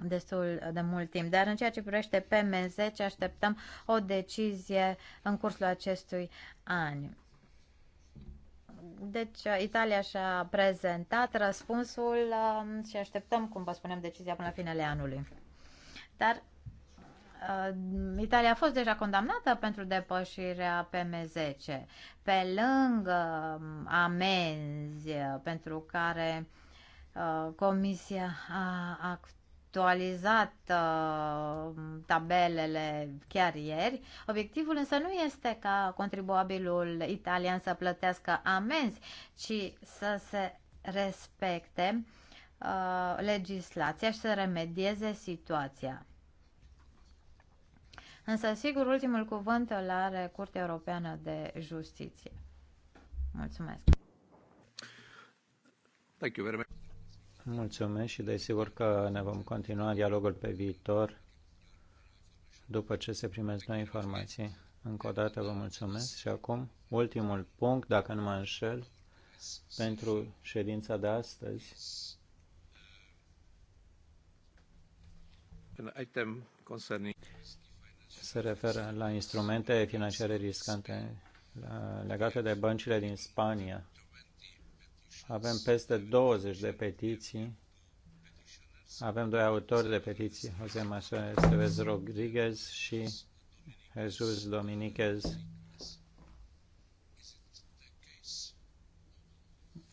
destul de mult timp. Dar în ceea ce privește PM10, așteptăm o decizie în cursul acestui an. Deci, uh, Italia și-a prezentat răspunsul um, și așteptăm, cum vă spunem, decizia până la finele anului. Dar uh, Italia a fost deja condamnată pentru depășirea PM10, pe lângă um, amenzi uh, pentru care Comisia a actualizat uh, tabelele chiar ieri. Obiectivul însă nu este ca contribuabilul italian să plătească amenzi, ci să se respecte uh, legislația și să remedieze situația. Însă, sigur, ultimul cuvânt îl are Curtea Europeană de Justiție. Mulțumesc! Thank you very much. Mulțumesc și desigur că ne vom continua dialogul pe viitor după ce se primesc noi informații. Încă o dată vă mulțumesc și acum ultimul punct, dacă nu mă înșel, pentru ședința de astăzi. Un item concerning se referă la instrumente financiare riscante legate de băncile din Spania. Avem peste 20 de petiții. Avem doi autori de petiții, Jose Mason Esteves Rodriguez și Jesus Dominiquez.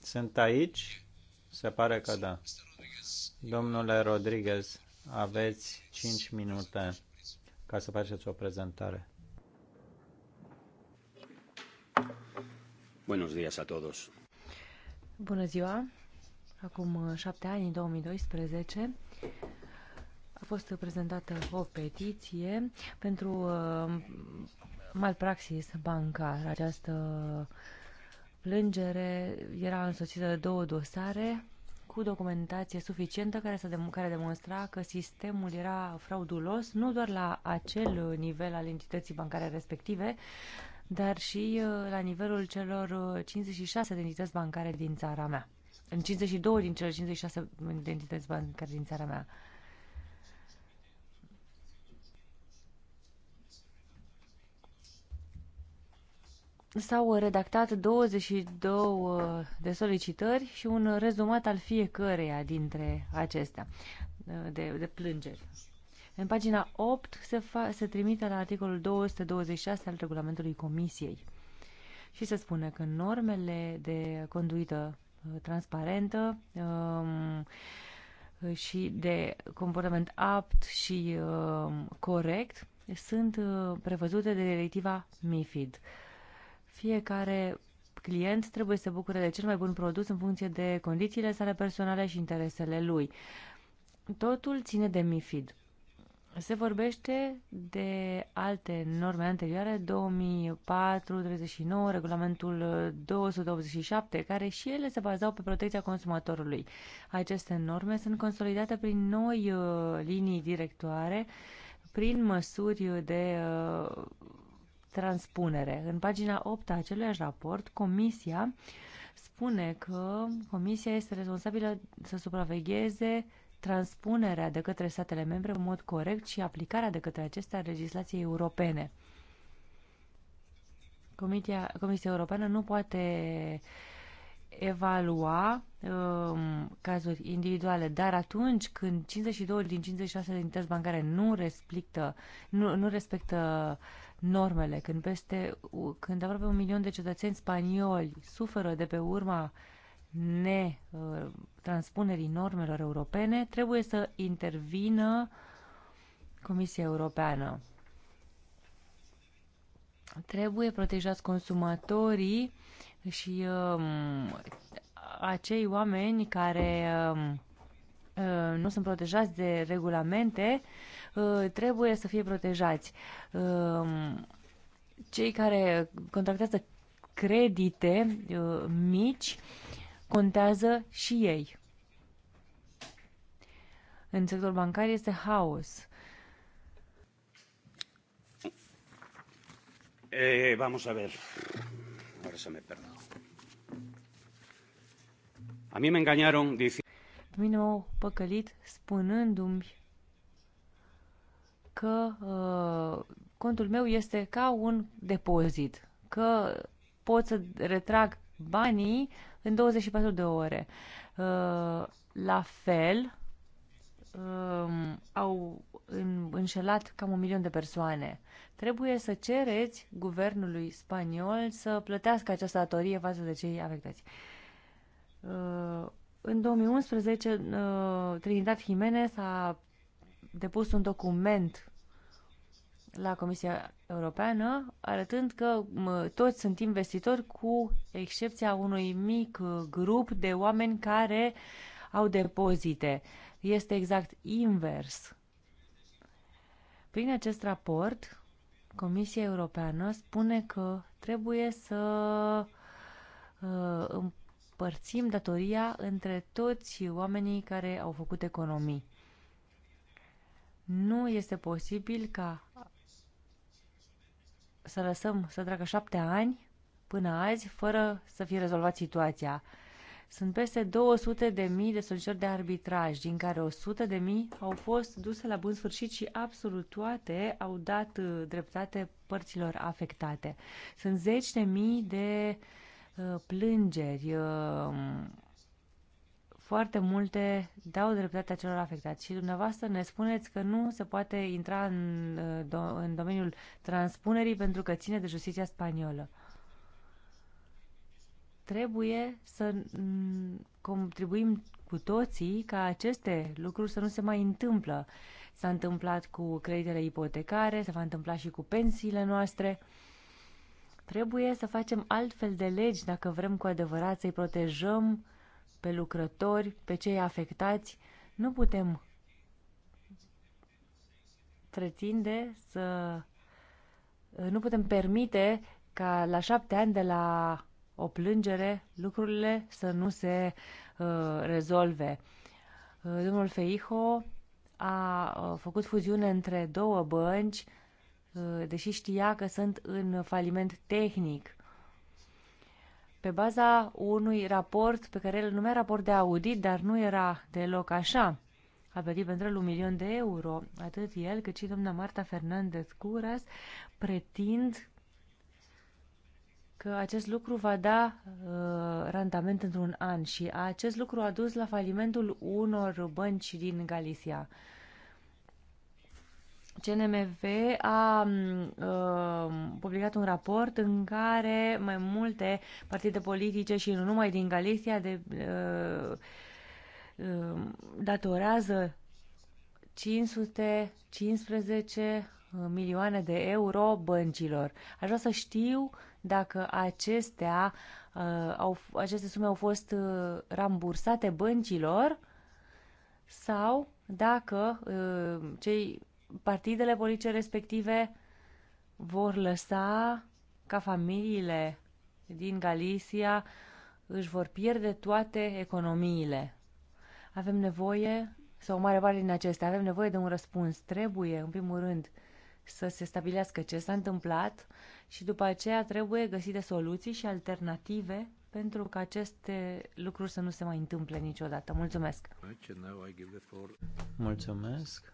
Sunt aici? Se pare că da. Domnule Rodriguez, aveți 5 minute ca să faceți o prezentare. Buenos días a todos. Bună ziua! Acum uh, șapte ani, în 2012, a fost prezentată o petiție pentru uh, malpraxis bancar. Această plângere era însoțită de două dosare cu documentație suficientă care, să dem- care demonstra că sistemul era fraudulos nu doar la acel nivel al entității bancare respective, dar și uh, la nivelul celor 56 uh, de entități bancare din țara mea. În 52 din cele 56 de entități bancare din țara mea. S-au uh, redactat 22 de solicitări și un rezumat al fiecăreia dintre acestea de, de plângeri. În pagina 8 se, fa- se trimite la articolul 226 al regulamentului Comisiei și se spune că normele de conduită uh, transparentă um, și de comportament apt și um, corect sunt uh, prevăzute de directiva MIFID. Fiecare client trebuie să bucure de cel mai bun produs în funcție de condițiile sale personale și interesele lui. Totul ține de MIFID. Se vorbește de alte norme anterioare, 2004-39, regulamentul 287, care și ele se bazau pe protecția consumatorului. Aceste norme sunt consolidate prin noi uh, linii directoare, prin măsuri de uh, transpunere. În pagina 8 a aceluiași raport, Comisia spune că Comisia este responsabilă să supravegheze transpunerea de către statele membre în mod corect și aplicarea de către acestea legislației europene. Comisia, Comisia Europeană nu poate evalua um, cazuri individuale, dar atunci când 52 din 56 de entități bancare nu, respectă, nu, nu respectă normele, când, peste, când aproape un milion de cetățeni spanioli suferă de pe urma uh, netranspunerii uh, normelor europene, trebuie să intervină Comisia Europeană. Trebuie protejați consumatorii și um, acei oameni care um, uh, nu sunt protejați de regulamente, uh, trebuie să fie protejați. Um, cei care contractează credite mici contează și ei. În sectorul bancar este haos. Eh, vamos a ver. Ahora se me perdo. A mí me engañaron diciendo... Pe mine m-au păcălit spunându-mi că uh, contul meu este ca un depozit, că pot să retrag banii în 24 de ore. Uh, la fel, um, au înșelat cam un milion de persoane. Trebuie să cereți guvernului spaniol să plătească această datorie față de cei afectați. Uh, în 2011, uh, Trinidad Jimenez a depus un document la Comisia Europeană, arătând că toți sunt investitori cu excepția unui mic uh, grup de oameni care au depozite. Este exact invers. Prin acest raport, Comisia Europeană spune că trebuie să uh, împărțim datoria între toți oamenii care au făcut economii. Nu este posibil ca să lăsăm să treacă șapte ani până azi fără să fie rezolvat situația. Sunt peste 200 de mii de solicitări de arbitraj, din care 100 de mii au fost duse la bun sfârșit și absolut toate au dat uh, dreptate părților afectate. Sunt zeci de mii de uh, plângeri uh, foarte multe dau dreptatea celor afectați și dumneavoastră ne spuneți că nu se poate intra în, uh, în domeniul transpunerii pentru că ține de justiția spaniolă. Trebuie să mm, contribuim cu toții ca aceste lucruri să nu se mai întâmplă. S-a întâmplat cu creditele ipotecare, se va întâmpla și cu pensiile noastre. Trebuie să facem altfel de legi dacă vrem cu adevărat să-i protejăm pe lucrători, pe cei afectați. Nu putem pretinde să... Nu putem permite ca la șapte ani de la o plângere lucrurile să nu se uh, rezolve. Uh, domnul Feiho a uh, făcut fuziune între două bănci, uh, deși știa că sunt în faliment tehnic pe baza unui raport pe care îl numea raport de audit, dar nu era deloc așa. A plătit pentru el un milion de euro, atât el cât și doamna Marta Fernandez Curas, pretind că acest lucru va da uh, randament într-un an și acest lucru a dus la falimentul unor bănci din Galicia. Uh, CNMV a um, uh, publicat un raport în care mai multe partide politice și nu numai din Galicia de, uh, um, uh, datorează 515 milioane de euro băncilor. Aș vrea să știu dacă acestea, uh, au, aceste sume au fost uh, rambursate băncilor sau dacă uh, cei partidele politice respective vor lăsa ca familiile din Galicia își vor pierde toate economiile. Avem nevoie, sau o mare parte din acestea, avem nevoie de un răspuns. Trebuie, în primul rând, să se stabilească ce s-a întâmplat și după aceea trebuie găsite soluții și alternative pentru că aceste lucruri să nu se mai întâmple niciodată. Mulțumesc! Mulțumesc!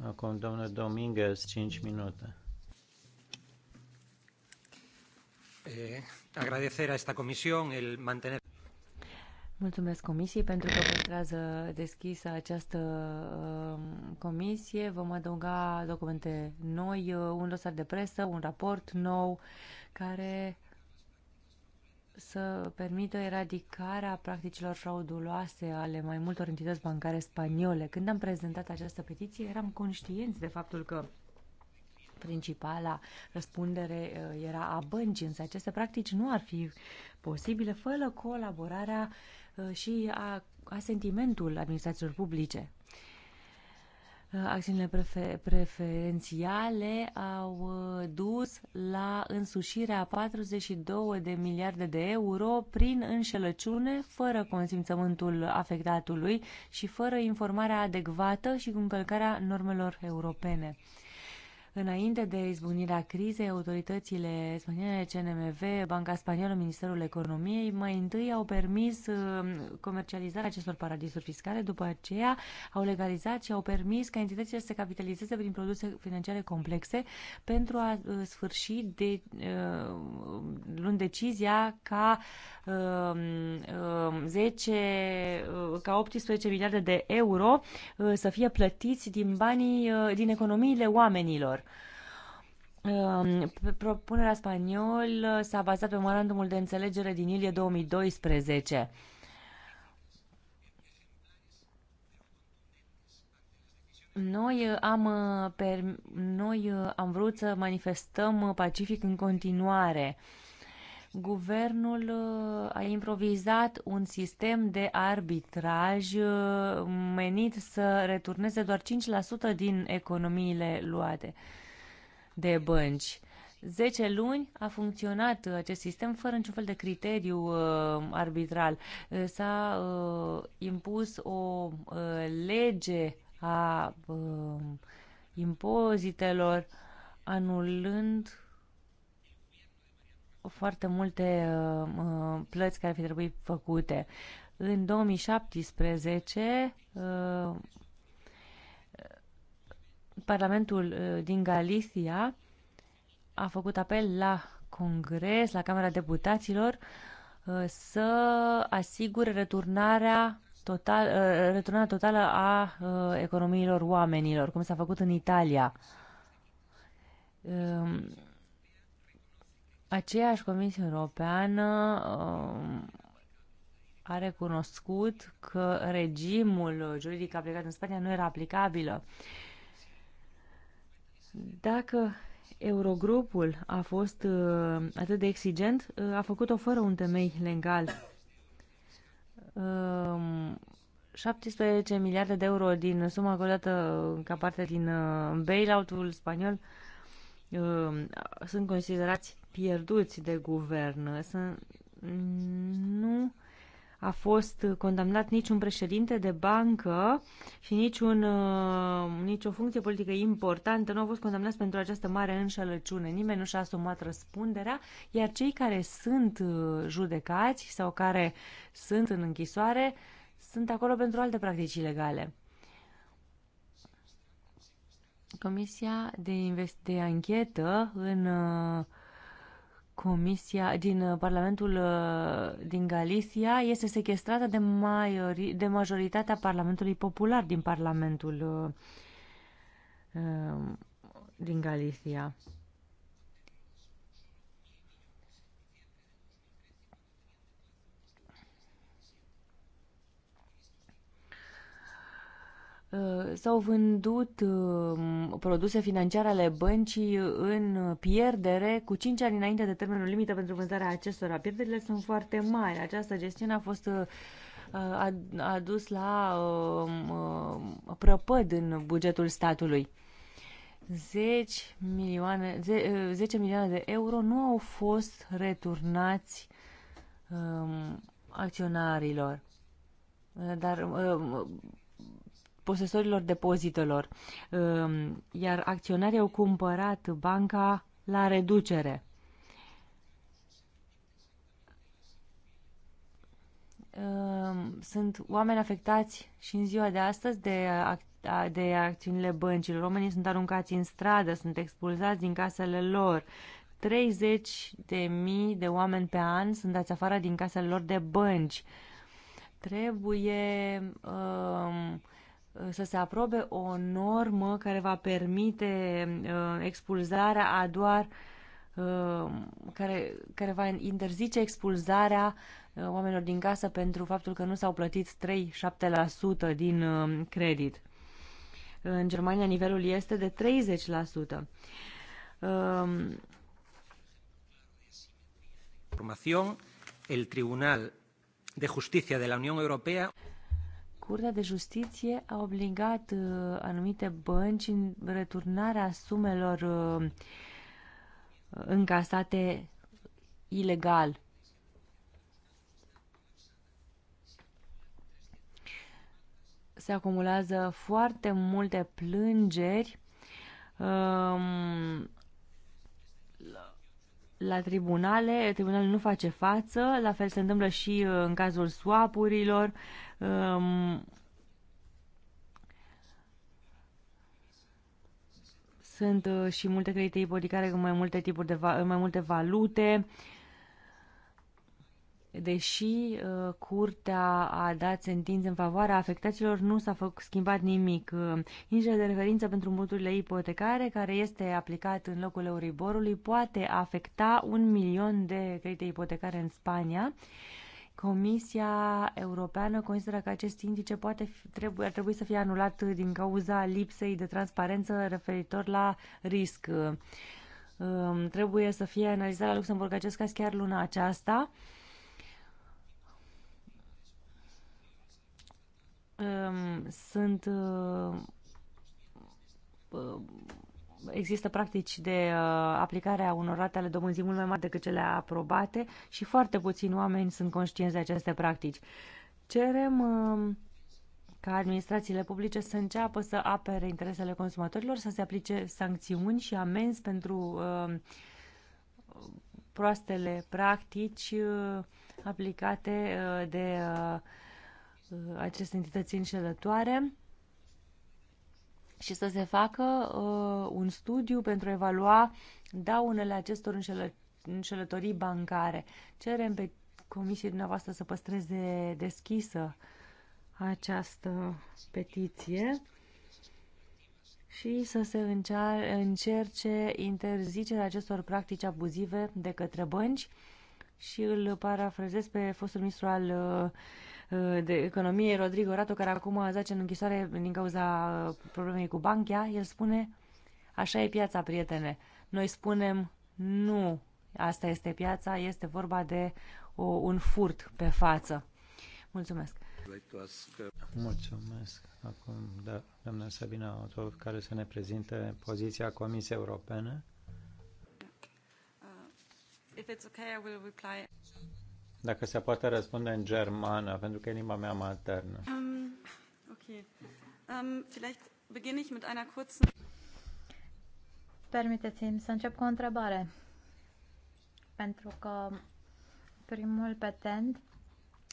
Acum, domnul Dominguez, 5 minute. Eh, agradecer a esta comisión el mantener Mulțumesc comisiei pentru că păstrează deschisă această uh, comisie. Vom adăuga documente noi, uh, un dosar de presă, un raport nou care să permită eradicarea practicilor frauduloase ale mai multor entități bancare spaniole. Când am prezentat această petiție, eram conștienți de faptul că principala răspundere uh, era a băncii, însă aceste practici nu ar fi posibile fără colaborarea uh, și a, a sentimentul administrațiilor publice acțiunile prefer preferențiale au uh, dus la însușirea a 42 de miliarde de euro prin înșelăciune, fără consimțământul afectatului și fără informarea adecvată și cu încălcarea normelor europene. Înainte de izbunirea crizei, autoritățile spaniole, CNMV, Banca Spaniolă, Ministerul Economiei, mai întâi au permis uh, comercializarea acestor paradisuri fiscale, după aceea au legalizat și au permis ca entitățile să se capitalizeze prin produse financiare complexe pentru a uh, sfârși de, uh, luând decizia ca 10, um, um, ca 18 miliarde de euro să fie plătiți din banii, din economiile oamenilor Um, propunerea spaniol s-a bazat pe memorandumul de înțelegere din ilie 2012. Noi uh, am, uh, per, noi uh, am vrut să manifestăm pacific în continuare. Guvernul a improvizat un sistem de arbitraj menit să returneze doar 5% din economiile luate de bănci. 10 luni a funcționat acest sistem fără niciun fel de criteriu uh, arbitral. Uh, s-a uh, impus o uh, lege a uh, impozitelor anulând foarte multe uh, uh plăți care ar fi trebuit făcute. În 2017 uh, Parlamentul uh, din Galicia a făcut apel la Congres, la Camera Deputaților, uh, să asigure returnarea, total, uh, returnarea totală a economiilor oamenilor, cum s-a făcut în Italia. Um, aceeași Comisie Europeană um, a recunoscut că regimul juridic aplicat în Spania nu era aplicabilă. Dacă Eurogrupul a fost uh, atât de exigent, uh, a făcut-o fără un temei legal. 17 um, miliarde de euro din suma acordată uh, ca parte din bailout-ul spaniol um, sunt considerați pierduți de guvern. Sunt, nu a fost condamnat niciun președinte de bancă și niciun, uh, nicio funcție politică importantă nu au fost condamnați pentru această mare înșelăciune. Nimeni nu și-a asumat răspunderea, iar cei care sunt uh, judecați sau care sunt în închisoare sunt acolo pentru alte practici ilegale. Comisia de, invest- de anchetă în uh, Comisia din uh, Parlamentul uh, din Galicia este sequestrată de, maiori, de majoritatea Parlamentului Popular din Parlamentul uh, din Galicia. Uh, s-au vândut uh, produse financiare ale băncii în pierdere cu 5 ani înainte de termenul limită pentru vânzarea acestora. Pierderile sunt foarte mari. Această gestiune a fost uh, a, a dus la uh, prăpăd în bugetul statului. 10 milioane, 10 milioane de euro nu au fost returnați um, acționarilor. Dar posesorilor depozitelor, ehm, iar acționarii au cumpărat banca la reducere. Ehm, sunt oameni afectați și în ziua de astăzi de, ac- de acțiunile băncilor. Oamenii sunt aruncați în stradă, sunt expulzați din casele lor. 30 de mii de oameni pe an sunt dați afară din casele lor de bănci. Trebuie uh, Uh, să se aprobe o normă care va permite uh, expulzarea a doar uh, care, care va interzice expulzarea oamenilor din casă pentru faptul că nu s-au plătit 3-7% din credit. În Germania nivelul este de 30%. Um, Formación, el Tribunal de Justicia de la Unión Europea Curtea de Justiție a obligat uh, anumite bănci în returnarea sumelor uh, încasate ilegal. Se acumulează foarte multe plângeri um, la tribunale, tribunalul nu face față, la fel se întâmplă și uh, în cazul swapurilor. Um, sunt uh, și multe credite ipotecare cu mai multe tipuri de mai multe valute. Uh, deși uh, curtea a dat sentințe în favoarea afectaților, nu s-a schimbat nimic. Uh, Indicele de referință pentru muturile ipotecare, care este aplicat în locul euriborului, poate afecta un milion de credite ipotecare în Spania. Comisia Europeană consideră că acest indice poate fi, trebuie, ar trebui să fie anulat din cauza lipsei de transparență referitor la risc. Uh, trebuie să fie analizat la Luxemburg acest caz chiar luna aceasta. sunt uh, uh, există practici de uh, aplicare a unor rate ale dobânzii mult mai mari decât cele aprobate și foarte puțini oameni sunt conștienți de aceste practici. Cerem um, ca administrațiile publice să înceapă să apere interesele consumatorilor, să se aplice sancțiuni și amenzi pentru um, proastele practici aplicate de uh, Uh, aceste entități înșelătoare și să se facă uh, un studiu pentru a evalua daunele acestor înșelă, înșelătorii bancare. Cerem pe comisie dumneavoastră să păstreze deschisă această petiție și să se încerce interzicerea acestor practici abuzive de către bănci și îl parafrazez pe fostul ministru al uh, Uh, de economie, Rodrigo Rato, care acum zace în închisoare din cauza uh, problemei cu Banchea, el spune, așa e piața, prietene. Noi spunem, nu, asta este piața, este vorba de o, un furt pe față. Mulțumesc. Mulțumesc. Acum, da, doamna Sabina Otov, care să ne prezinte poziția Comisiei Europene. Uh, if it's okay, I will reply. Dacă se poate răspunde în germană, pentru că e limba mea maternă. Um, ok. Um, vielleicht beginne ich mit einer kurzen... Permiteți-mi să încep cu o întrebare. Pentru că primul petent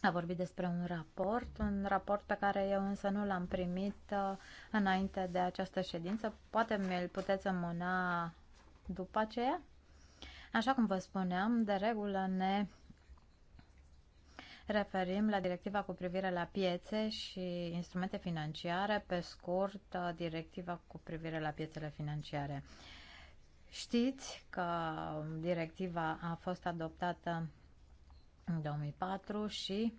a vorbit despre un raport, un raport pe care eu însă nu l-am primit uh, înainte de această ședință. Poate mi-l puteți înmâna după aceea? Așa cum vă spuneam, de regulă ne referim la directiva cu privire la piețe și instrumente financiare, pe scurt, uh, directiva cu privire la piețele financiare. Știți că directiva a fost adoptată în 2004 și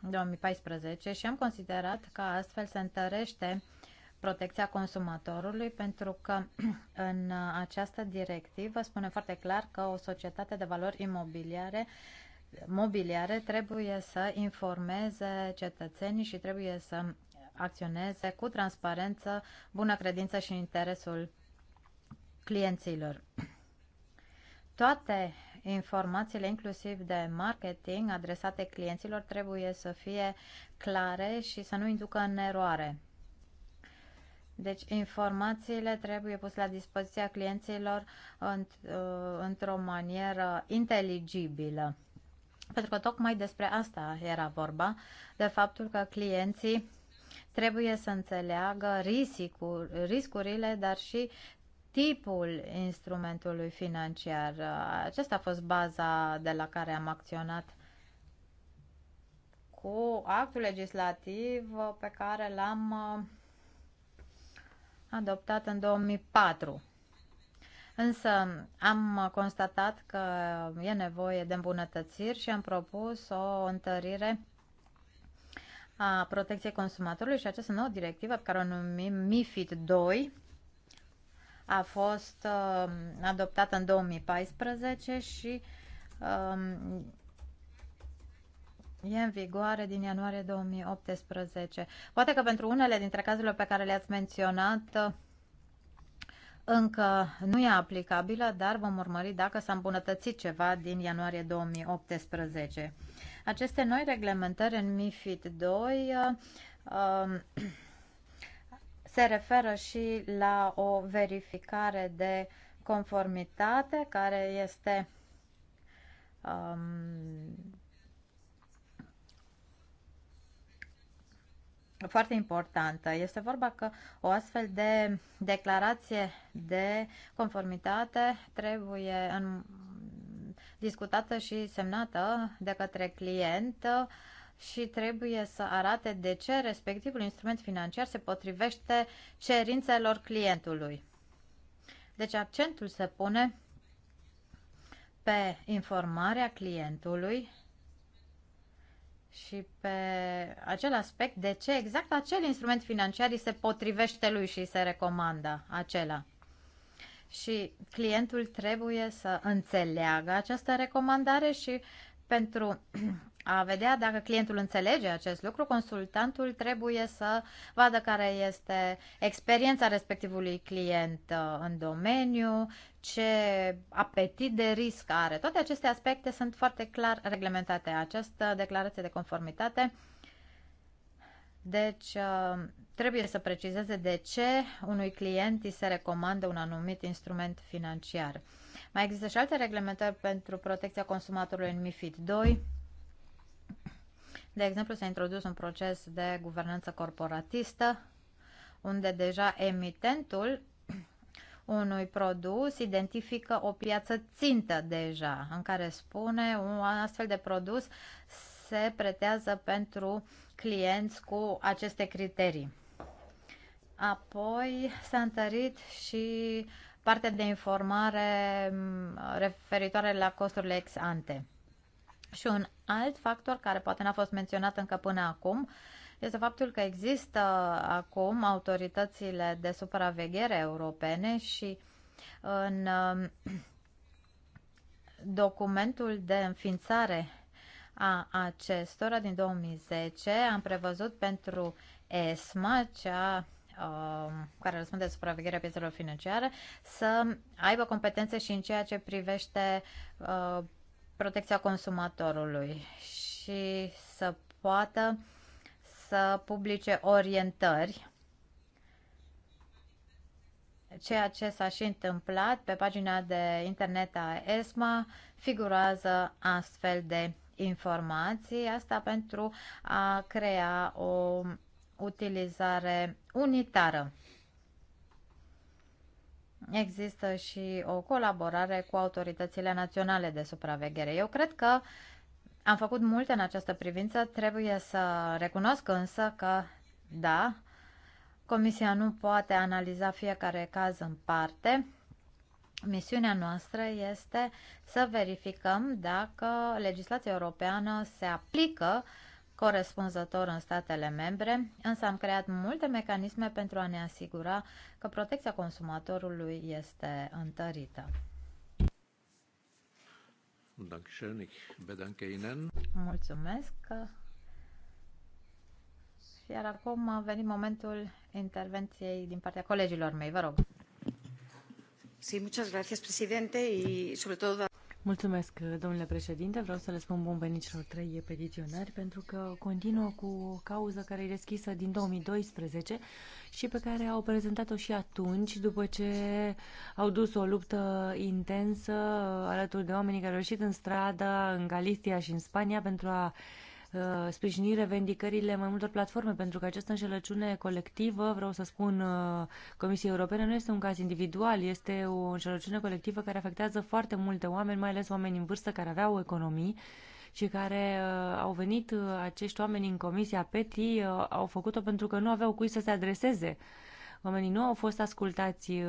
2014 și am considerat că astfel se întărește uh, protecția consumatorului, pentru că *clears throat* în această directivă spune foarte clar că o societate de valori imobiliare mobiliare trebuie să informeze cetățenii și trebuie să acționeze cu transparență, bună credință și interesul clienților. *clears throat* Toate informațiile, inclusiv de marketing, adresate clienților, trebuie să fie clare și să nu inducă în eroare. Deci informațiile trebuie puse la dispoziția clienților uh, într-o manieră inteligibilă. Pentru că tocmai despre asta era vorba, de faptul că clienții trebuie să înțeleagă risicul, riscurile, dar și tipul instrumentului financiar. Acesta a fost baza de la care am acționat cu actul legislativ pe care l-am uh, adoptat în 2004. Însă am constatat că e nevoie de îmbunătățiri și am propus o întărire a protecției consumatorului și această nouă directivă pe care o numim MIFID 2 a fost uh, adoptată în 2014 și uh, e în vigoare din ianuarie 2018. Poate că pentru unele dintre cazurile pe care le-ați menționat uh, încă nu e aplicabilă, dar vom urmări dacă s-a îmbunătățit ceva din ianuarie 2018. Aceste noi reglementări în MIFID 2 uh, um, *clears throat* se referă și la o verificare de conformitate care este um, foarte importantă. Este vorba că o astfel de declarație de conformitate trebuie în, discutată și semnată de către client și trebuie să arate de ce respectivul instrument financiar se potrivește cerințelor clientului. Deci accentul se pune pe informarea clientului și pe acel aspect de ce exact acel instrument financiar îi se potrivește lui și îi se recomandă acela. Și clientul trebuie să înțeleagă această recomandare și pentru a vedea dacă clientul înțelege acest lucru, consultantul trebuie să vadă care este experiența respectivului client uh, în domeniu, ce apetit de risc are. Toate aceste aspecte sunt foarte clar reglementate. Această declarație de conformitate deci uh, trebuie să precizeze de ce unui client îi se recomandă un anumit instrument financiar. Mai există și alte reglementări pentru protecția consumatorului în MIFID 2 de exemplu, s-a introdus un proces de guvernanță corporatistă, unde deja emitentul unui produs identifică o piață țintă deja, în care spune un astfel de produs se pretează pentru clienți cu aceste criterii. Apoi s-a întărit și partea de informare mm, referitoare la costurile ex ante. Și un alt factor care poate n-a fost menționat încă până acum este faptul că există acum autoritățile de supraveghere europene și în um, documentul de înființare a acestora din 2010 am prevăzut pentru ESMA, cea um, care răspunde de supravegherea piețelor financiare, să aibă competențe și în ceea ce privește uh, protecția consumatorului și să poată să publice orientări, ceea ce s-a și întâmplat pe pagina de internet a ESMA figurează astfel de informații, asta pentru a crea o utilizare unitară există și o colaborare cu autoritățile naționale de supraveghere. Eu cred că am făcut multe în această privință, trebuie să recunosc însă că, da, Comisia nu poate analiza fiecare caz în parte. Misiunea noastră este să verificăm dacă legislația europeană se aplică uh, corespunzător în statele membre, însă am creat multe mecanisme pentru a ne asigura că protecția consumatorului este întărită. Mulțumesc. Iar acum a venit momentul intervenției din partea colegilor mei. Vă rog. Sí, muchas gracias, presidente, y sobre todo Mulțumesc, domnule președinte. Vreau să le spun bun venit celor trei petiționari pentru că continuă cu o cauză care e deschisă din 2012 și pe care au prezentat-o și atunci după ce au dus o luptă intensă alături de oamenii care au ieșit în stradă, în Galicia și în Spania pentru a Uh, sprijini revendicările mai multor platforme, pentru că această înșelăciune colectivă, vreau să spun uh, Comisiei Europene, nu este un caz individual, este o înșelăciune colectivă care afectează foarte multe oameni, mai ales oameni în vârstă care aveau economii și care uh, au venit uh, acești oameni în Comisia PETI, uh, au făcut-o pentru că nu aveau cui să se adreseze uh, Oamenii nu au fost ascultați uh,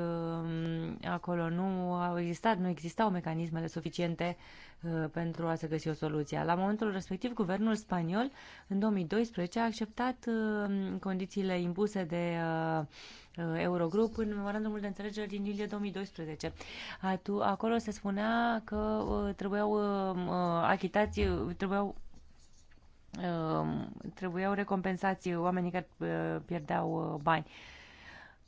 acolo, nu au existat, nu existau mecanismele suficiente uh, pentru a se găsi o soluție. La momentul respectiv, guvernul spaniol, în 2012, a acceptat uh, condițiile impuse de Eurogrup în memorandumul de înțelegere din iulie 2012. Atu- acolo se spunea că trebuiau achitați, trebuiau trebuiau recompensați oamenii care pierdeau bani.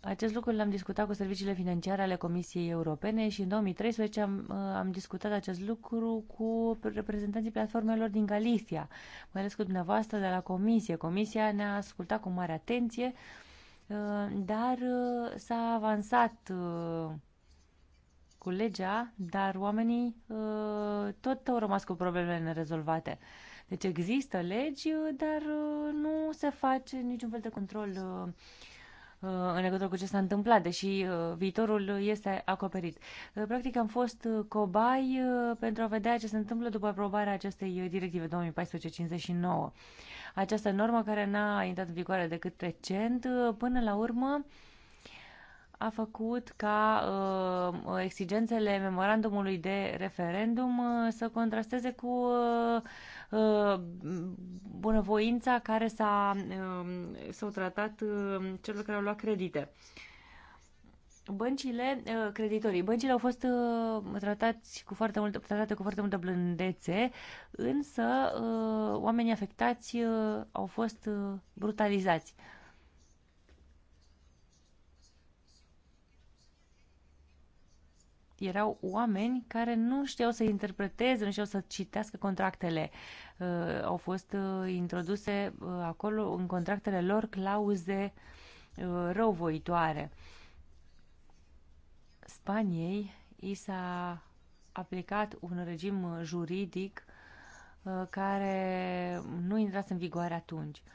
Acest lucru l-am discutat cu serviciile financiare ale Comisiei Europene și în 2013 am, uh, am discutat acest lucru cu reprezentanții platformelor din Galicia, mai ales cu dumneavoastră de la Comisie. Comisia ne-a ascultat cu mare atenție, uh, dar uh, s-a avansat cu legea, dar oamenii tot au rămas cu problemele nerezolvate. Deci există legi, dar nu se face niciun fel de control uh, Uh, în legătură cu ce s-a întâmplat, deși uh, viitorul este acoperit. Uh, practic am fost cobai pentru a vedea ce se întâmplă după aprobarea acestei directive 2014-59. Această normă care n-a intrat în vigoare decât recent, până la urmă, a făcut ca uh, exigențele memorandumului de referendum uh, să contrasteze cu uh, Uh, bunăvoința care s-a, um, s-au tratat uh, celor care au luat credite. Băncile, uh, creditorii, băncile au fost tratați cu foarte mult, tratate cu foarte multă blândețe, însă oamenii afectați au fost brutalizați. erau oameni care nu știau să interpreteze, nu știau să citească contractele. Uh, au fost uh, introduse uh, acolo în contractele lor clauze uh, răuvoitoare. Spaniei i s-a aplicat un regim juridic uh, care nu intrase în vigoare atunci. Uh,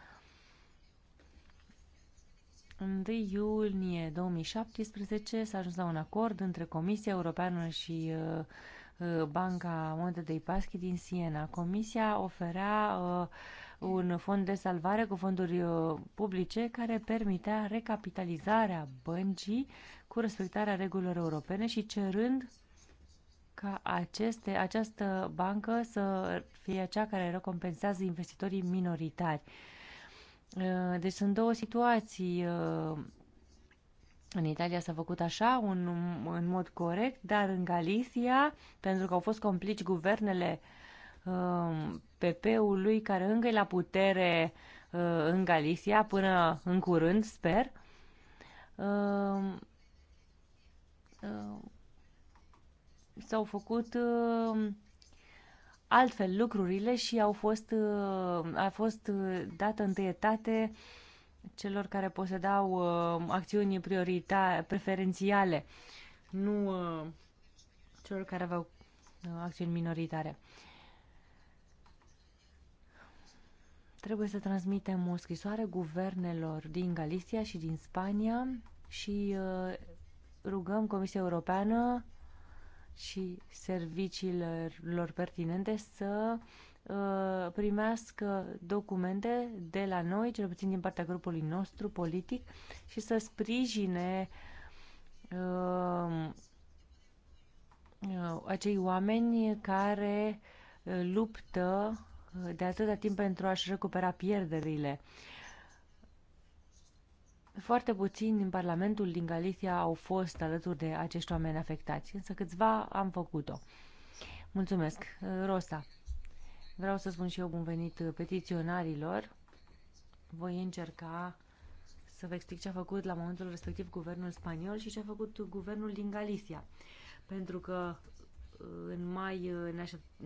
în 1 iulie 2017 s-a ajuns la un acord între Comisia Europeană și uh, uh, Banca Monte de Paschi din Siena. Comisia oferea uh, un fond de salvare cu fonduri publice care permitea recapitalizarea băncii cu respectarea regulilor europene și cerând ca aceste, această bancă să fie cea care recompensează investitorii minoritari. Uh, deci sunt două situații. Uh, în Italia s-a făcut așa, un, în mod corect, dar în Galicia, pentru că au fost complici guvernele uh, PP-ului, care încă e la putere în Galicia până în curând, sper, s-au făcut altfel lucrurile și au fost, uh, a fost uh, dată întâietate celor care posedau uh, acțiuni priorita- preferențiale, nu uh, celor care aveau uh, acțiuni minoritare. Trebuie să transmitem o scrisoare guvernelor din Galicia și din Spania și uh, rugăm Comisia Europeană și serviciilor pertinente să uh, primească documente de la noi, cel puțin din partea grupului nostru politic, și să sprijine uh, uh acei oameni care uh, luptă de atâta timp pentru a-și recupera pierderile. Uh, foarte puțini din Parlamentul din Galicia au fost alături de acești oameni afectați, însă câțiva am făcut-o. Mulțumesc. Rosa, vreau să spun și eu bun venit petiționarilor. Voi încerca să vă explic ce a făcut la momentul respectiv guvernul spaniol și ce a făcut guvernul din Galicia. Pentru că în mai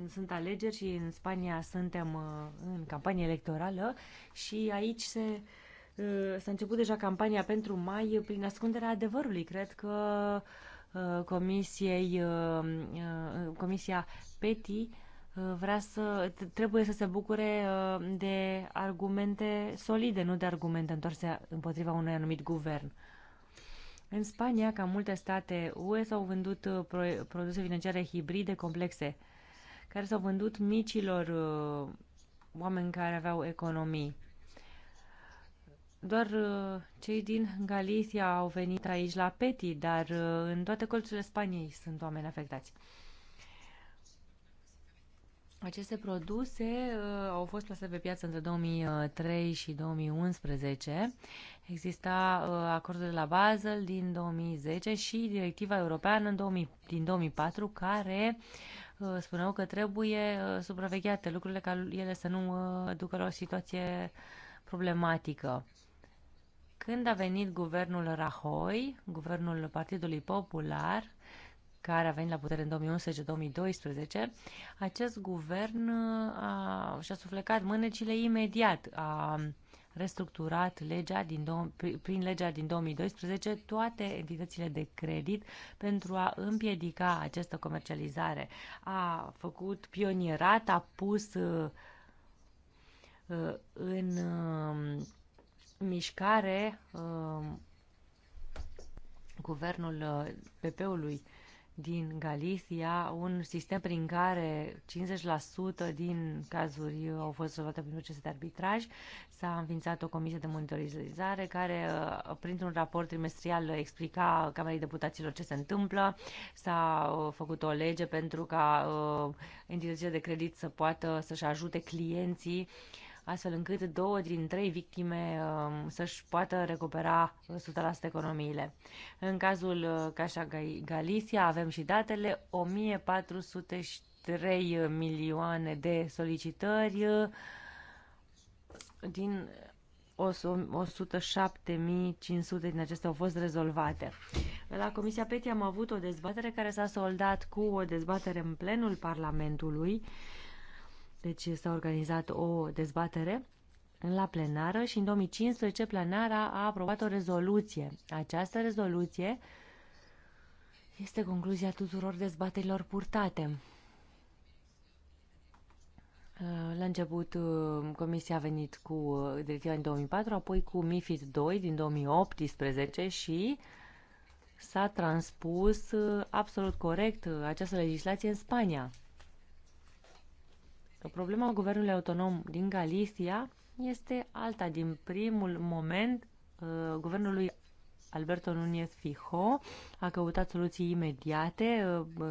sunt alegeri și în Spania suntem uh, în campanie electorală și aici se s-a început deja campania pentru mai prin ascunderea adevărului. Cred că uh, comisiei, uh, uh, Comisia PETI vrea să, trebuie să se bucure de argumente solide, nu de argumente întoarse împotriva unui anumit guvern. În Spania, ca multe state UE, s-au vândut produse financiare hibride complexe, care s-au vândut micilor oameni care aveau economii. Doar uh, cei din Galicia au venit aici la Peti, dar uh, în toate colțurile Spaniei sunt oameni afectați. Aceste produse uh, au fost lăsate pe piață între 2003 și 2011. Exista uh, acordul de la Basel din 2010 și directiva europeană în 2000, din 2004 care uh, spuneau că trebuie uh, supravegheate lucrurile ca ele să nu uh, ducă la o situație problematică. Când a venit guvernul Rahoi, guvernul Partidului Popular, care a venit la putere în 2011-2012, acest guvern uh, a, și-a suflecat mânecile imediat. A restructurat legea din, prin legea din 2012 toate entitățile de credit pentru a împiedica această comercializare. A făcut pionierat, a pus uh, uh în uh, mișcare, um, guvernul uh, PP-ului din Galicia, un sistem prin care 50% din cazuri au fost rezolvate prin procese de arbitraj. S-a înființat o comisie de monitorizare care, uh, printr-un raport trimestrial, explica Camerei Deputaților ce se întâmplă. S-a uh, făcut o lege pentru ca entitățile de credit să poată să-și ajute clienții uh, astfel încât două din trei victime um, să-și poată recupera 100% economiile. În cazul uh, Cașa Galicia avem și datele, 1403 milioane de solicitări uh, din 107.500 din acestea au fost rezolvate. La Comisia PETI am avut o dezbatere care s-a soldat cu o dezbatere în plenul Parlamentului deci s-a organizat o dezbatere la plenară și în 2015 plenara a aprobat o rezoluție. Această rezoluție este concluzia tuturor dezbaterilor purtate. La început, Comisia a venit cu directiva din 2004, apoi cu MIFID 2 din 2018 și s-a transpus absolut corect această legislație în Spania că problema guvernului autonom din Galicia este alta. Din primul moment, uh, guvernului Alberto Núñez Fijo a căutat soluții imediate. Uh, uh,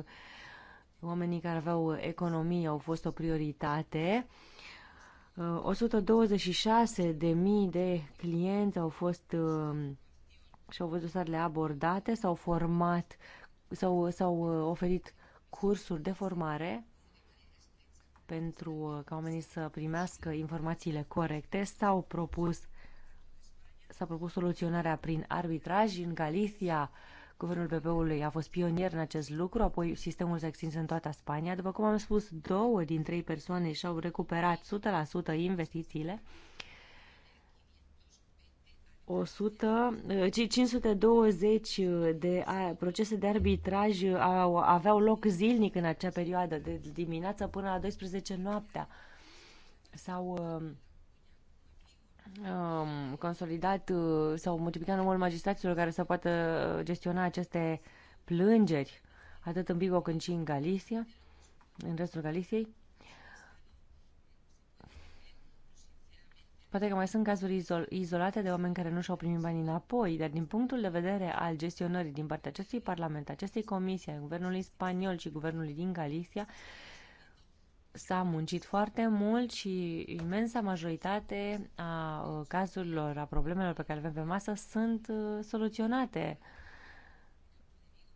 oamenii care aveau economii au fost o prioritate. 126 de mii de clienți au fost și au văzut dosarele abordate, s-au format, s-au oferit cursuri de formare pentru uh, ca oamenii să primească informațiile corecte. S-au propus s-a propus soluționarea prin arbitraj în Galicia. Guvernul PP-ului a fost pionier în acest lucru, apoi sistemul s-a extins în toată Spania. După cum am spus, două din trei persoane și-au recuperat 100% investițiile. Uh, 100, 520 eh, de procese de arbitraj au, aveau loc zilnic în acea perioadă, de dimineața până la 12 noaptea. S-au um, consolidat, s-au multiplicat numărul magistraților care să poată gestiona aceste plângeri, atât în Bigo cât și în Galicia, în restul Galiciei. Poate că mai sunt cazuri izol izolate de oameni care nu și-au primit banii înapoi, dar din punctul de vedere al gestionării din partea acestui Parlament, acestei comisii, a Guvernului Spaniol și Guvernului din Galicia, s-a muncit foarte mult și imensa majoritate a uh, cazurilor, a problemelor pe care le avem pe masă sunt uh, soluționate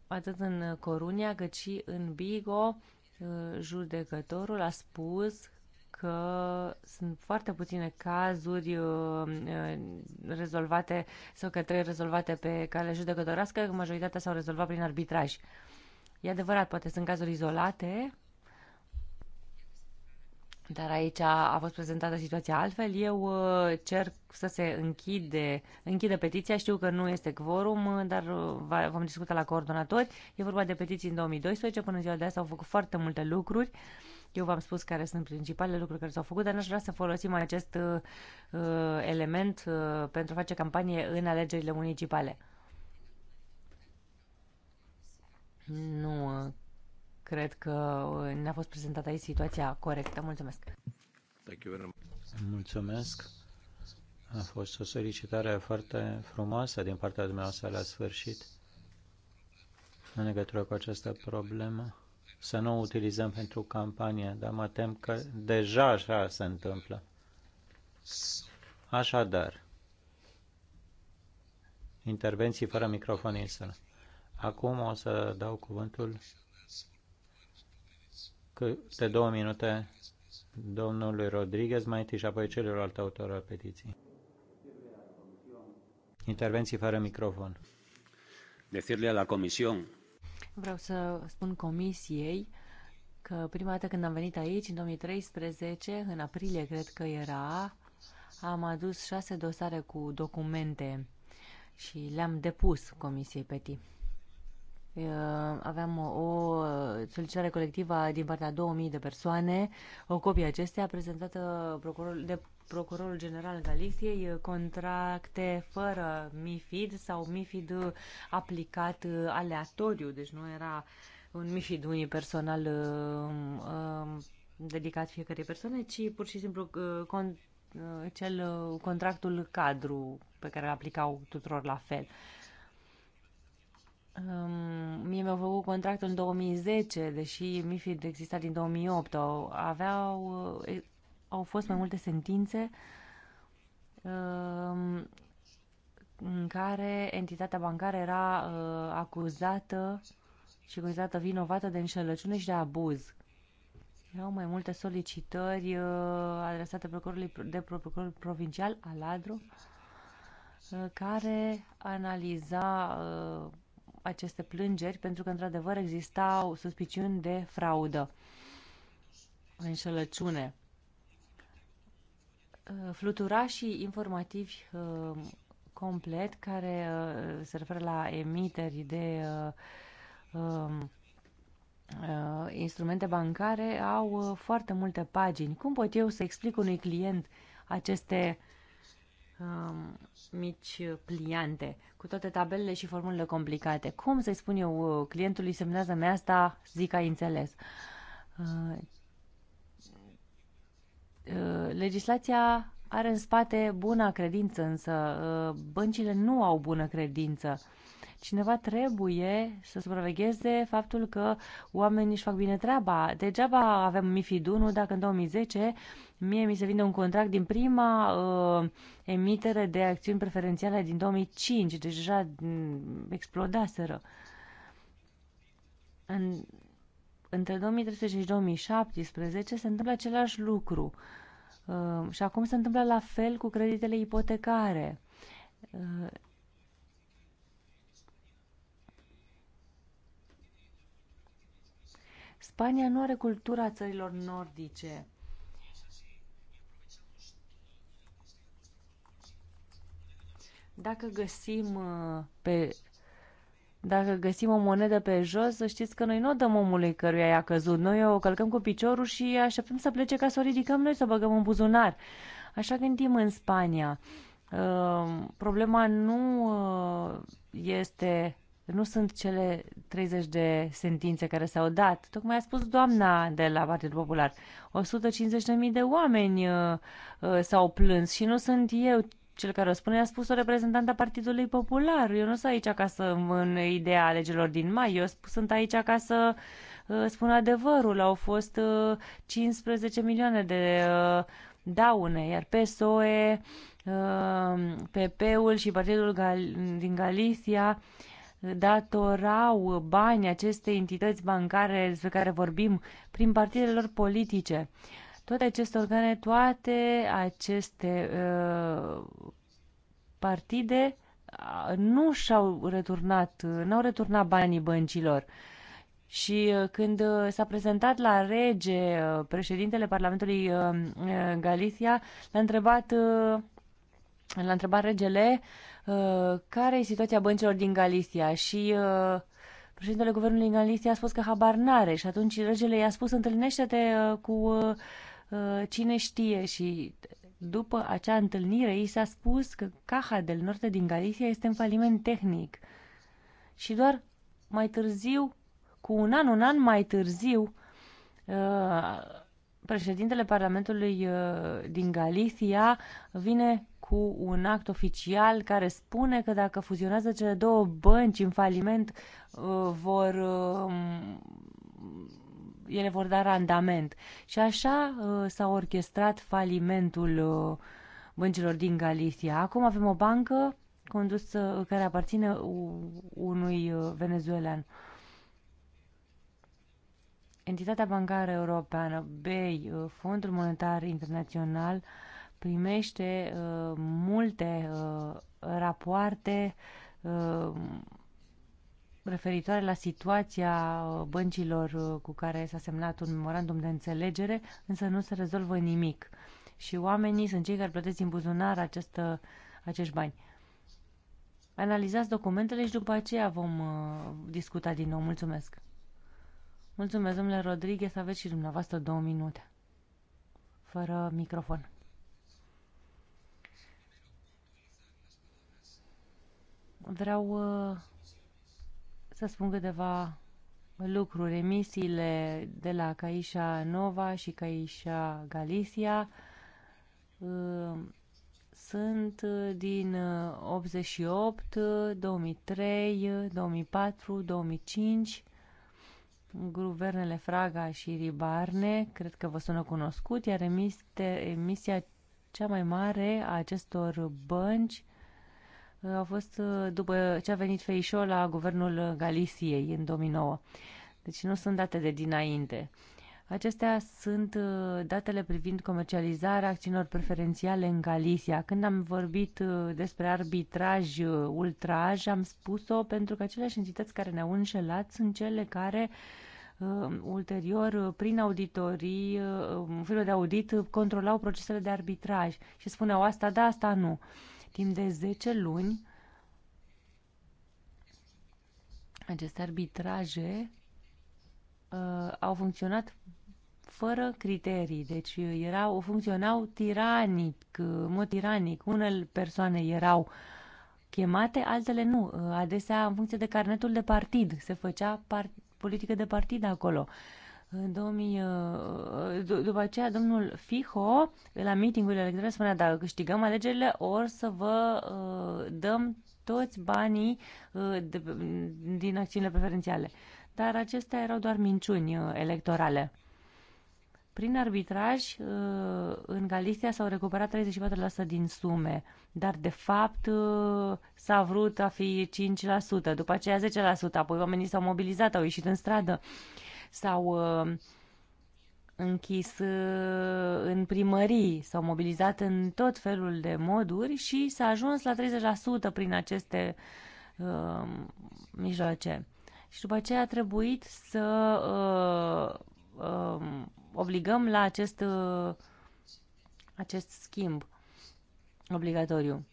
atât în Corunia cât și în Bigo, uh, judecătorul a spus că sunt foarte puține cazuri uh, uh, rezolvate sau că trebuie rezolvate pe cale judecătorească, majoritatea s-au rezolvat prin arbitraj. E adevărat, poate sunt cazuri izolate, dar aici a fost prezentată situația altfel. Eu uh, cer să se închide, închide petiția. Știu că nu este quorum, dar vom discuta la coordonatori. E vorba de petiții în 2012. Până ziua de azi s-au făcut foarte multe lucruri. Uh, eu v-am spus care sunt principalele lucruri care s-au făcut, dar n-aș vrea să folosim acest uh, uh element uh, pentru a face campanie în alegerile municipale. Nu uh, cred că uh, ne-a fost prezentată aici situația corectă. Mulțumesc! Mulțumesc! A fost o solicitare foarte frumoasă din partea dumneavoastră la sfârșit în legătură cu această problemă să nu o utilizăm pentru campanie, dar mă tem că deja așa se întâmplă. Așadar, intervenții fără microfon în sală. Acum o să dau cuvântul câte două minute domnului Rodriguez, mai întâi și apoi celorlalte autor al petiției. Intervenții fără microfon. Decirle a la comisión Vreau să spun comisiei că prima dată când am venit aici, în 2013, în aprilie cred că era, am adus șase dosare cu documente și le-am depus Comisiei PETI. Aveam o solicitare colectivă din partea 2000 de persoane, o copie acestea prezentată procurorul, de procurorul general Galiciei contracte fără MIFID sau MIFID aplicat aleatoriu, deci nu era un MIFID unipersonal um, um, dedicat fiecare persoane, ci pur și simplu cel, contractul cadru pe care îl aplicau tuturor la fel. Um, mie mi-au făcut contractul în 2010, deși MIFID exista din 2008. Aveau, au fost mai multe sentințe um, în care entitatea bancară era uh, acuzată și considerată vinovată de înșelăciune și de abuz. Erau mai multe solicitări uh, adresate procurorului de procuror provincial Aladru uh, care analiza aceste plângeri pentru că într-adevăr existau suspiciuni de fraudă, înșelăciune. Uh, fluturașii informativi uh, complet care uh, se referă la emiteri de um, instrumente bancare au foarte multe pagini. Cum pot eu să explic unui client aceste um, mici pliante cu toate tabelele și formulele complicate? Cum să-i spun eu clientului semnează-mi asta, zic ai înțeles? Uh, legislația are în spate buna credință, însă uh, băncile nu au bună credință. Cineva trebuie să supravegheze faptul că oamenii își fac bine treaba. Degeaba avem MIFID 1 dacă în 2010 mie mi se vinde un contract din prima uh, emitere de acțiuni preferențiale din 2005, deci deja mm, explodaseră. În între 2013 și 2017 se întâmplă același lucru. Uh, și acum se întâmplă la fel cu creditele ipotecare. Uh, Spania nu are cultura țărilor nordice. Dacă găsim uh, pe dacă găsim o monedă pe jos, să știți că noi nu o dăm omului căruia i-a căzut. Noi o călcăm cu piciorul și așteptăm să plece ca să o ridicăm noi, să o băgăm în buzunar. Așa gândim în Spania. Ă, problema nu ă, este nu sunt cele 30 de sentințe care s-au dat. Tocmai a spus doamna de la Partidul Popular. 150.000 de oameni uh, uh, s-au plâns și nu sunt eu cel care spune a spus o reprezentanta Partidului Popular. Eu nu sunt aici ca să în ideea alegerilor din mai. Eu sunt aici ca să uh, spun adevărul. Au fost 15 uh, milioane de uh, daune, iar PSOE, PP-ul și Partidul din Galicia datorau bani acestei entități bancare despre care vorbim prin partidele lor politice. Toate aceste organe, toate aceste uh, partide uh, nu și-au returnat, uh, n-au returnat banii băncilor. Și uh, când s-a prezentat la rege președintele Parlamentului Galicia, l-a întrebat, l-a întrebat regele care e situația băncilor din Galicia și președintele guvernului Galicia a spus că habar n-are și atunci regele i-a spus întâlnește-te cu Uh, cine știe și după acea întâlnire i s-a spus că Caja del Norte din Galicia este în faliment tehnic. Și doar mai târziu, cu un an, un an mai târziu, uh, președintele Parlamentului uh, din Galicia vine cu un act oficial care spune că dacă fuzionează cele două bănci în faliment, vor ele vor da randament. Și așa uh, s-a orchestrat falimentul uh, băncilor din Galicia. Acum avem o bancă condusă, care aparține unui uh, venezuelan. Entitatea bancară europeană, BEI, Fondul Monetar Internațional, primește uh, multe uh, rapoarte uh, referitoare la situația uh, băncilor uh, cu care s-a semnat un memorandum de înțelegere, însă nu se rezolvă nimic. Și oamenii sunt cei care plătesc din buzunar această, acești bani. Analizați documentele și după aceea vom uh, discuta din nou. Mulțumesc! Mulțumesc, domnule Rodriguez, aveți și dumneavoastră două minute. Fără microfon. Vreau uh, să spun câteva lucruri. Emisiile de la Caișa Nova și Caișa Galicia uh, sunt uh, din 88, 2003, 2004, 2005, guvernele Fraga și Ribarne, cred că vă sună cunoscut, iar emisia cea mai mare a acestor bănci au fost uh, după ce a venit Feișo la guvernul Galiciei în 2009. Deci nu sunt date de dinainte. Acestea sunt uh, datele privind comercializarea acțiunilor preferențiale în Galicia. Când am vorbit uh, despre arbitraj, ultraj, am spus-o pentru că aceleași entități care ne-au înșelat sunt cele care ulterior, prin auditorii, um, felul de audit, controlau procesele de arbitraj și spuneau asta da, asta nu timp de 10 luni aceste arbitraje uh, au funcționat fără criterii, deci uh, erau, funcționau tiranic, uh, în mod tiranic. Unele persoane erau chemate, altele nu. Uh, adesea, în funcție de carnetul de partid, se făcea politică de partid acolo. Uh, în 2000, uh, uh, după aceea, domnul Fiho, la meetingurile electorale, spunea dacă câștigăm alegerile, or să vă uh, dăm toți banii de, din acțiunile preferențiale. Dar acestea erau doar minciuni electorale. Prin arbitraj, în Galicia s-au recuperat 34% din sume, dar de fapt s-a vrut a fi 5%, după aceea 10%, apoi oamenii s-au mobilizat, au ieșit în stradă s-au uh, închis uh, în primării, s-au mobilizat în tot felul de moduri și s-a ajuns la 30% prin aceste uh, mijloace. Și după aceea a trebuit să uh, uh, obligăm la acest, uh, acest schimb obligatoriu.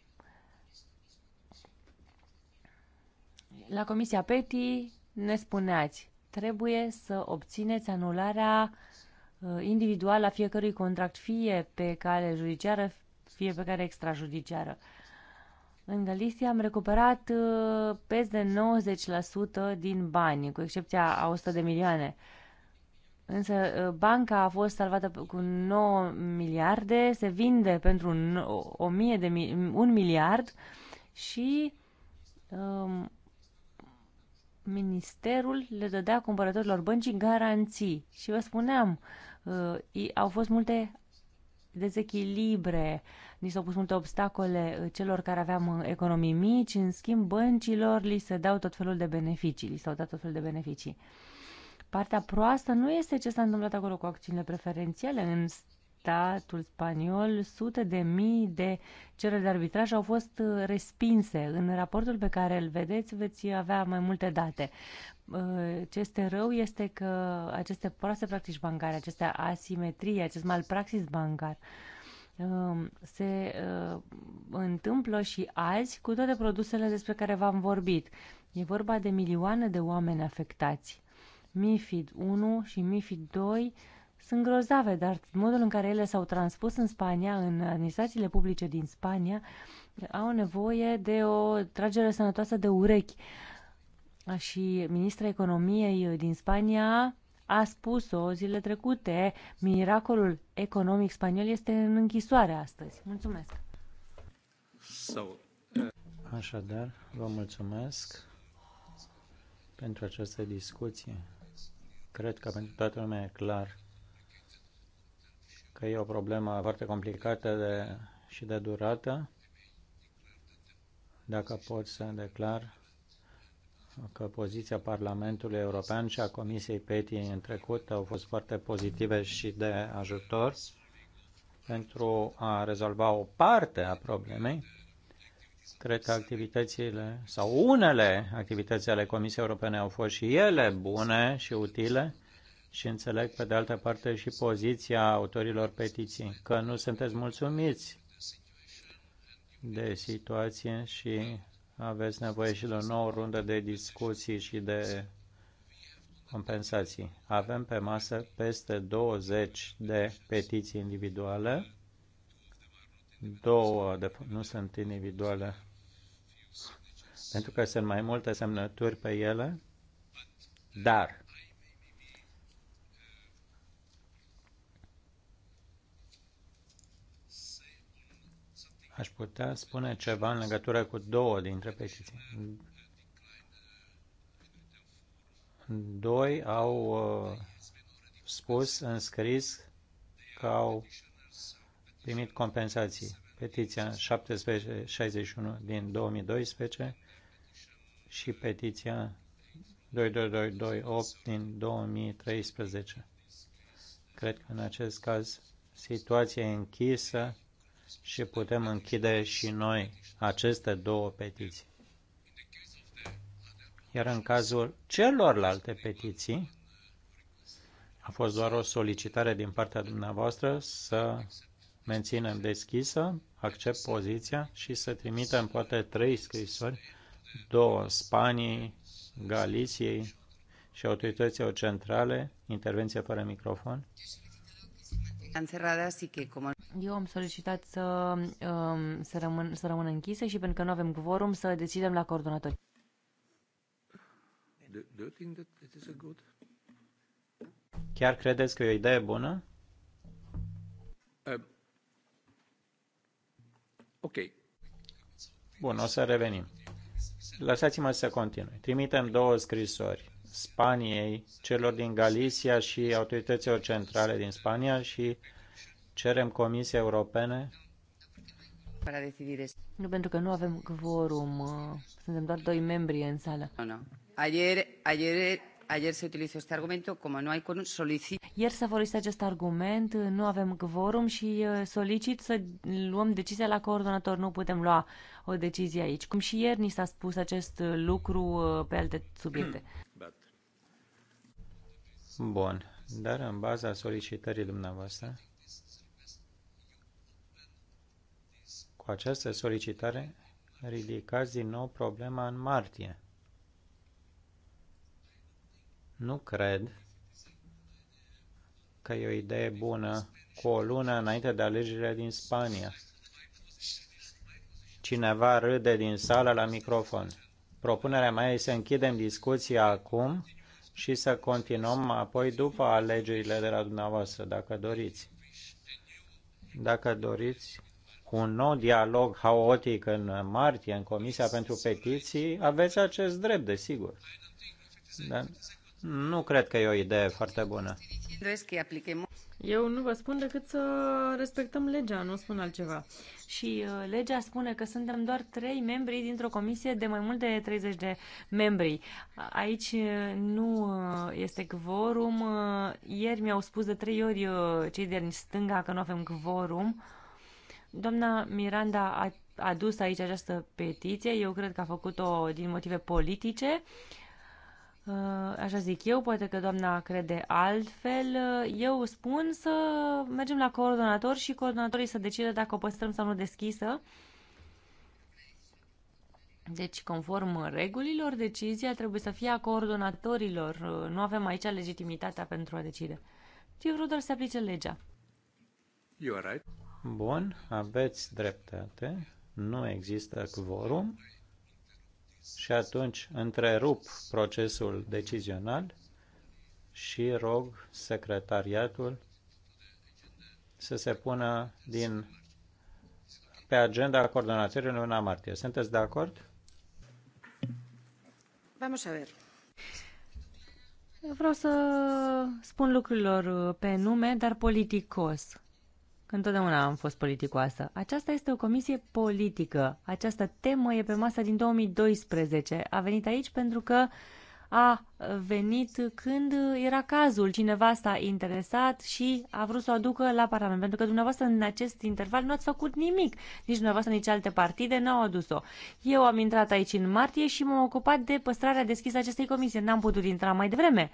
La Comisia PETI ne spuneați trebuie să obțineți anularea uh, individuală a fiecărui contract, fie pe cale judiciară, fie pe care extrajudiciară. În Galicia am recuperat uh, peste 90% din bani, cu excepția a 100 de milioane. Însă uh, banca a fost salvată cu 9 miliarde, se vinde pentru 1000 de mi- 1 miliard și um, ministerul le dădea cumpărătorilor băncii garanții și vă spuneam, uh, au fost multe dezechilibre, ni s-au pus multe obstacole uh, celor care aveam uh, economii mici, în schimb băncilor li se dau tot felul de beneficii, li s-au dat tot felul de beneficii. Partea proastă nu este ce s-a întâmplat acolo cu acțiunile preferențiale în statul spaniol, sute de mii de cereri de arbitraj au fost uh, respinse. În raportul pe care îl vedeți veți avea mai multe date. Uh, ce este rău este că aceste proaste practici bancare, aceste asimetrie, acest malpraxis bancar, um, se uh, întâmplă și azi cu toate produsele despre care v-am vorbit. E vorba de milioane de oameni afectați. MIFID 1 și MIFID 2 sunt grozave, dar modul în care ele s-au transpus în Spania, în administrațiile publice din Spania, au nevoie de o tragere sănătoasă de urechi. Și ministra economiei din Spania a spus-o zile trecute, miracolul economic spaniol este în închisoare astăzi. Mulțumesc! So, uh... Așadar, vă mulțumesc pentru această discuție. Cred că pentru toată lumea e clar că e o problemă foarte complicată de, și de durată. Dacă pot să declar că poziția Parlamentului European și a Comisiei PETI în trecut au fost foarte pozitive și de ajutor pentru a rezolva o parte a problemei. Cred că activitățile sau unele activități ale Comisiei Europene au fost și ele bune și utile și înțeleg pe de altă parte și poziția autorilor petiției, că nu sunteți mulțumiți de situație și aveți nevoie și de o nouă rundă de discuții și de compensații. Avem pe masă peste 20 de petiții individuale, două de, nu sunt individuale, pentru că sunt mai multe semnături pe ele, dar Aș putea spune ceva în legătură cu două dintre petiții. Doi au uh, spus în scris că au primit compensații. Petiția 1761 din 2012 și petiția 22228 din 2013. Cred că în acest caz situația e închisă și putem închide și noi aceste două petiții. Iar în cazul celorlalte petiții, a fost doar o solicitare din partea dumneavoastră să menținem deschisă, accept poziția și să trimitem poate trei scrisori, două Spaniei, Galiciei și autorităților centrale, intervenție fără microfon. Da, eu am solicitat să, um, să, rămân, să rămână închise și pentru că nu avem quorum să decidem la coordonatori. Do, do you think that it is a good? Chiar credeți că e o idee bună? Uh, ok. Bun, o să revenim. Lăsați-mă să continui. Trimitem două scrisori Spaniei, celor din Galicia și autorităților centrale din Spania și uh, Cerem Comisia Europene nu, pentru că nu avem quorum. Uh, suntem doar doi membri în sală. No, no. Ayer, ayer, ayer se utilizó este argumento, como no hay quorum, solicit... Ieri s-a folosit acest argument, uh, nu avem quorum și uh, solicit să luăm decizia la coordonator. Nu putem lua o decizie aici. Cum și ieri ni s-a spus acest lucru pe alte subiecte. Bun. Dar în baza solicitării dumneavoastră, Cu această solicitare ridicați din nou problema în martie. Nu cred că e o idee bună cu o lună înainte de alegerile din Spania. Cineva râde din sală la microfon. Propunerea mea e să închidem discuția acum și să continuăm apoi după alegerile de la dumneavoastră, dacă doriți. Dacă doriți, cu un nou dialog haotic în martie în Comisia pentru Petiții, aveți acest drept, desigur. Da? nu cred că e o idee foarte bună. Eu nu vă spun decât să respectăm legea, nu spun altceva. Și uh, legea spune că suntem doar trei membri dintr-o comisie de mai mult de 30 de membri. Aici uh, nu uh, este quorum. Ieri mi-au spus de trei ori cei din stânga că nu avem quorum. Doamna Miranda a adus aici această petiție. Eu cred că a făcut-o din motive politice. Uh, așa zic eu, poate că doamna crede altfel. Eu spun să mergem la coordonator și coordonatorii să decide dacă o păstrăm sau nu deschisă. Deci, conform regulilor, decizia trebuie să fie a coordonatorilor. Nu avem aici legitimitatea pentru a decide. Eu vreau doar să aplice legea. You are right. Bun, aveți dreptate. Nu există quorum și atunci întrerup procesul decizional și rog secretariatul să se pună din pe agenda coordonatorului luna martie. Sunteți de acord? Vamos a ver. Vreau să spun lucrurilor pe nume, dar politicos. Întotdeauna am fost politicoasă. Aceasta este o comisie politică. Această temă e pe masă din 2012. A venit aici pentru că a venit când era cazul. Cineva s-a interesat și a vrut să o aducă la Parlament. Pentru că dumneavoastră în acest interval nu ați făcut nimic. Nici dumneavoastră, nici alte partide n-au adus-o. Eu am intrat aici în martie și m-am ocupat de păstrarea deschisă a acestei comisie. N-am putut intra mai devreme.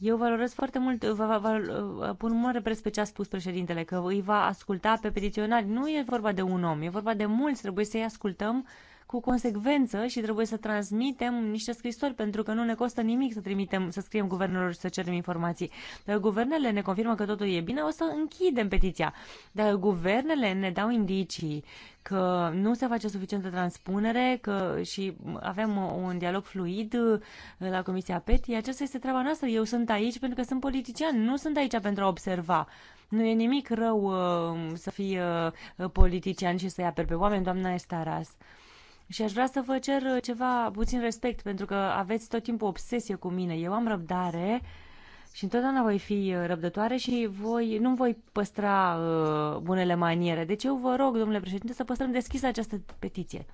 Eu valorez foarte mult, vă, vă, vă pun mare preț pe ce a spus președintele, că îi va asculta pe petiționari. Nu e vorba de un om, e vorba de mulți, trebuie să-i ascultăm cu consecvență și trebuie să transmitem niște scrisori, pentru că nu ne costă nimic să trimitem, să scriem guvernelor și să cerem informații. Dacă guvernele ne confirmă că totul e bine, o să închidem petiția. Dacă guvernele ne dau indicii că nu se face suficientă transpunere că și avem un dialog fluid uh, la Comisia PETI, aceasta este treaba noastră. Eu sunt aici pentru că sunt politician, nu sunt aici pentru a observa. Nu e nimic rău uh, să fii uh, politician și să-i aperi pe oameni, doamna Estaras. Și aș vrea să vă cer uh, ceva puțin respect, pentru că aveți tot timpul obsesie cu mine. Eu am răbdare și întotdeauna voi fi uh, răbdătoare și voi, nu voi păstra uh, bunele maniere. Deci eu vă rog, domnule președinte, să păstrăm deschisă această petiție.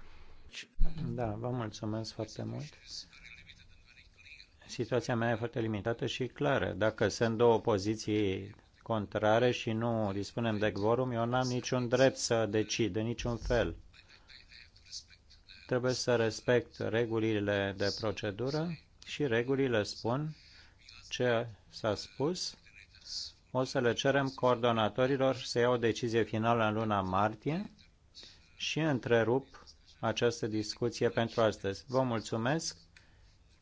Da, vă mulțumesc foarte mult. Situația mea e foarte limitată și clară. Dacă sunt două poziții contrare și nu dispunem de quorum, eu n-am niciun drept să decid, de niciun fel. Trebuie să respect regulile de procedură și regulile spun ce s-a spus. O să le cerem coordonatorilor să iau o decizie finală în luna martie și întrerup această discuție pentru astăzi. Vă mulțumesc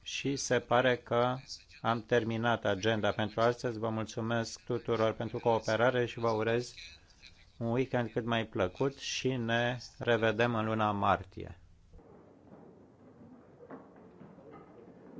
și se pare că am terminat agenda pentru astăzi. Vă mulțumesc tuturor pentru cooperare și vă urez un weekend cât mai plăcut și ne revedem în luna martie.